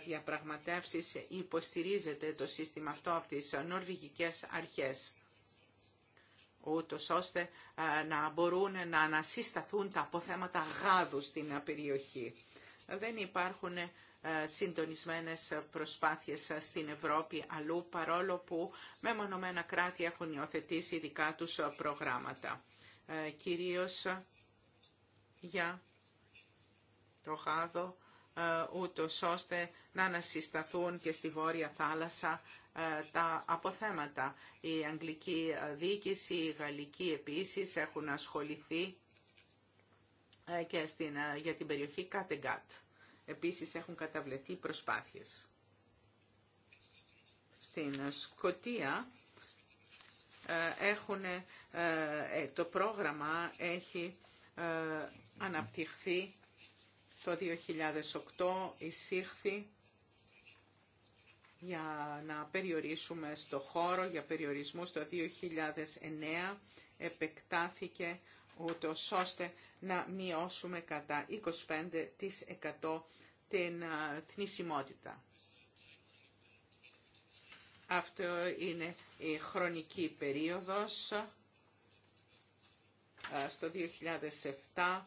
διαπραγματεύσεις υποστηρίζεται το σύστημα αυτό από τις νορβηγικές αρχές ούτω ώστε να μπορούν να ανασύσταθούν τα αποθέματα γάδου στην περιοχή. Δεν υπάρχουν συντονισμένες προσπάθειες στην Ευρώπη αλλού, παρόλο που μεμονωμένα κράτη έχουν υιοθετήσει δικά τους προγράμματα. Ε, κυρίως για το γάδο ε, ούτως ώστε να ανασυσταθούν και στη Βόρεια Θάλασσα ε, τα αποθέματα. Η Αγγλική ε, Διοίκηση, η Γαλλική επίσης έχουν ασχοληθεί και στην, για την περιοχή Κάτεγκάτ. Επίσης έχουν καταβλεθεί προσπάθειες. Στην Σκοτία έχουν, το πρόγραμμα έχει αναπτυχθεί το 2008 εισήχθη για να περιορίσουμε στο χώρο, για περιορισμούς το 2009 επεκτάθηκε ούτω ώστε να μειώσουμε κατά 25% την θνησιμότητα. Αυτό είναι η χρονική περίοδος. Στο 2007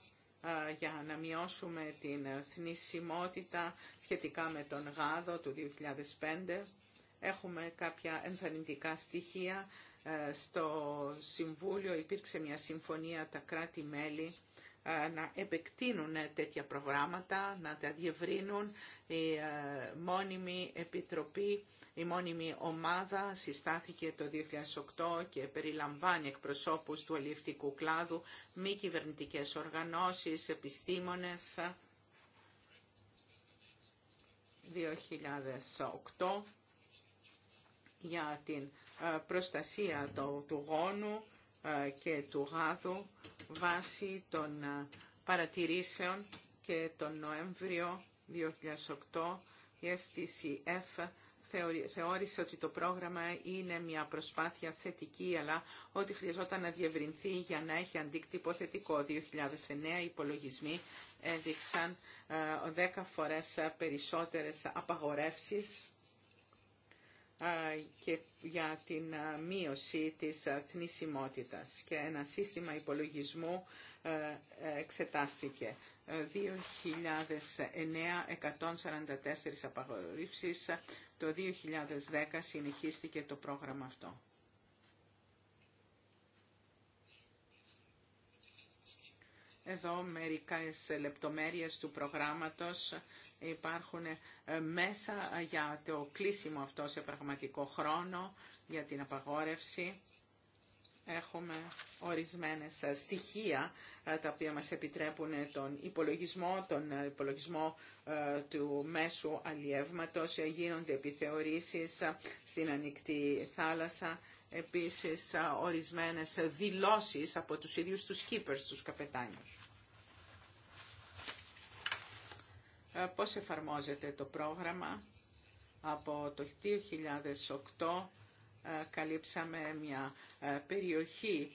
για να μειώσουμε την θνησιμότητα σχετικά με τον γάδο του 2005. Έχουμε κάποια ενθαρρυντικά στοιχεία. Στο Συμβούλιο υπήρξε μια συμφωνία τα κράτη-μέλη ε, να επεκτείνουν τέτοια προγράμματα, να τα διευρύνουν. Η ε, μόνιμη επιτροπή, η μόνιμη ομάδα συστάθηκε το 2008 και περιλαμβάνει εκπροσώπους του αλληλευτικού κλάδου, μη κυβερνητικές οργανώσεις, επιστήμονες. 2008 για την ε, προστασία του γόνου και του γάδου Βάσει των ε, παρατηρήσεων και τον Νοέμβριο 2008 η STCF θεώρησε ότι το πρόγραμμα είναι μια προσπάθεια θετική, αλλά ότι χρειαζόταν να διευρυνθεί για να έχει αντίκτυπο θετικό. 2009 οι υπολογισμοί έδειξαν 10 ε, φορές ε, περισσότερες απαγορεύσεις και για την μείωση της θνησιμότητας και ένα σύστημα υπολογισμού ε, εξετάστηκε. 2009 ε, 144 απαγορεύσεις, το 2010 συνεχίστηκε το πρόγραμμα αυτό. Εδώ μερικές λεπτομέρειες του προγράμματος υπάρχουν ε, μέσα ε, για το κλείσιμο αυτό σε πραγματικό χρόνο, για την απαγόρευση. Έχουμε ορισμένες ε, στοιχεία τα οποία μας επιτρέπουν τον υπολογισμό, τον υπολογισμό του μέσου αλλιεύματος. Γίνονται επιθεωρήσεις στην ανοιχτή θάλασσα. Επίσης, ορισμένες δηλώσεις από τους ίδιους τους keepers, τους καπετάνιους. Ε, πώς εφαρμόζεται το πρόγραμμα. Από το 2008 ε, καλύψαμε μια ε, περιοχή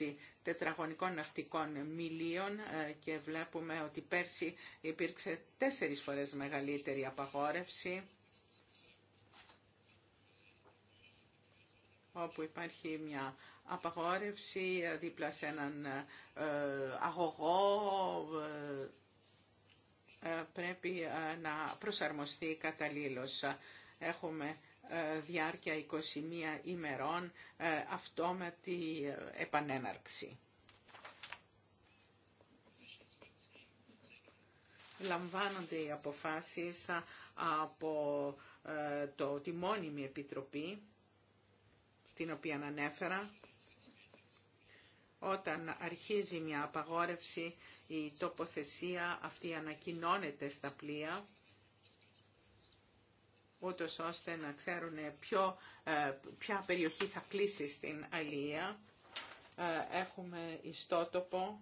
56 τετραγωνικών ναυτικών μιλίων και βλέπουμε ότι πέρσι υπήρξε τέσσερις φορές μεγαλύτερη απαγόρευση όπου υπάρχει μια απαγόρευση δίπλα σε έναν αγωγό ε, πρέπει ε, να προσαρμοστεί καταλήλως. Έχουμε ε, διάρκεια 21 ημερών αυτόματη επανέναρξη. Λαμβάνονται οι αποφάσεις από το, τη μόνιμη επιτροπή, την οποία ανέφερα, όταν αρχίζει μια απαγόρευση, η τοποθεσία αυτή ανακοινώνεται στα πλοία, ούτως ώστε να ξέρουν ε, ποιο, ε, ποια περιοχή θα κλείσει στην αλία. Ε, έχουμε ιστότοπο,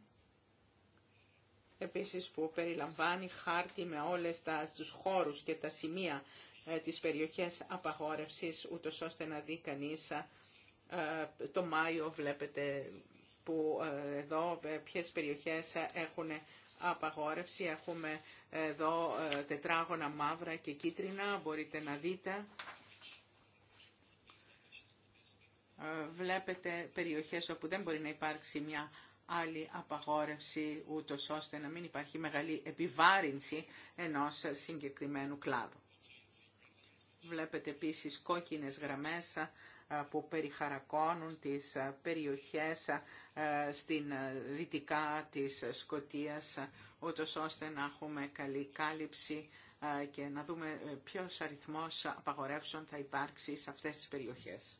επίσης που περιλαμβάνει χάρτη με όλες τα, τους χώρους και τα σημεία της περιοχής απαγόρευσης, ούτως ώστε να δει κανείς το Μάιο βλέπετε που ε, εδώ ε, ποιες περιοχές ε, έχουν απαγόρευση. Έχουμε εδώ τετράγωνα μαύρα και κίτρινα, μπορείτε να δείτε. Βλέπετε περιοχές όπου δεν μπορεί να υπάρξει μια άλλη απαγόρευση, ούτως ώστε να μην υπάρχει μεγάλη επιβάρυνση ενός συγκεκριμένου κλάδου. Βλέπετε επίσης κόκκινες γραμμές ε, που περιχαρακώνουν τις ε, περιοχές ε, στην δυτικά της Σκοτίας, ούτως ώστε να έχουμε καλή κάλυψη και να δούμε ποιος αριθμός απαγορεύσεων θα υπάρξει σε αυτές τις περιοχές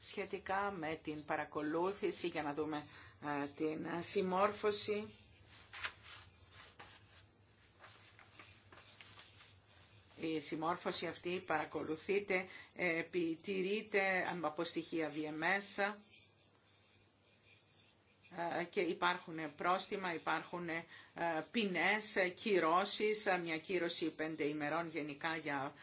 σχετικά με την παρακολούθηση για να δούμε την συμμόρφωση Η συμμόρφωση αυτή παρακολουθείται, επιτηρείται από στοιχεία VMS ε, και υπάρχουν πρόστιμα, υπάρχουν ε, ποινές, ε, κυρώσεις, μια κύρωση πέντε ημερών γενικά για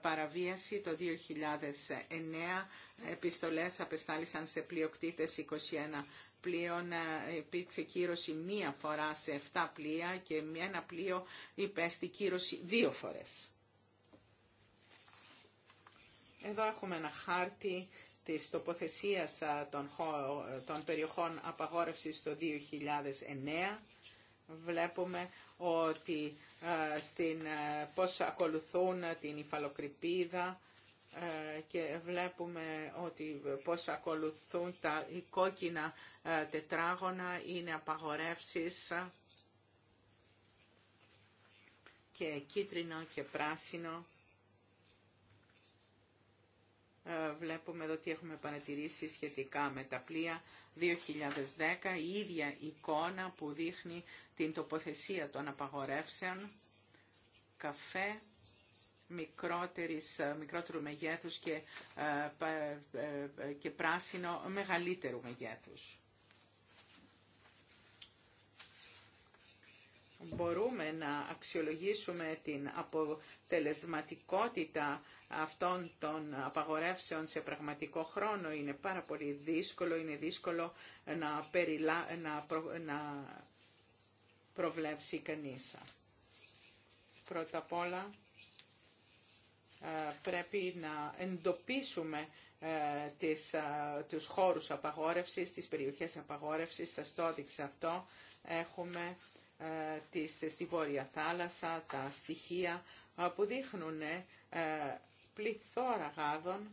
παραβίαση το 2009. Επιστολές απεστάλησαν σε πλειοκτήτες 21 πλοίων. Υπήρξε κύρωση μία φορά σε 7 πλοία και ένα πλοίο υπέστη κύρωση δύο φορές. Εδώ έχουμε ένα χάρτη της τοποθεσίας των, των περιοχών απαγόρευσης το 2009. Βλέπουμε ότι στην, πώς ακολουθούν την υφαλοκρηπίδα και βλέπουμε ότι πώς ακολουθούν τα κόκκινα τετράγωνα είναι απαγορεύσεις και κίτρινο και πράσινο ε, βλέπουμε εδώ τι έχουμε παρατηρήσει σχετικά με τα πλοία 2010, η ίδια εικόνα που δείχνει την τοποθεσία των απαγορεύσεων, καφέ μικρότερης, μικρότερου μεγέθους και, ε, ε, και πράσινο μεγαλύτερου μεγέθους. Μπορούμε να αξιολογήσουμε την αποτελεσματικότητα αυτών των απαγορεύσεων σε πραγματικό χρόνο είναι πάρα πολύ δύσκολο, είναι δύσκολο να, περιλα... να, να προβλέψει κανείς. Πρώτα απ' όλα ε, πρέπει να εντοπίσουμε ε, τις, ε, τους χώρους απαγόρευσης, τις περιοχές απαγόρευσης. Σας το έδειξε αυτό. Έχουμε στη Βόρεια Θάλασσα τα στοιχεία που δείχνουν πληθώρα γάδων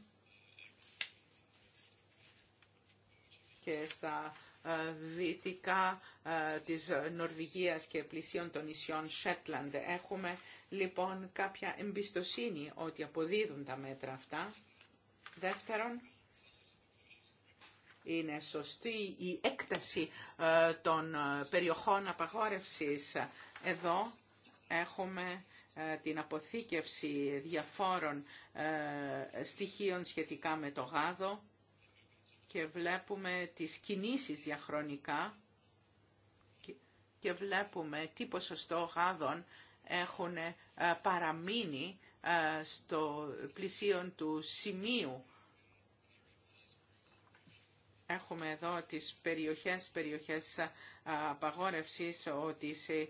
και στα ε, δυτικά ε, της Νορβηγίας και πλησίων των νησιών Σέτλαντ. Έχουμε λοιπόν κάποια εμπιστοσύνη ότι αποδίδουν τα μέτρα αυτά. Δεύτερον, είναι σωστή η έκταση ε, των περιοχών απαγόρευσης. Εδώ έχουμε την αποθήκευση διαφόρων ε, στοιχείων σχετικά με το γάδο και βλέπουμε τις κινήσεις διαχρονικά και βλέπουμε τι ποσοστό γάδων έχουν ε, παραμείνει ε, στο πλησίον του σημείου. Έχουμε εδώ τις περιοχές, περιοχές απαγόρευσης ότι σε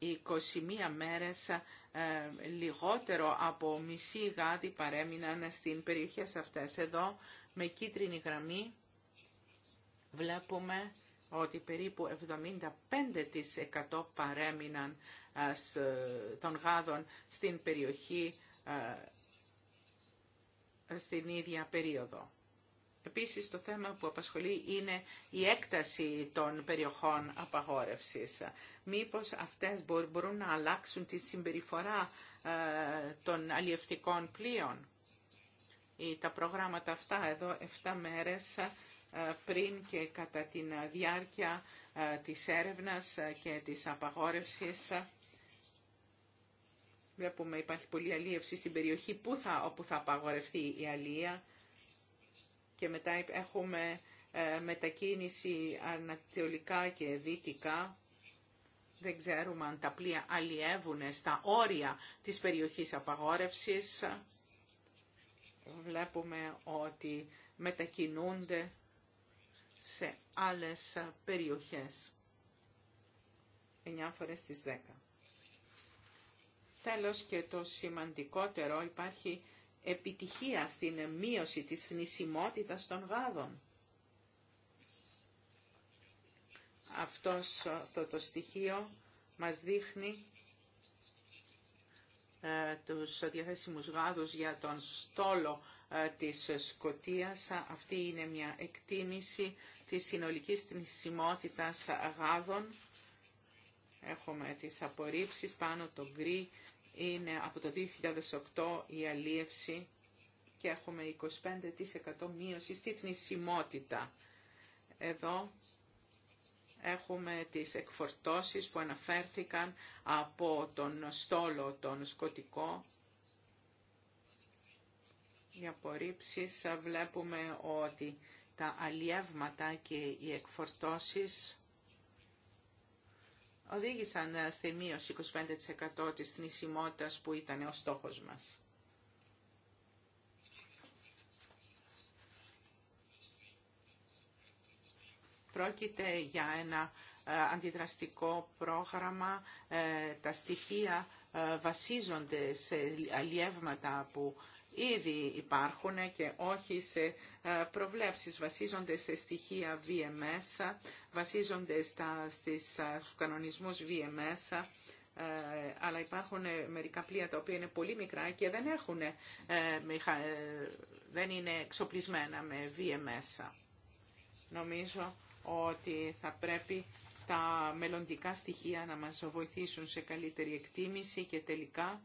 21 μέρες ε, λιγότερο από μισή γάτη παρέμειναν στην σε αυτές. Εδώ με κίτρινη γραμμή βλέπουμε ότι περίπου 75% παρέμειναν ε, των γάδων στην περιοχή ε, στην ίδια περίοδο. Επίσης το θέμα που απασχολεί είναι η έκταση των περιοχών απαγόρευσης. Μήπως αυτές μπορούν να αλλάξουν τη συμπεριφορά ε, των αλλιευτικών πλοίων. Τα προγράμματα αυτά εδώ 7 μέρες ε, πριν και κατά τη διάρκεια ε, της έρευνας και της απαγόρευσης βλέπουμε υπάρχει πολλή αλίευση στην περιοχή που θα, όπου θα απαγορευτεί η αλία και μετά έχουμε ε, μετακίνηση ανατολικά και δυτικά. Δεν ξέρουμε αν τα πλοία αλλιεύουν στα όρια της περιοχής απαγόρευσης. Βλέπουμε ότι μετακινούνται σε άλλες περιοχές. 9 φορές στις 10. Τέλος και το σημαντικότερο υπάρχει επιτυχία στην μείωση της θνησιμότητας των γάδων. Αυτό το, το στοιχείο μας δείχνει ε, τους διαθέσιμους γάδους για τον στόλο ε, της Σκοτίας. Αυτή είναι μια εκτίμηση της συνολικής θνησιμότητας γάδων. Έχουμε τις απορρίψεις πάνω το γκρι είναι από το 2008 η αλίευση και έχουμε 25% μείωση στη θνησιμότητα. Εδώ έχουμε τις εκφορτώσεις που αναφέρθηκαν από τον στόλο, τον σκοτικό. Οι απορρίψεις βλέπουμε ότι τα αλιεύματα και οι εκφορτώσεις οδήγησαν ε, στη μείωση 25% της θνησιμότητας που ήταν ο στόχος μας. Πρόκειται για ένα ε, αντιδραστικό πρόγραμμα. Ε, τα στοιχεία βασίζονται σε αλλιεύματα που ήδη υπάρχουν και όχι σε ε, προβλέψεις. Βασίζονται σε στοιχεία VMS, βασίζονται στα, στις, ε, στους κανονισμούς VMS, ε, αλλά υπάρχουν μερικά πλοία τα οποία είναι πολύ μικρά και δεν, έχουν, δεν είναι εξοπλισμένα με VMS. Νομίζω ότι θα πρέπει τα μελλοντικά στοιχεία να μας βοηθήσουν σε καλύτερη εκτίμηση και τελικά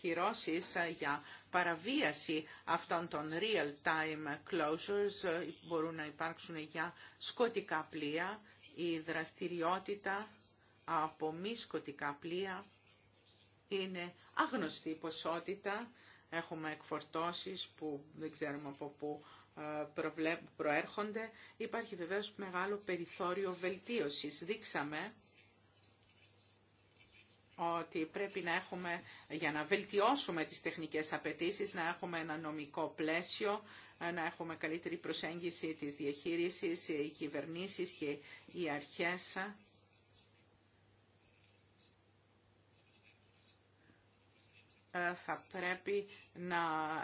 κυρώσεις ε, για παραβίαση αυτών των real-time closures ε, μπορούν να υπάρξουν για σκοτικά πλοία, η δραστηριότητα από μη σκοτικά πλοία είναι άγνωστη ποσότητα. Έχουμε εκφορτώσεις που δεν ξέρουμε από πού ε, προέρχονται. Υπάρχει βεβαίως μεγάλο περιθώριο βελτίωσης. Δείξαμε ότι πρέπει να έχουμε, για να βελτιώσουμε τις τεχνικές απαιτήσεις, να έχουμε ένα νομικό πλαίσιο, ε, να έχουμε καλύτερη προσέγγιση της διαχείρισης, οι κυβερνήσεις και οι αρχές. Ε, θα πρέπει να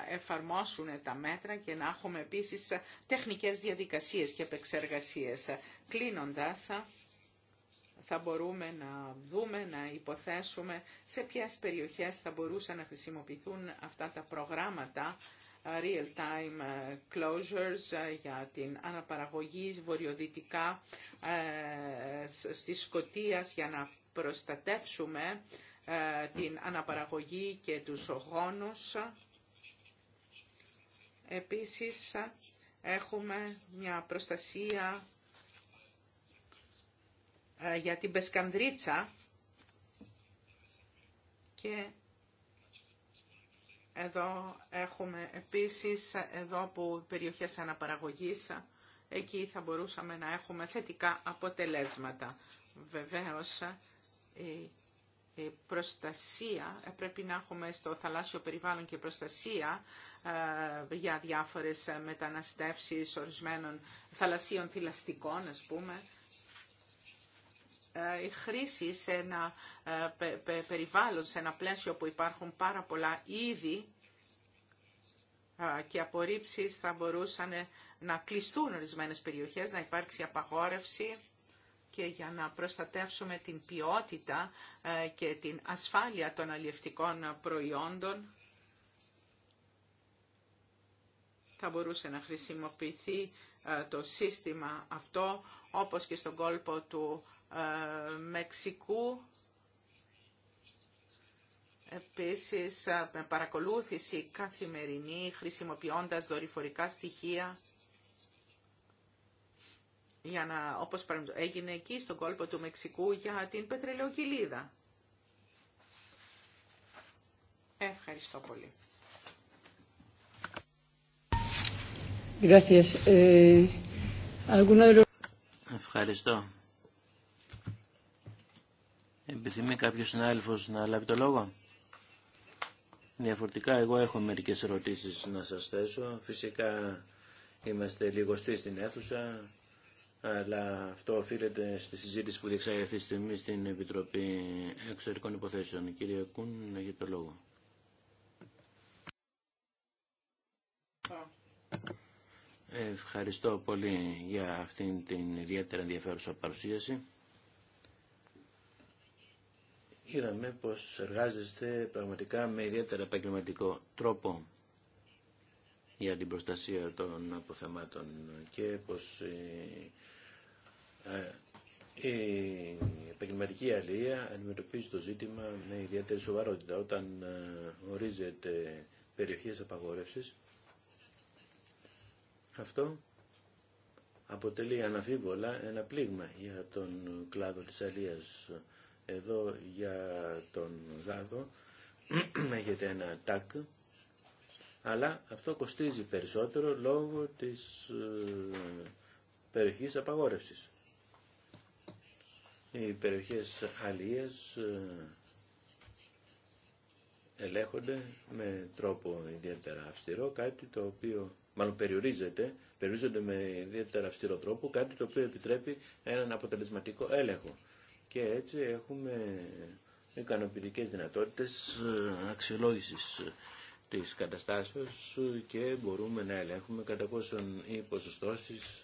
εφαρμόσουν τα μέτρα και να έχουμε επίσης τεχνικές διαδικασίες και επεξεργασίες. Κλείνοντας, θα μπορούμε να δούμε, να υποθέσουμε σε ποιες περιοχές θα μπορούσαν να χρησιμοποιηθούν αυτά τα προγράμματα ε, real-time ε, closures ε, για την αναπαραγωγή βορειοδυτικά στη σκοτίας για να προστατεύσουμε την αναπαραγωγή και τους γόνους. Επίσης, έχουμε μια προστασία ε, για την Πεσκανδρίτσα και εδώ έχουμε επίσης, εδώ που περιοχές αναπαραγωγής, εκεί θα μπορούσαμε να έχουμε θετικά αποτελέσματα. Βεβαίως, η προστασία, ε, πρέπει να έχουμε στο θαλάσσιο περιβάλλον και προστασία ε, για διάφορες μεταναστεύσεις ορισμένων θαλασσίων θηλαστικών, ας πούμε, ε, η χρήση σε ένα ε, περιβάλλον, σε ένα πλαίσιο που υπάρχουν πάρα πολλά είδη ε, και απορρίψεις θα μπορούσαν να κλειστούν ορισμένε περιοχές, να υπάρξει απαγόρευση και για να προστατεύσουμε την ποιότητα και την ασφάλεια των αλλιευτικών προϊόντων θα μπορούσε να χρησιμοποιηθεί το σύστημα αυτό όπως και στον κόλπο του ε, Μεξικού. Επίσης, ε, με παρακολούθηση καθημερινή, χρησιμοποιώντας δορυφορικά στοιχεία, για να, όπως έγινε εκεί στον κόλπο του Μεξικού για την πετρελαιοκυλίδα. Ευχαριστώ πολύ. Gracias. Eh, Ευχαριστώ. Επιθυμεί κάποιος συνάδελφος να λάβει το λόγο. Διαφορετικά εγώ έχω μερικές ερωτήσεις να σας θέσω. Φυσικά είμαστε λιγοστοί στην αίθουσα, αλλά αυτό οφείλεται στη συζήτηση που διεξάγει αυτή τη στιγμή στην Επιτροπή Εξωτερικών Υποθέσεων. Κύριε Κούν, έχετε το λόγο. Ευχαριστώ πολύ για αυτήν την ιδιαίτερα ενδιαφέρουσα παρουσίαση. Είδαμε πως εργάζεστε πραγματικά με ιδιαίτερα επαγγελματικό τρόπο για την προστασία των αποθεμάτων και πως η, ε, ε, η επαγγελματική αλληλεία αντιμετωπίζει το ζήτημα με ιδιαίτερη σοβαρότητα όταν ε, ορίζεται περιοχές απαγόρευσης αυτό αποτελεί αναφίβολα ένα πλήγμα για τον κλάδο της αλίας. Εδώ για τον γάδο έχετε ένα τάκ, αλλά αυτό κοστίζει περισσότερο λόγω της ε, περιοχής απαγόρευσης. Οι περιοχές αλίας ε, ελέγχονται με τρόπο ιδιαίτερα αυστηρό, κάτι το οποίο μάλλον περιορίζεται, περιορίζονται με ιδιαίτερα αυστηρό τρόπο, κάτι το οποίο επιτρέπει έναν αποτελεσματικό έλεγχο. Και έτσι έχουμε ικανοποιητικέ δυνατότητες ε, αξιολόγησης της καταστάσεως και μπορούμε να ελέγχουμε κατά πόσον οι ποσοστώσεις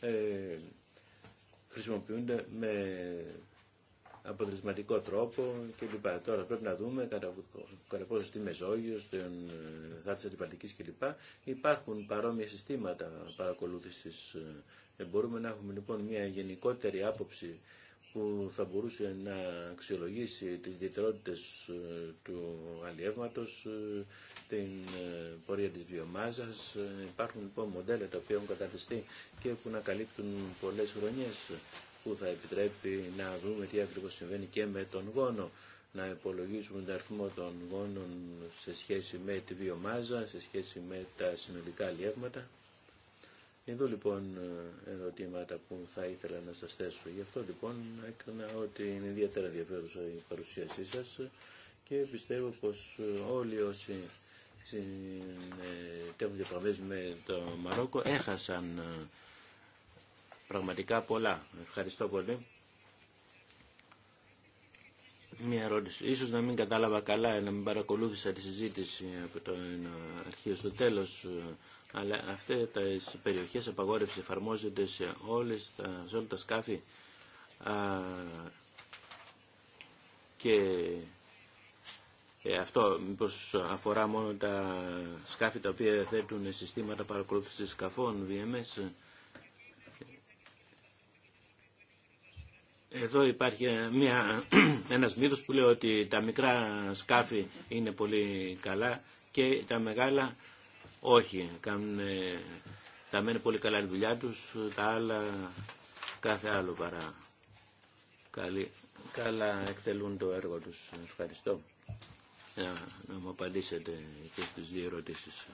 ε, ε, χρησιμοποιούνται με αποτελεσματικό τρόπο κλπ. Τώρα πρέπει να δούμε κατά, κατά πόσο στη μεζόγειο, στην Θάλασσα ε, της κλπ. Υπάρχουν παρόμοια συστήματα παρακολούθησης. Ε, ε, μπορούμε να έχουμε λοιπόν μια γενικότερη άποψη που θα μπορούσε να αξιολογήσει τις ιδιαιτερότητες του αλλιεύματος, την πορεία της βιομάζας. Υπάρχουν λοιπόν μοντέλα τα οποία έχουν καταρτιστεί και που να καλύπτουν πολλές χρονιές που θα επιτρέπει να δούμε τι ακριβώς συμβαίνει και με τον γόνο να υπολογίσουμε τον αριθμό των γόνων σε σχέση με τη βιομάζα, σε σχέση με τα συνολικά αλλιεύματα. Εδώ λοιπόν ερωτήματα που θα ήθελα να σας θέσω. Γι' αυτό λοιπόν έκανα ότι είναι ιδιαίτερα ενδιαφέρουσα η παρουσίασή σας και πιστεύω πως όλοι όσοι έχουν διαπραγματεύσει με το Μαρόκο έχασαν πραγματικά πολλά. Ευχαριστώ πολύ. Μια ερώτηση. Ίσως να μην κατάλαβα καλά, να μην παρακολούθησα τη συζήτηση από το αρχείο στο τέλος, αλλά αυτές τις περιοχές απαγόρευση εφαρμόζονται σε, όλες τα, σε όλα τα σκάφη Α, και ε, αυτό μήπως αφορά μόνο τα σκάφη τα οποία θέτουν συστήματα παρακολούθησης σκαφών, VMS, Εδώ υπάρχει μια, ένας μύθος που λέει ότι τα μικρά σκάφη είναι πολύ καλά και τα μεγάλα όχι. Κάνουν, ε, τα μένουν πολύ καλά η δουλειά τους, τα άλλα κάθε άλλο παρά καλή, καλά εκτελούν το έργο τους. Ευχαριστώ. Να, να μου απαντήσετε και στις δύο ερωτήσεις.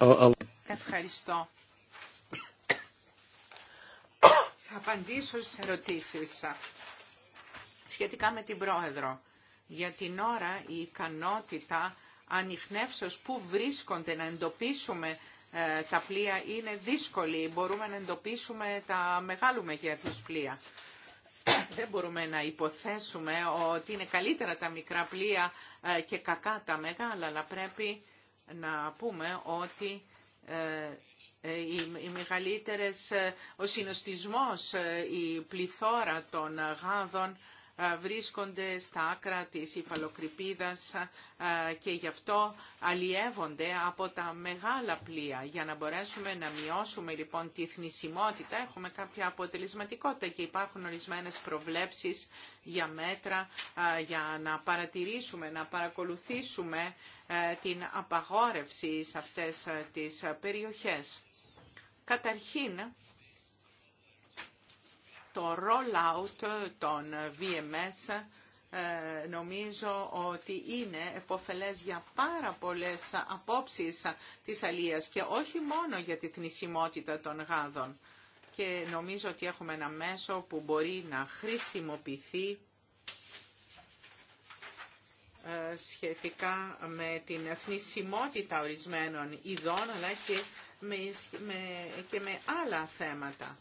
Uh, Ευχαριστώ. Θα απαντήσω στις ερωτήσεις σχετικά με την Πρόεδρο. Για την ώρα η ικανότητα ανιχνεύσεως που βρίσκονται να εντοπίσουμε ε, τα πλοία είναι δύσκολη. Μπορούμε να εντοπίσουμε τα μεγάλου μεγέθους πλοία. Δεν μπορούμε να υποθέσουμε ότι είναι καλύτερα τα μικρά πλοία ε, και κακά τα μεγάλα, αλλά πρέπει να πούμε ότι ε, ε, οι μεγαλύτερες, ε, ο συνοστισμός, η πληθώρα των γάδων βρίσκονται στα άκρα της υφαλοκρηπίδας και γι' αυτό αλλιεύονται από τα μεγάλα πλοία. Για να μπορέσουμε να μειώσουμε λοιπόν τη θνησιμότητα έχουμε κάποια αποτελεσματικότητα και υπάρχουν ορισμένες προβλέψεις για μέτρα για να παρατηρήσουμε, να παρακολουθήσουμε την απαγόρευση σε αυτές τις περιοχές. Καταρχήν, το rollout των VMS ε, νομίζω ότι είναι εποφελές για πάρα πολλές απόψεις της αλίας και όχι μόνο για τη θνησιμότητα των γάδων. Και νομίζω ότι έχουμε ένα μέσο που μπορεί να χρησιμοποιηθεί ε, σχετικά με την θνησιμότητα ορισμένων ειδών αλλά και με άλλα θέματα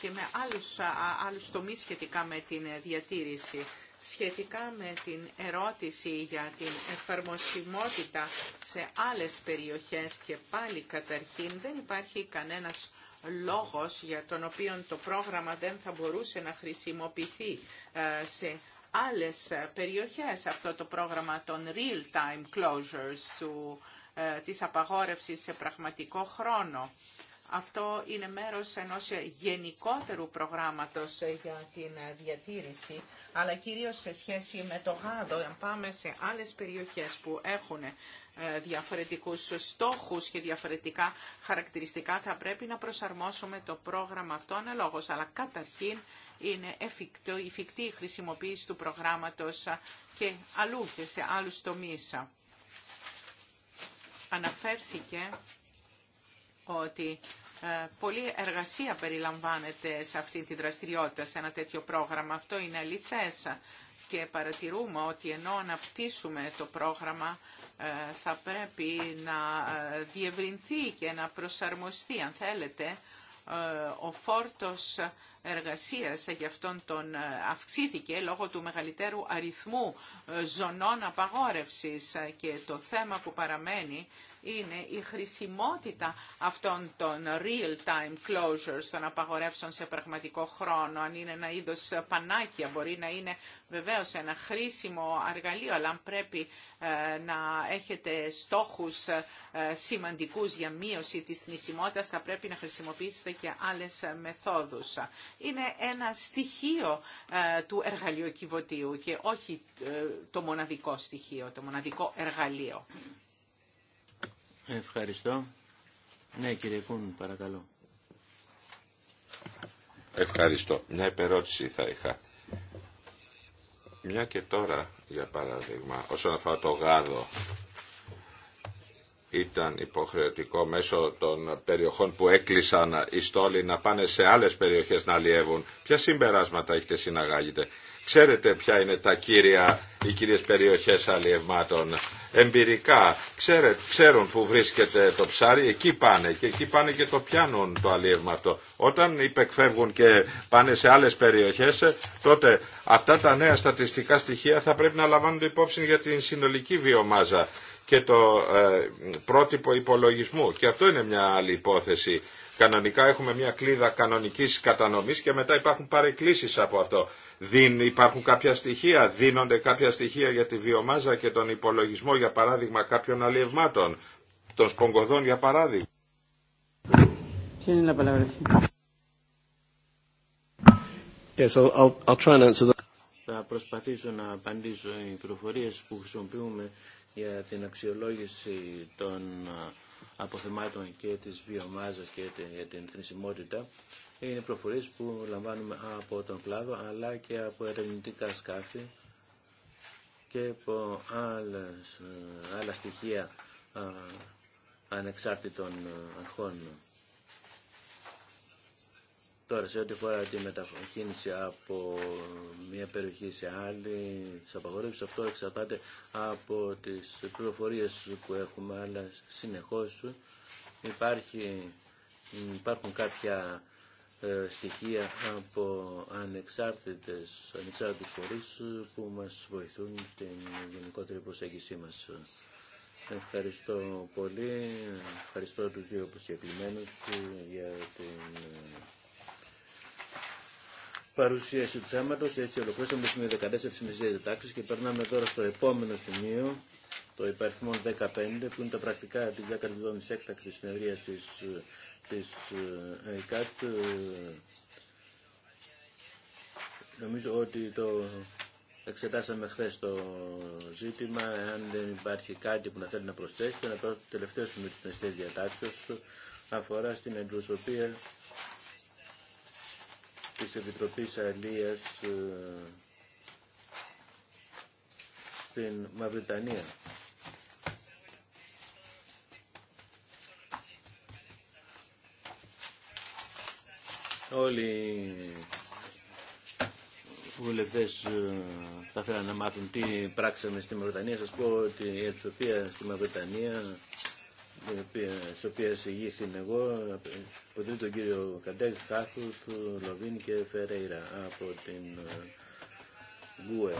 και με άλλους, άλλους τομείς σχετικά με την ε, διατήρηση. Σχετικά με την ερώτηση για την εφαρμοσιμότητα σε άλλες περιοχές και πάλι καταρχήν δεν υπάρχει κανένας λόγος για τον οποίο το πρόγραμμα δεν θα μπορούσε να χρησιμοποιηθεί ε, σε άλλες ε, περιοχές αυτό το πρόγραμμα των real-time closures του, της απαγόρευσης σε πραγματικό χρόνο αυτό είναι μέρος ενός γενικότερου προγράμματος για την διατήρηση, αλλά κυρίως σε σχέση με το γάδο. Αν πάμε σε άλλες περιοχές που έχουν ε, διαφορετικούς στόχους και διαφορετικά χαρακτηριστικά, θα πρέπει να προσαρμόσουμε το πρόγραμμα αυτό αναλόγως. Αλλά καταρχήν είναι εφικτή η χρησιμοποίηση του προγράμματος και αλλού και σε άλλους τομείς. Αναφέρθηκε ότι ε, πολλή εργασία περιλαμβάνεται σε αυτή τη δραστηριότητα, σε ένα τέτοιο πρόγραμμα. Αυτό είναι αληθές και παρατηρούμε ότι ενώ αναπτύσσουμε το πρόγραμμα ε, θα πρέπει να ε, διευρυνθεί και να προσαρμοστεί, αν θέλετε, ο φόρτος εργασίας για αυτόν τον αυξήθηκε λόγω του μεγαλύτερου αριθμού ζωνών απαγόρευσης και το θέμα που παραμένει είναι η χρησιμότητα αυτών των real-time closures, των απαγορεύσεων σε πραγματικό χρόνο, αν είναι ένα είδος πανάκια, μπορεί να είναι βεβαίως ένα χρήσιμο αργαλείο, αλλά αν πρέπει ε, να έχετε στόχους ε, σημαντικούς για μείωση της θνησιμότητας, θα πρέπει να χρησιμοποιήσετε και άλλες μεθόδους. Είναι ένα στοιχείο ε, του εργαλειοκιβωτίου και όχι το μοναδικό στοιχείο, το μοναδικό εργαλείο. Ευχαριστώ. Ναι, κύριε Κούν, παρακαλώ. Ευχαριστώ. Μια επερώτηση θα είχα. Μια και τώρα, για παράδειγμα, όσον αφορά το γάδο, ήταν υποχρεωτικό μέσω των περιοχών που έκλεισαν οι στόλοι να πάνε σε άλλες περιοχές να αλλιεύουν. Ποια συμπεράσματα έχετε συναγάγετε Ξέρετε ποια είναι τα κύρια, οι κύριες περιοχές αλλιευμάτων. Εμπειρικά ξέρουν που βρίσκεται το ψάρι, εκεί πάνε και εκεί πάνε και το πιάνουν το αλλιεύμα αυτό. Όταν υπεκφεύγουν και πάνε σε άλλες περιοχές, τότε αυτά τα νέα στατιστικά στοιχεία θα πρέπει να λαμβάνουν υπόψη για την συνολική βιομάζα και το ε, πρότυπο υπολογισμού. Και αυτό είναι μια άλλη υπόθεση. Κανονικά έχουμε μια κλίδα κανονικής κατανομής και μετά υπάρχουν παρεκκλήσεις από αυτό υπάρχουν κάποια στοιχεία, δίνονται κάποια στοιχεία για τη βιομάζα και τον υπολογισμό, για παράδειγμα, κάποιων αλλιευμάτων, των σπογκοδών για παράδειγμα. Yes, I'll, I'll try and answer Θα προσπαθήσω να απαντήσω οι πληροφορίε που χρησιμοποιούμε για την αξιολόγηση των αποθεμάτων και της βιομάζας και για την θνησιμότητα είναι προφορίες που λαμβάνουμε από τον κλάδο αλλά και από ερευνητικά σκάφη και από άλλα στοιχεία α, ανεξάρτητων αρχών. Τώρα, σε ό,τι αφορά τη μετακίνηση από μια περιοχή σε άλλη, τι απαγορεύσει, αυτό εξαρτάται από τις πληροφορίε που έχουμε, αλλά συνεχώς υπάρχει, υπάρχουν κάποια ε, στοιχεία από ανεξάρτητες, ανεξάρτητες φορείς που μας βοηθούν στην γενικότερη προσέγγιση μας. Ευχαριστώ πολύ. Ευχαριστώ τους δύο προσκεκλημένους για την ε, παρουσίαση του θέματος. Έτσι ολοκλώσαμε το σημείο 14 της και περνάμε τώρα στο επόμενο σημείο, το υπαριθμό 15, που είναι τα πρακτικά της 17ης έκτακτης συνεδρίασης ε, της ε, ΕΚΑΤ ε, νομίζω ότι το εξετάσαμε χθε το ζήτημα αν δεν υπάρχει κάτι που να θέλει να προσθέσει να το τελευταίο σημείο της αφορά στην εντροσωπία της Επιτροπής Αλίας ε, στην Μαυριτανία. Όλοι οι βουλευτέ ε, θα θέλαν να μάθουν τι πράξαμε στη Μαυρτανία. Σας πω ότι η εξοπία στη Μαυρτανία, τη οποία ηγήθην εγώ, αποτελεί τον κύριο Καντέκ, του Λοβίν και Φερέιρα από την ε, Γκουε.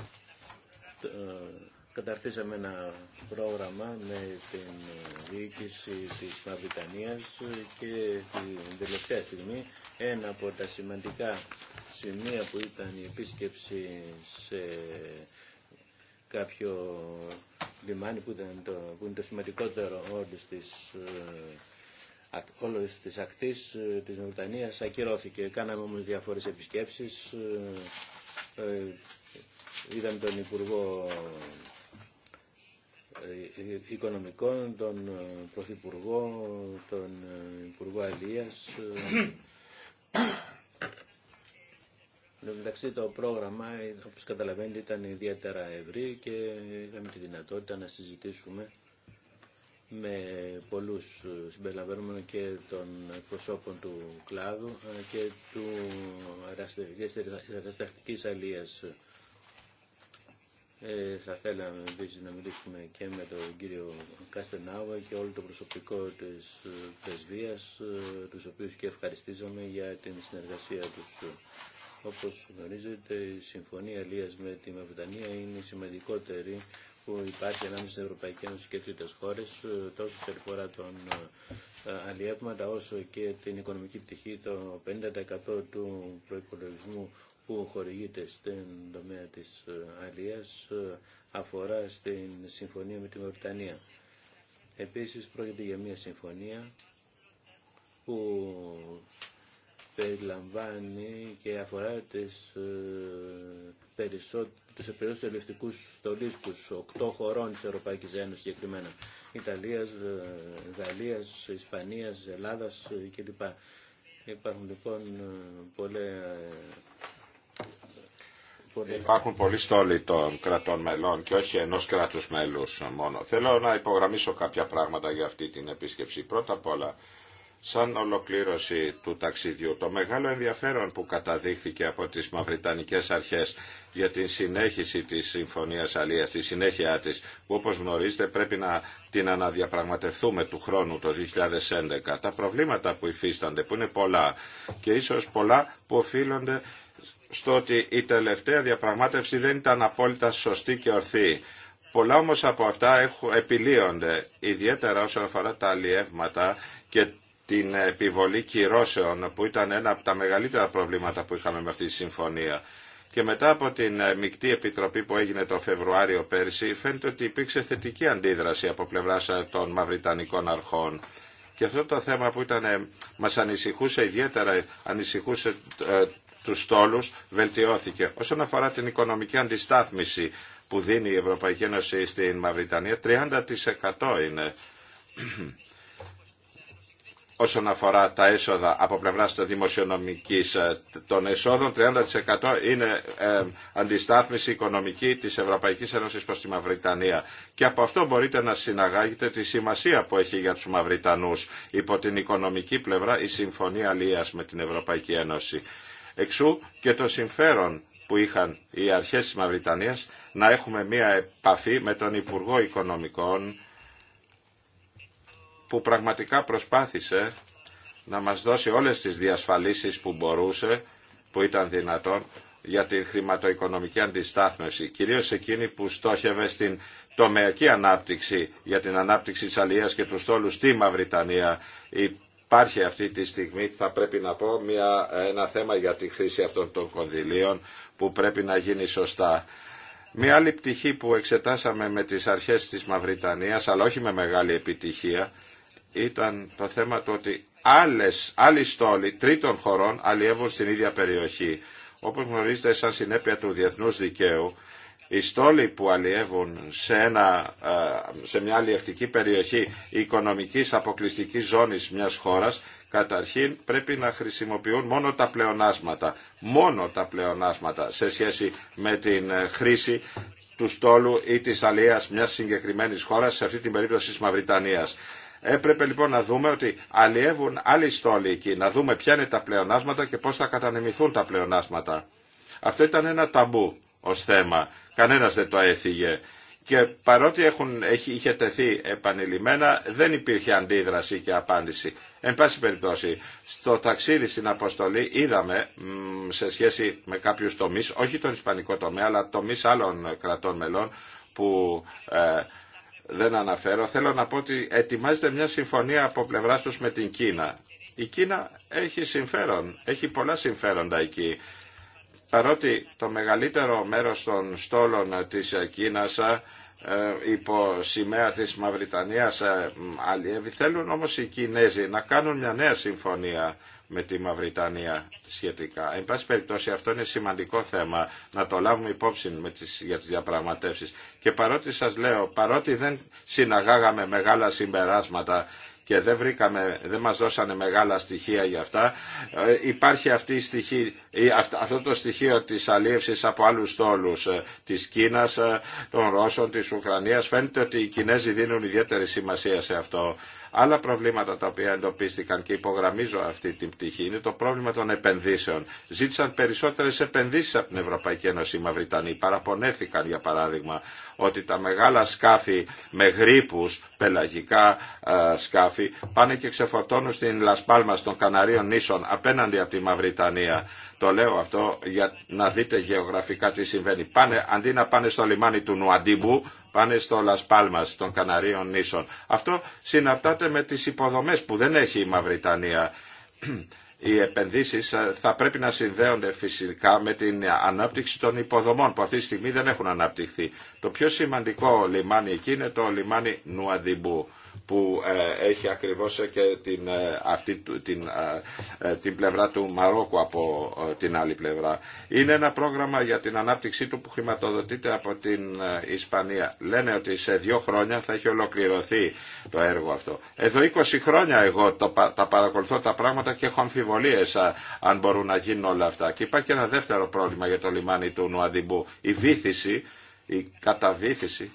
Ε, καταρτήσαμε ένα πρόγραμμα με την διοίκηση της Μαυριτανίας και την τελευταία στιγμή ένα από τα σημαντικά σημεία που ήταν η επίσκεψη σε κάποιο λιμάνι που, ήταν το, που είναι το σημαντικότερο όλης ε, ε, της, όλης της ακτής της Βρετανίας ακυρώθηκε. Κάναμε όμως διάφορες επισκέψεις. Ε, είδαμε τον Υπουργό Οικονομικών, τον Πρωθυπουργό, τον Υπουργό Αλίας Εν το πρόγραμμα, όπως καταλαβαίνετε, ήταν ιδιαίτερα ευρύ και είχαμε τη δυνατότητα να συζητήσουμε με πολλούς συμπεριλαμβανομένων και των προσώπων του κλάδου ε, και του αεραστεχνικής αλίας ε, θα θέλαμε επίσης να μιλήσουμε και με τον κύριο Νάουα και όλο το προσωπικό της ε, πρεσβείας, ε, τους οποίους και ευχαριστήσαμε για την συνεργασία τους. Όπως γνωρίζετε, η Συμφωνία Λίας με τη Μαυριτανία είναι η σημαντικότερη που υπάρχει ανάμεσα στην Ευρωπαϊκή Ένωση και τρίτες χώρες, ε, τόσο σε αφορά των αλλιεύματα όσο και την οικονομική πτυχή, το 50% του προϋπολογισμού που χορηγείται στην τομέα της ε, Αλίας ε, αφορά στην συμφωνία με τη Βρετανία. Επίσης πρόκειται για μια συμφωνία που περιλαμβάνει και αφορά τις ε, τους επιρροές ελευτικούς στολίσκους οκτώ χωρών της Ευρωπαϊκής Ένωσης συγκεκριμένα Ιταλίας, Γαλλίας, Ισπανίας, Ελλάδας κλπ. Υπάρχουν λοιπόν πολλές Υπάρχουν πολλοί στόλοι των κρατών μελών και όχι ενός κράτους μέλους μόνο. Θέλω να υπογραμμίσω κάποια πράγματα για αυτή την επίσκεψη. Πρώτα απ' όλα, σαν ολοκλήρωση του ταξιδιού, το μεγάλο ενδιαφέρον που καταδείχθηκε από τις μαυριτανικές αρχές για την συνέχιση της Συμφωνίας Αλίας, τη συνέχεια της, που όπως γνωρίζετε πρέπει να την αναδιαπραγματευτούμε του χρόνου το 2011. Τα προβλήματα που υφίστανται, που είναι πολλά και ίσως πολλά που οφείλονται στο ότι η τελευταία διαπραγμάτευση δεν ήταν απόλυτα σωστή και ορθή. Πολλά όμως από αυτά επιλύονται, ιδιαίτερα όσον αφορά τα αλλιεύματα και την επιβολή κυρώσεων που ήταν ένα από τα μεγαλύτερα προβλήματα που είχαμε με αυτή τη συμφωνία. Και μετά από την ε, μεικτή επιτροπή που έγινε το Φεβρουάριο πέρσι φαίνεται ότι υπήρξε θετική αντίδραση από πλευρά ε, των μαυριτανικών αρχών. Και αυτό το θέμα που μα ε, μας ανησυχούσε ιδιαίτερα, ανησυχούσε Στου στόλους βελτιώθηκε. Όσον αφορά την οικονομική αντιστάθμιση που δίνει η Ευρωπαϊκή Ένωση στην Μαυριτανία, 30% είναι όσον αφορά τα έσοδα από πλευρά τη δημοσιονομική ε, των εσόδων, 30% είναι ε, αντιστάθμιση οικονομική τη Ευρωπαϊκή Ένωση προ τη Μαυριτανία. Και από αυτό μπορείτε να συναγάγετε τη σημασία που έχει για του Μαυριτανού υπό την οικονομική πλευρά η Συμφωνία Αλία με την Ευρωπαϊκή Ένωση. Εξού και το συμφέρον που είχαν οι αρχές της Μαυριτανίας να έχουμε μία επαφή με τον Υπουργό Οικονομικών που πραγματικά προσπάθησε να μας δώσει όλες τις διασφαλίσεις που μπορούσε, που ήταν δυνατόν, για την χρηματοοικονομική αντιστάθμευση, κυρίως εκείνη που στόχευε στην τομεακή ανάπτυξη για την ανάπτυξη της Αλίας και του στόλου στη Μαυριτανία. Η Υπάρχει αυτή τη στιγμή, θα πρέπει να πω, μια, ένα θέμα για τη χρήση αυτών των κονδυλίων που πρέπει να γίνει σωστά. Μια άλλη πτυχή που εξετάσαμε με τις αρχές της Μαυριτανίας, αλλά όχι με μεγάλη επιτυχία, ήταν το θέμα του ότι άλλες, άλλοι στόλοι τρίτων χωρών αλλιεύουν στην ίδια περιοχή. Όπως γνωρίζετε, σαν συνέπεια του διεθνούς δικαίου, οι στόλοι που αλλιεύουν σε, ένα, σε μια αλλιευτική περιοχή οικονομικής αποκλειστικής ζώνης μιας χώρας καταρχήν πρέπει να χρησιμοποιούν μόνο τα πλεονάσματα, μόνο τα πλεονάσματα σε σχέση με την ε, χρήση του στόλου ή της αλλιείας μιας συγκεκριμένης χώρας, σε αυτή την περίπτωση της Μαυριτανίας. Έπρεπε λοιπόν να δούμε ότι αλλιεύουν άλλοι στόλοι εκεί, να δούμε ποια είναι τα πλεονάσματα και πώς θα κατανεμηθούν τα πλεονάσματα. Αυτό ήταν ένα ταμπού ως θέμα Κανένας δεν το έφυγε. Και παρότι έχουν, έχει, είχε τεθεί επανειλημμένα, δεν υπήρχε αντίδραση και απάντηση. Εν πάση περιπτώσει, στο ταξίδι στην αποστολή είδαμε σε σχέση με κάποιους τομείς, όχι τον ισπανικό τομέα, αλλά τομείς άλλων κρατών μελών που ε, δεν αναφέρω. Θέλω να πω ότι ετοιμάζεται μια συμφωνία από πλευρά τους με την Κίνα. Η Κίνα έχει συμφέρον, έχει πολλά συμφέροντα εκεί παρότι το μεγαλύτερο μέρος των στόλων της Κίνας ε, υπό σημαία της Μαυριτανίας ε, αλλιεύει. Θέλουν όμως οι Κινέζοι να κάνουν μια νέα συμφωνία με τη Μαυριτανία σχετικά. Εν πάση περιπτώσει αυτό είναι σημαντικό θέμα να το λάβουμε υπόψη με τις, για τις διαπραγματεύσεις. Και παρότι σας λέω, παρότι δεν συναγάγαμε μεγάλα συμπεράσματα και δεν, βρήκαμε, δεν μας δώσανε μεγάλα στοιχεία για αυτά. Ε, υπάρχει αυτή η αυτό το στοιχείο της αλίευσης από άλλους τόλους ε, της Κίνας, ε, των Ρώσων, της Ουκρανίας. Φαίνεται ότι οι Κινέζοι δίνουν ιδιαίτερη σημασία σε αυτό. Άλλα προβλήματα τα οποία εντοπίστηκαν και υπογραμμίζω αυτή την πτυχή είναι το πρόβλημα των επενδύσεων. Ζήτησαν περισσότερε επενδύσει από την Ευρωπαϊκή Ένωση οι Μαυριτανοί. Παραπονέθηκαν, για παράδειγμα, ότι τα μεγάλα σκάφη με γρήπου, πελαγικά ε, σκάφη, πάνε και ξεφορτώνουν στην Λασπάλμα των Καναρίων νήσων απέναντι από τη Μαυριτανία. Το λέω αυτό για να δείτε γεωγραφικά τι συμβαίνει. Πάνε, αντί να πάνε στο λιμάνι του Νουαντίμπου, πάνε στο Λασπάλμα των Καναρίων νήσων. Αυτό συναρτάται με τις υποδομές που δεν έχει η Μαυριτανία. Οι επενδύσεις ε, θα πρέπει να συνδέονται φυσικά με την ανάπτυξη των υποδομών που αυτή τη στιγμή δεν έχουν αναπτυχθεί. Το πιο σημαντικό λιμάνι εκεί είναι το λιμάνι Νουαδιμπού που ε, έχει ακριβώς και την, ε, αυτή, την, ε, την πλευρά του Μαρόκου από την άλλη πλευρά. Είναι ένα πρόγραμμα για την ανάπτυξή του που χρηματοδοτείται από την Ισπανία. Λένε ότι σε δύο χρόνια θα έχει ολοκληρωθεί το έργο αυτό. Εδώ 20 χρόνια εγώ το, τα παρακολουθώ τα πράγματα και έχω αμφιβολίες αν μπορούν να γίνουν όλα αυτά. Και υπάρχει και ένα δεύτερο πρόβλημα για το λιμάνι του Νουαδιμπού. Η βήθηση, η καταβήθηση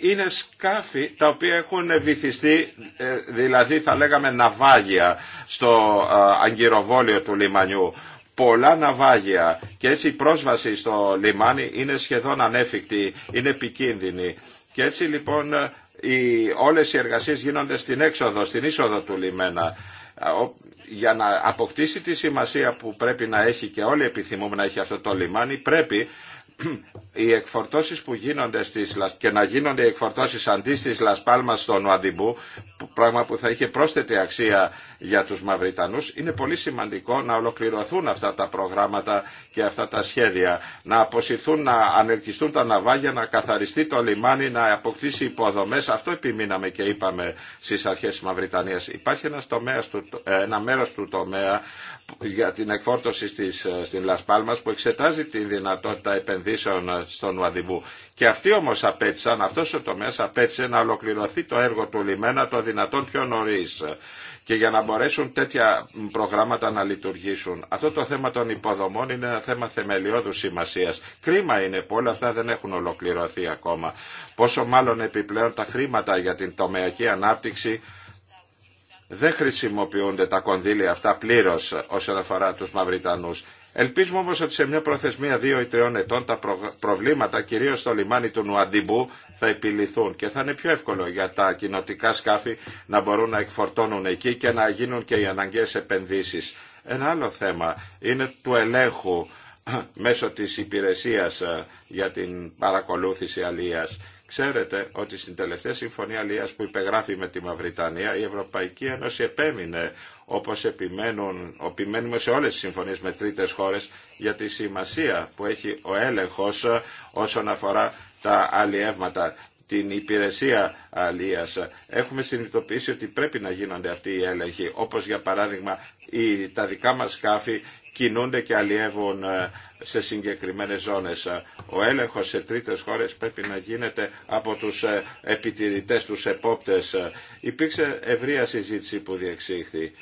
είναι σκάφη τα οποία έχουν βυθιστεί, ε, δηλαδή θα λέγαμε ναυάγια στο αγκυροβόλιο του λιμανιού. Πολλά ναυάγια και έτσι η πρόσβαση στο λιμάνι είναι σχεδόν ανέφικτη, είναι επικίνδυνη. Και έτσι λοιπόν οι, ε, όλες οι εργασίες γίνονται στην έξοδο, στην είσοδο του λιμένα για να αποκτήσει τη σημασία που πρέπει να έχει και όλοι επιθυμούμε να έχει αυτό το λιμάνι πρέπει οι εκφορτώσεις που γίνονται στις, και να γίνονται οι εκφορτώσεις αντί στις Λασπάλμα στον Ουαδιμπού πράγμα που θα είχε πρόσθετη αξία για τους Μαυριτανούς, είναι πολύ σημαντικό να ολοκληρωθούν αυτά τα προγράμματα και αυτά τα σχέδια, να αποσυρθούν, να ανελκυστούν τα ναυάγια, να καθαριστεί το λιμάνι, να αποκτήσει υποδομές. Αυτό επιμείναμε και είπαμε στις αρχές της Μαυριτανίας. Υπάρχει ένας τομέας, ε, ένα μέρος του τομέα για την εκφόρτωση ε, στην Λασπάλμας που εξετάζει τη δυνατότητα επενδύσεων επενδύσεων ε, στον Και αυτοί όμως απέτυσαν, αυτό ο τομέα απέτυσε να ολοκληρωθεί το έργο του Λιμένα το δυνατόν πιο νωρί ε, και για να μπορέσουν τέτοια προγράμματα να λειτουργήσουν. Αυτό το θέμα των υποδομών είναι ένα θέμα θεμελιώδου σημασία. Κρίμα είναι που όλα αυτά δεν έχουν ολοκληρωθεί ακόμα. Πόσο μάλλον επιπλέον τα χρήματα για την τομεακή ανάπτυξη δεν χρησιμοποιούνται τα κονδύλια αυτά πλήρως ε, όσον αφορά τους Μαυριτανούς. Ελπίζουμε όμως ότι σε μια προθεσμία δύο ή τριών ετών τα προβλήματα κυρίως στο λιμάνι του Νουαντιμπού θα επιληθούν και θα είναι πιο εύκολο για τα κοινοτικά σκάφη να μπορούν να εκφορτώνουν εκεί και να γίνουν και οι αναγκαίες επενδύσεις. Ένα άλλο θέμα είναι του ελέγχου μέσω της υπηρεσίας ε, για την παρακολούθηση αλίας. Ξέρετε ότι στην τελευταία συμφωνία αλίας που υπεγράφει με τη Μαυριτανία η Ευρωπαϊκή Ένωση επέμεινε όπως επιμένουν, επιμένουμε σε όλες τις συμφωνίες με τρίτες χώρες για τη σημασία που έχει ο έλεγχος ε, όσον αφορά τα αλλιεύματα την υπηρεσία αλίας. Έχουμε συνειδητοποιήσει ότι πρέπει να γίνονται αυτοί οι έλεγχοι, όπως για παράδειγμα οι, τα δικά μας σκάφη κινούνται και αλλιεύουν ε, σε συγκεκριμένες ζώνες. Ο έλεγχος σε τρίτες χώρες πρέπει να γίνεται από τους ε, επιτηρητές, τους επόπτες. Υπήρξε ευρεία συζήτηση που διεξήχθη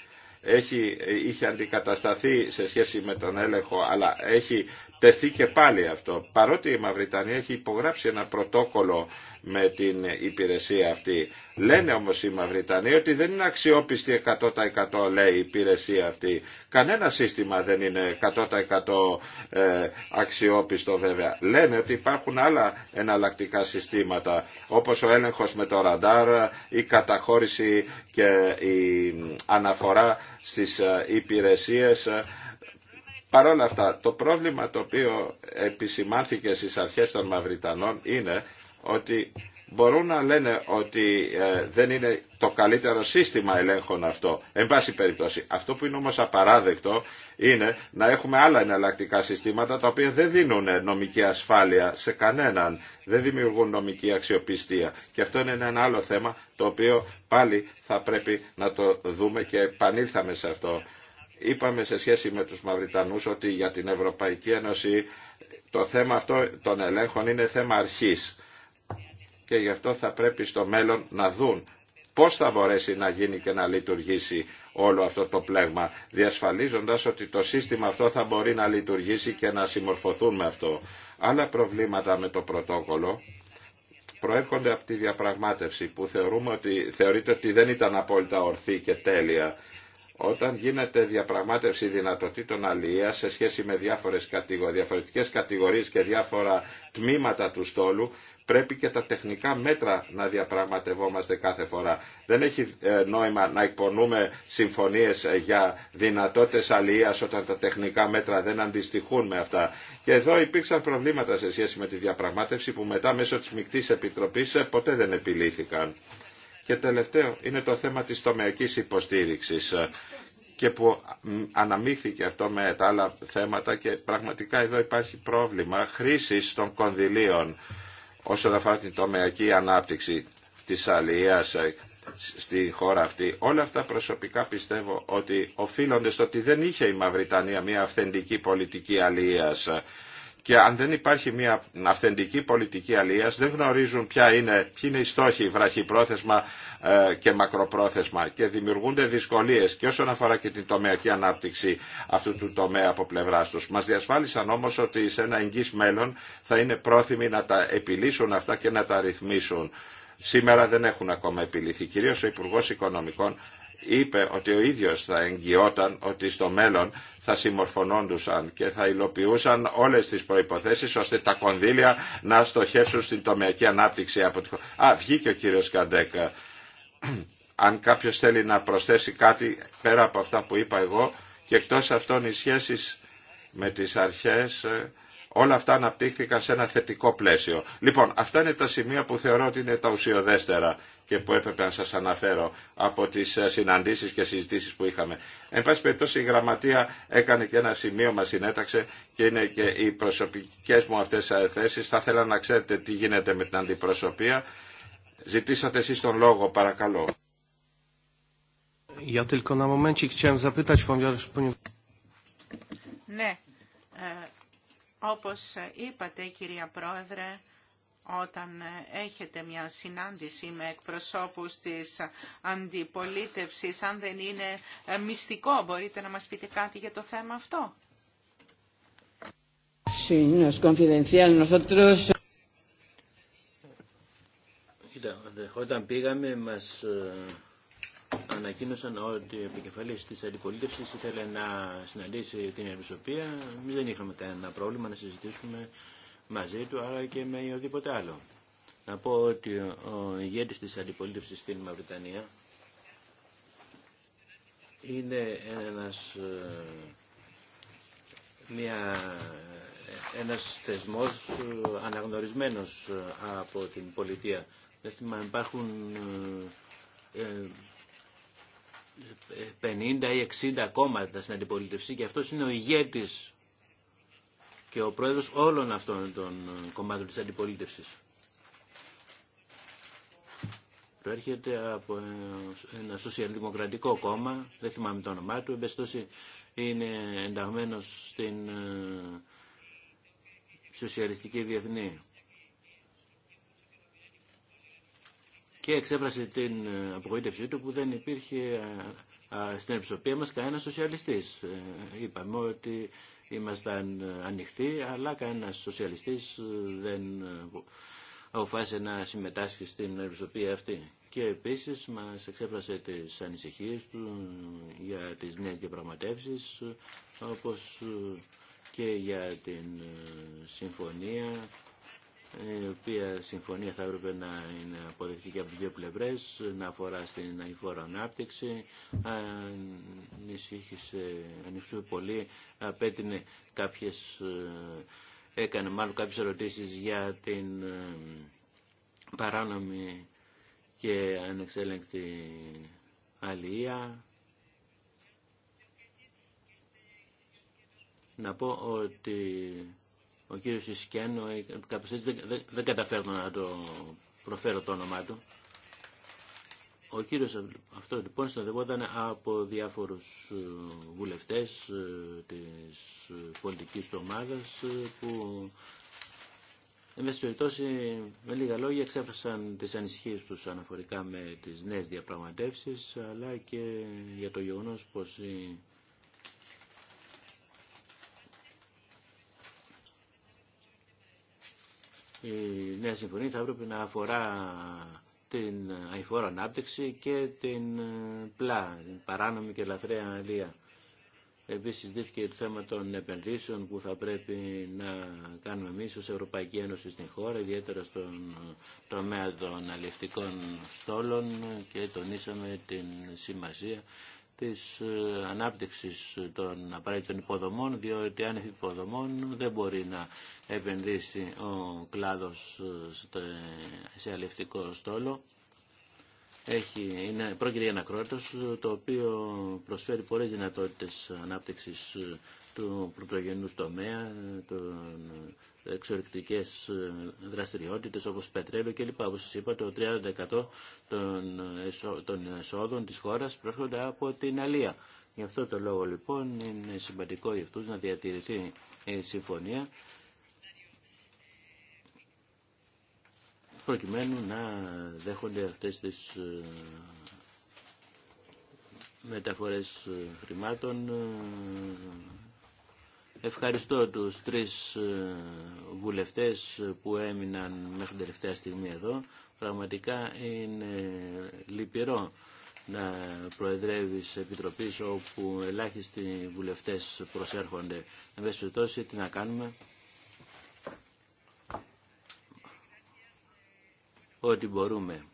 έχει, είχε αντικατασταθεί σε σχέση με τον έλεγχο αλλά έχει τεθεί και πάλι αυτό. Παρότι η Μαυριτανία έχει υπογράψει ένα πρωτόκολλο με την υπηρεσία αυτή. Λένε όμως οι Μαυριτανοί ότι δεν είναι αξιόπιστη 100% λέει η υπηρεσία αυτή. Κανένα σύστημα δεν είναι 100% ε, αξιόπιστο βέβαια. Λένε ότι υπάρχουν άλλα εναλλακτικά συστήματα όπως ο έλεγχος με το ραντάρ, η καταχώρηση και η αναφορά στις ε, υπηρεσίες Παρ' όλα αυτά, το πρόβλημα το οποίο επισημάνθηκε στις αρχές των Μαυριτανών είναι ότι μπορούν να λένε ότι ε, δεν είναι το καλύτερο σύστημα ελέγχων αυτό. Εν πάση περιπτώσει, αυτό που είναι όμως απαράδεκτο είναι να έχουμε άλλα εναλλακτικά συστήματα τα οποία δεν δίνουν νομική ασφάλεια σε κανέναν, δεν δημιουργούν νομική αξιοπιστία. Και αυτό είναι ένα άλλο θέμα το οποίο πάλι θα πρέπει να το δούμε και επανήλθαμε σε αυτό είπαμε σε σχέση με τους Μαυριτανούς ότι για την Ευρωπαϊκή Ένωση το θέμα αυτό των ελέγχων είναι θέμα αρχής και γι' αυτό θα πρέπει στο μέλλον να δουν πώς θα μπορέσει να γίνει και να λειτουργήσει όλο αυτό το πλέγμα, διασφαλίζοντας ότι το σύστημα αυτό θα μπορεί να λειτουργήσει και να συμμορφωθούν με αυτό. Άλλα προβλήματα με το πρωτόκολλο προέρχονται από τη διαπραγμάτευση που θεωρούμε ότι, θεωρείται ότι δεν ήταν απόλυτα ορθή και τέλεια όταν γίνεται διαπραγμάτευση δυνατοτήτων αλληλεία σε σχέση με διάφορες κατηγο... διαφορετικές κατηγορίες και διάφορα τμήματα του στόλου, πρέπει και τα τεχνικά μέτρα να διαπραγματευόμαστε κάθε φορά. Δεν έχει ε, νόημα να εκπονούμε συμφωνίες ε, για δυνατότητες αλληλείας όταν τα τεχνικά μέτρα δεν αντιστοιχούν με αυτά. Και εδώ υπήρξαν προβλήματα σε σχέση με τη διαπραγμάτευση που μετά μέσω της Μικτής Επιτροπής ε, ποτέ δεν επιλύθηκαν. Και τελευταίο είναι το θέμα της τομεακής υποστήριξης ε, και που αναμίχθηκε αυτό με τα άλλα θέματα και πραγματικά εδώ υπάρχει πρόβλημα χρήσης των κονδυλίων όσον αφορά την τομεακή ανάπτυξη της αλληλείας ε, στη χώρα αυτή. Όλα αυτά προσωπικά πιστεύω ότι οφείλονται στο ότι δεν είχε η Μαυριτανία μια αυθεντική πολιτική αλληλείας ε, και αν δεν υπάρχει μια αυθεντική πολιτική αλλίας, δεν γνωρίζουν ποια είναι, ποιοι είναι οι στόχοι βραχυπρόθεσμα ε, και μακροπρόθεσμα και δημιουργούνται δυσκολίες και όσον αφορά και την τομεακή ανάπτυξη αυτού του τομέα από πλευρά του. Μας διασφάλισαν όμω ότι σε ένα εγγύς μέλλον θα είναι πρόθυμοι να τα επιλύσουν αυτά και να τα ρυθμίσουν. Σήμερα δεν έχουν ακόμα επιληθεί. κυρίω ο Υπουργό Οικονομικών είπε ότι ο ίδιος θα εγγυόταν ότι στο μέλλον θα συμμορφωνόντουσαν και θα υλοποιούσαν όλες τις προϋποθέσεις ώστε τα κονδύλια να στοχεύσουν στην τομεακή ανάπτυξη. από Α, βγήκε ο κύριος Καντέκα. Αν κάποιος θέλει να προσθέσει κάτι πέρα από αυτά που είπα εγώ και εκτός αυτών οι σχέσεις με τις αρχές ε, όλα αυτά αναπτύχθηκαν σε ένα θετικό πλαίσιο. Λοιπόν, αυτά είναι τα σημεία που θεωρώ ότι είναι τα ουσιοδέστερα και που έπρεπε να σας αναφέρω από τις ε, συναντήσεις και συζητήσεις που είχαμε. Εν πάση περιπτώσει η γραμματεία έκανε και ένα σημείο, μας συνέταξε και είναι και οι προσωπικές μου αυτές ε, θέσεις. Θα ήθελα να ξέρετε τι γίνεται με την αντιπροσωπεία. Ζητήσατε εσείς τον λόγο, παρακαλώ. Ναι, ε, όπως είπατε κυρία Πρόεδρε, όταν έχετε μια συνάντηση με εκπροσώπους της αντιπολίτευσης, αν δεν είναι ε, μυστικό, μπορείτε να μας πείτε κάτι για το θέμα αυτό. όταν πήγαμε μας ε, ανακοίνωσαν ότι ο επικεφαλής της αντιπολίτευσης ήθελε να συναντήσει την Ευρωσοπία. Εμείς δεν είχαμε κανένα πρόβλημα να συζητήσουμε μαζί του, αλλά και με οτιδήποτε άλλο. Να πω ότι ο ηγέτης της αντιπολίτευσης στην Μαυριτανία είναι ένας, ε, μια, ένας θεσμός ε, αναγνωρισμένος ε, από την πολιτεία. Δεν θυμάμαι, υπάρχουν 50 ή 60 κόμματα στην αντιπολίτευση και αυτός είναι ο ηγέτης και ο πρόεδρος όλων αυτών των κομμάτων της αντιπολίτευσης. Προέρχεται από ένα σοσιαλδημοκρατικό κόμμα, δεν θυμάμαι το όνομά του, εμπεστώσει είναι ενταγμένος στην ε, σοσιαλιστική διεθνή. Και εξέφρασε την απογοήτευσή του που δεν υπήρχε ε, στην επισοπία μας κανένας σοσιαλιστής. Ε, είπαμε ότι ήμασταν ανοιχτοί, αλλά κανένας σοσιαλιστής δεν ε, αποφάσισε να συμμετάσχει στην ευρωσοπία αυτή. Και επίσης μας εξέφρασε τις ανησυχίες του για τις νέες διαπραγματεύσεις, όπως ε, και για την ε, συμφωνία η οποία συμφωνία θα έπρεπε να είναι αποδεκτή και από τις δύο πλευρές, να αφορά στην αηφόρο ανάπτυξη, ανησύχησε, ανησύχησε πολύ, απέτεινε κάποιες, ε, έκανε μάλλον κάποιες ερωτήσεις για την ε, παράνομη και ανεξέλεγκτη αλληλεία. Να πω ότι ο κύριος Ισκένο, ε, κάπως έτσι δεν, δεν καταφέρνω να το προφέρω το όνομά του. Ο κύριος ε, αυτό λοιπόν συνοδευόταν από διάφορους ε, βουλευτές της πολιτικής του ομάδας που με με λίγα λόγια εξέφρασαν τις ανησυχίες τους αναφορικά με τις νέες διαπραγματεύσεις αλλά και για το γεγονός πως η η νέα συμφωνία θα έπρεπε να αφορά την αηφόρο ανάπτυξη και την ε, πλά, την παράνομη και ελαφραία αλία. Επίσης δήθηκε το θέμα των επενδύσεων που θα πρέπει να κάνουμε εμεί ως Ευρωπαϊκή Ένωση στην χώρα, ιδιαίτερα στον τομέα των αλληλευτικών στόλων και τονίσαμε την σημασία της ε, ανάπτυξης των απαραίτητων υποδομών, διότι αν έχει υποδομών δεν μπορεί να επενδύσει ο κλάδος ε, ε, σε αλληλευτικό στόλο. Έχει, είναι, πρόκειται για ένα κρότος το οποίο προσφέρει πολλές δυνατότητες ανάπτυξης του πρωτογενούς τομέα, των εξορυκτικές ε, δραστηριότητες όπως πετρέλαιο κλπ. Όπως σα είπα το 30% των εσόδων της χώρας προέρχονται από την Αλία. Γι' αυτό το λόγο λοιπόν είναι σημαντικό για αυτού να διατηρηθεί η συμφωνία προκειμένου να δέχονται αυτές τις ε, μεταφορές ε, χρημάτων Ευχαριστώ τους τρεις ε, βουλευτές που έμειναν μέχρι τελευταία στιγμή εδώ. Πραγματικά είναι λυπηρό να προεδρεύεις επιτροπής όπου ελάχιστοι βουλευτές προσέρχονται. Εν πάση τι να κάνουμε. Ό,τι μπορούμε.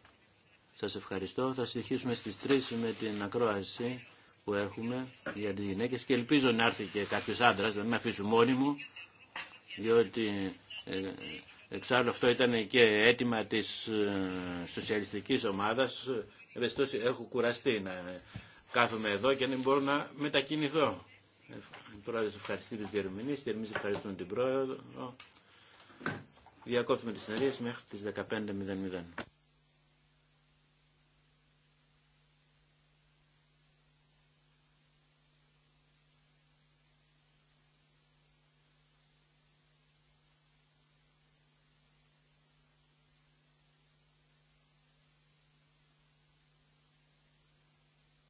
Σας ευχαριστώ. Θα συνεχίσουμε στις 3 με την ακρόαση που έχουμε για τις γυναίκες και ελπίζω να έρθει και κάποιος άντρας, να με αφήσουν μόνη μου, διότι ε, εξάλλου αυτό ήταν και αίτημα της ε, σοσιαλιστικής ομάδας. Ευαισθητώς έχω κουραστεί να κάθομαι εδώ και να μην μπορώ να μετακινηθώ. πρόεδρε, ευχαριστεί τους διερμηνείς και εμείς ευχαριστούμε την πρόεδρο. Διακόπτουμε τις μέχρι τις 15.00.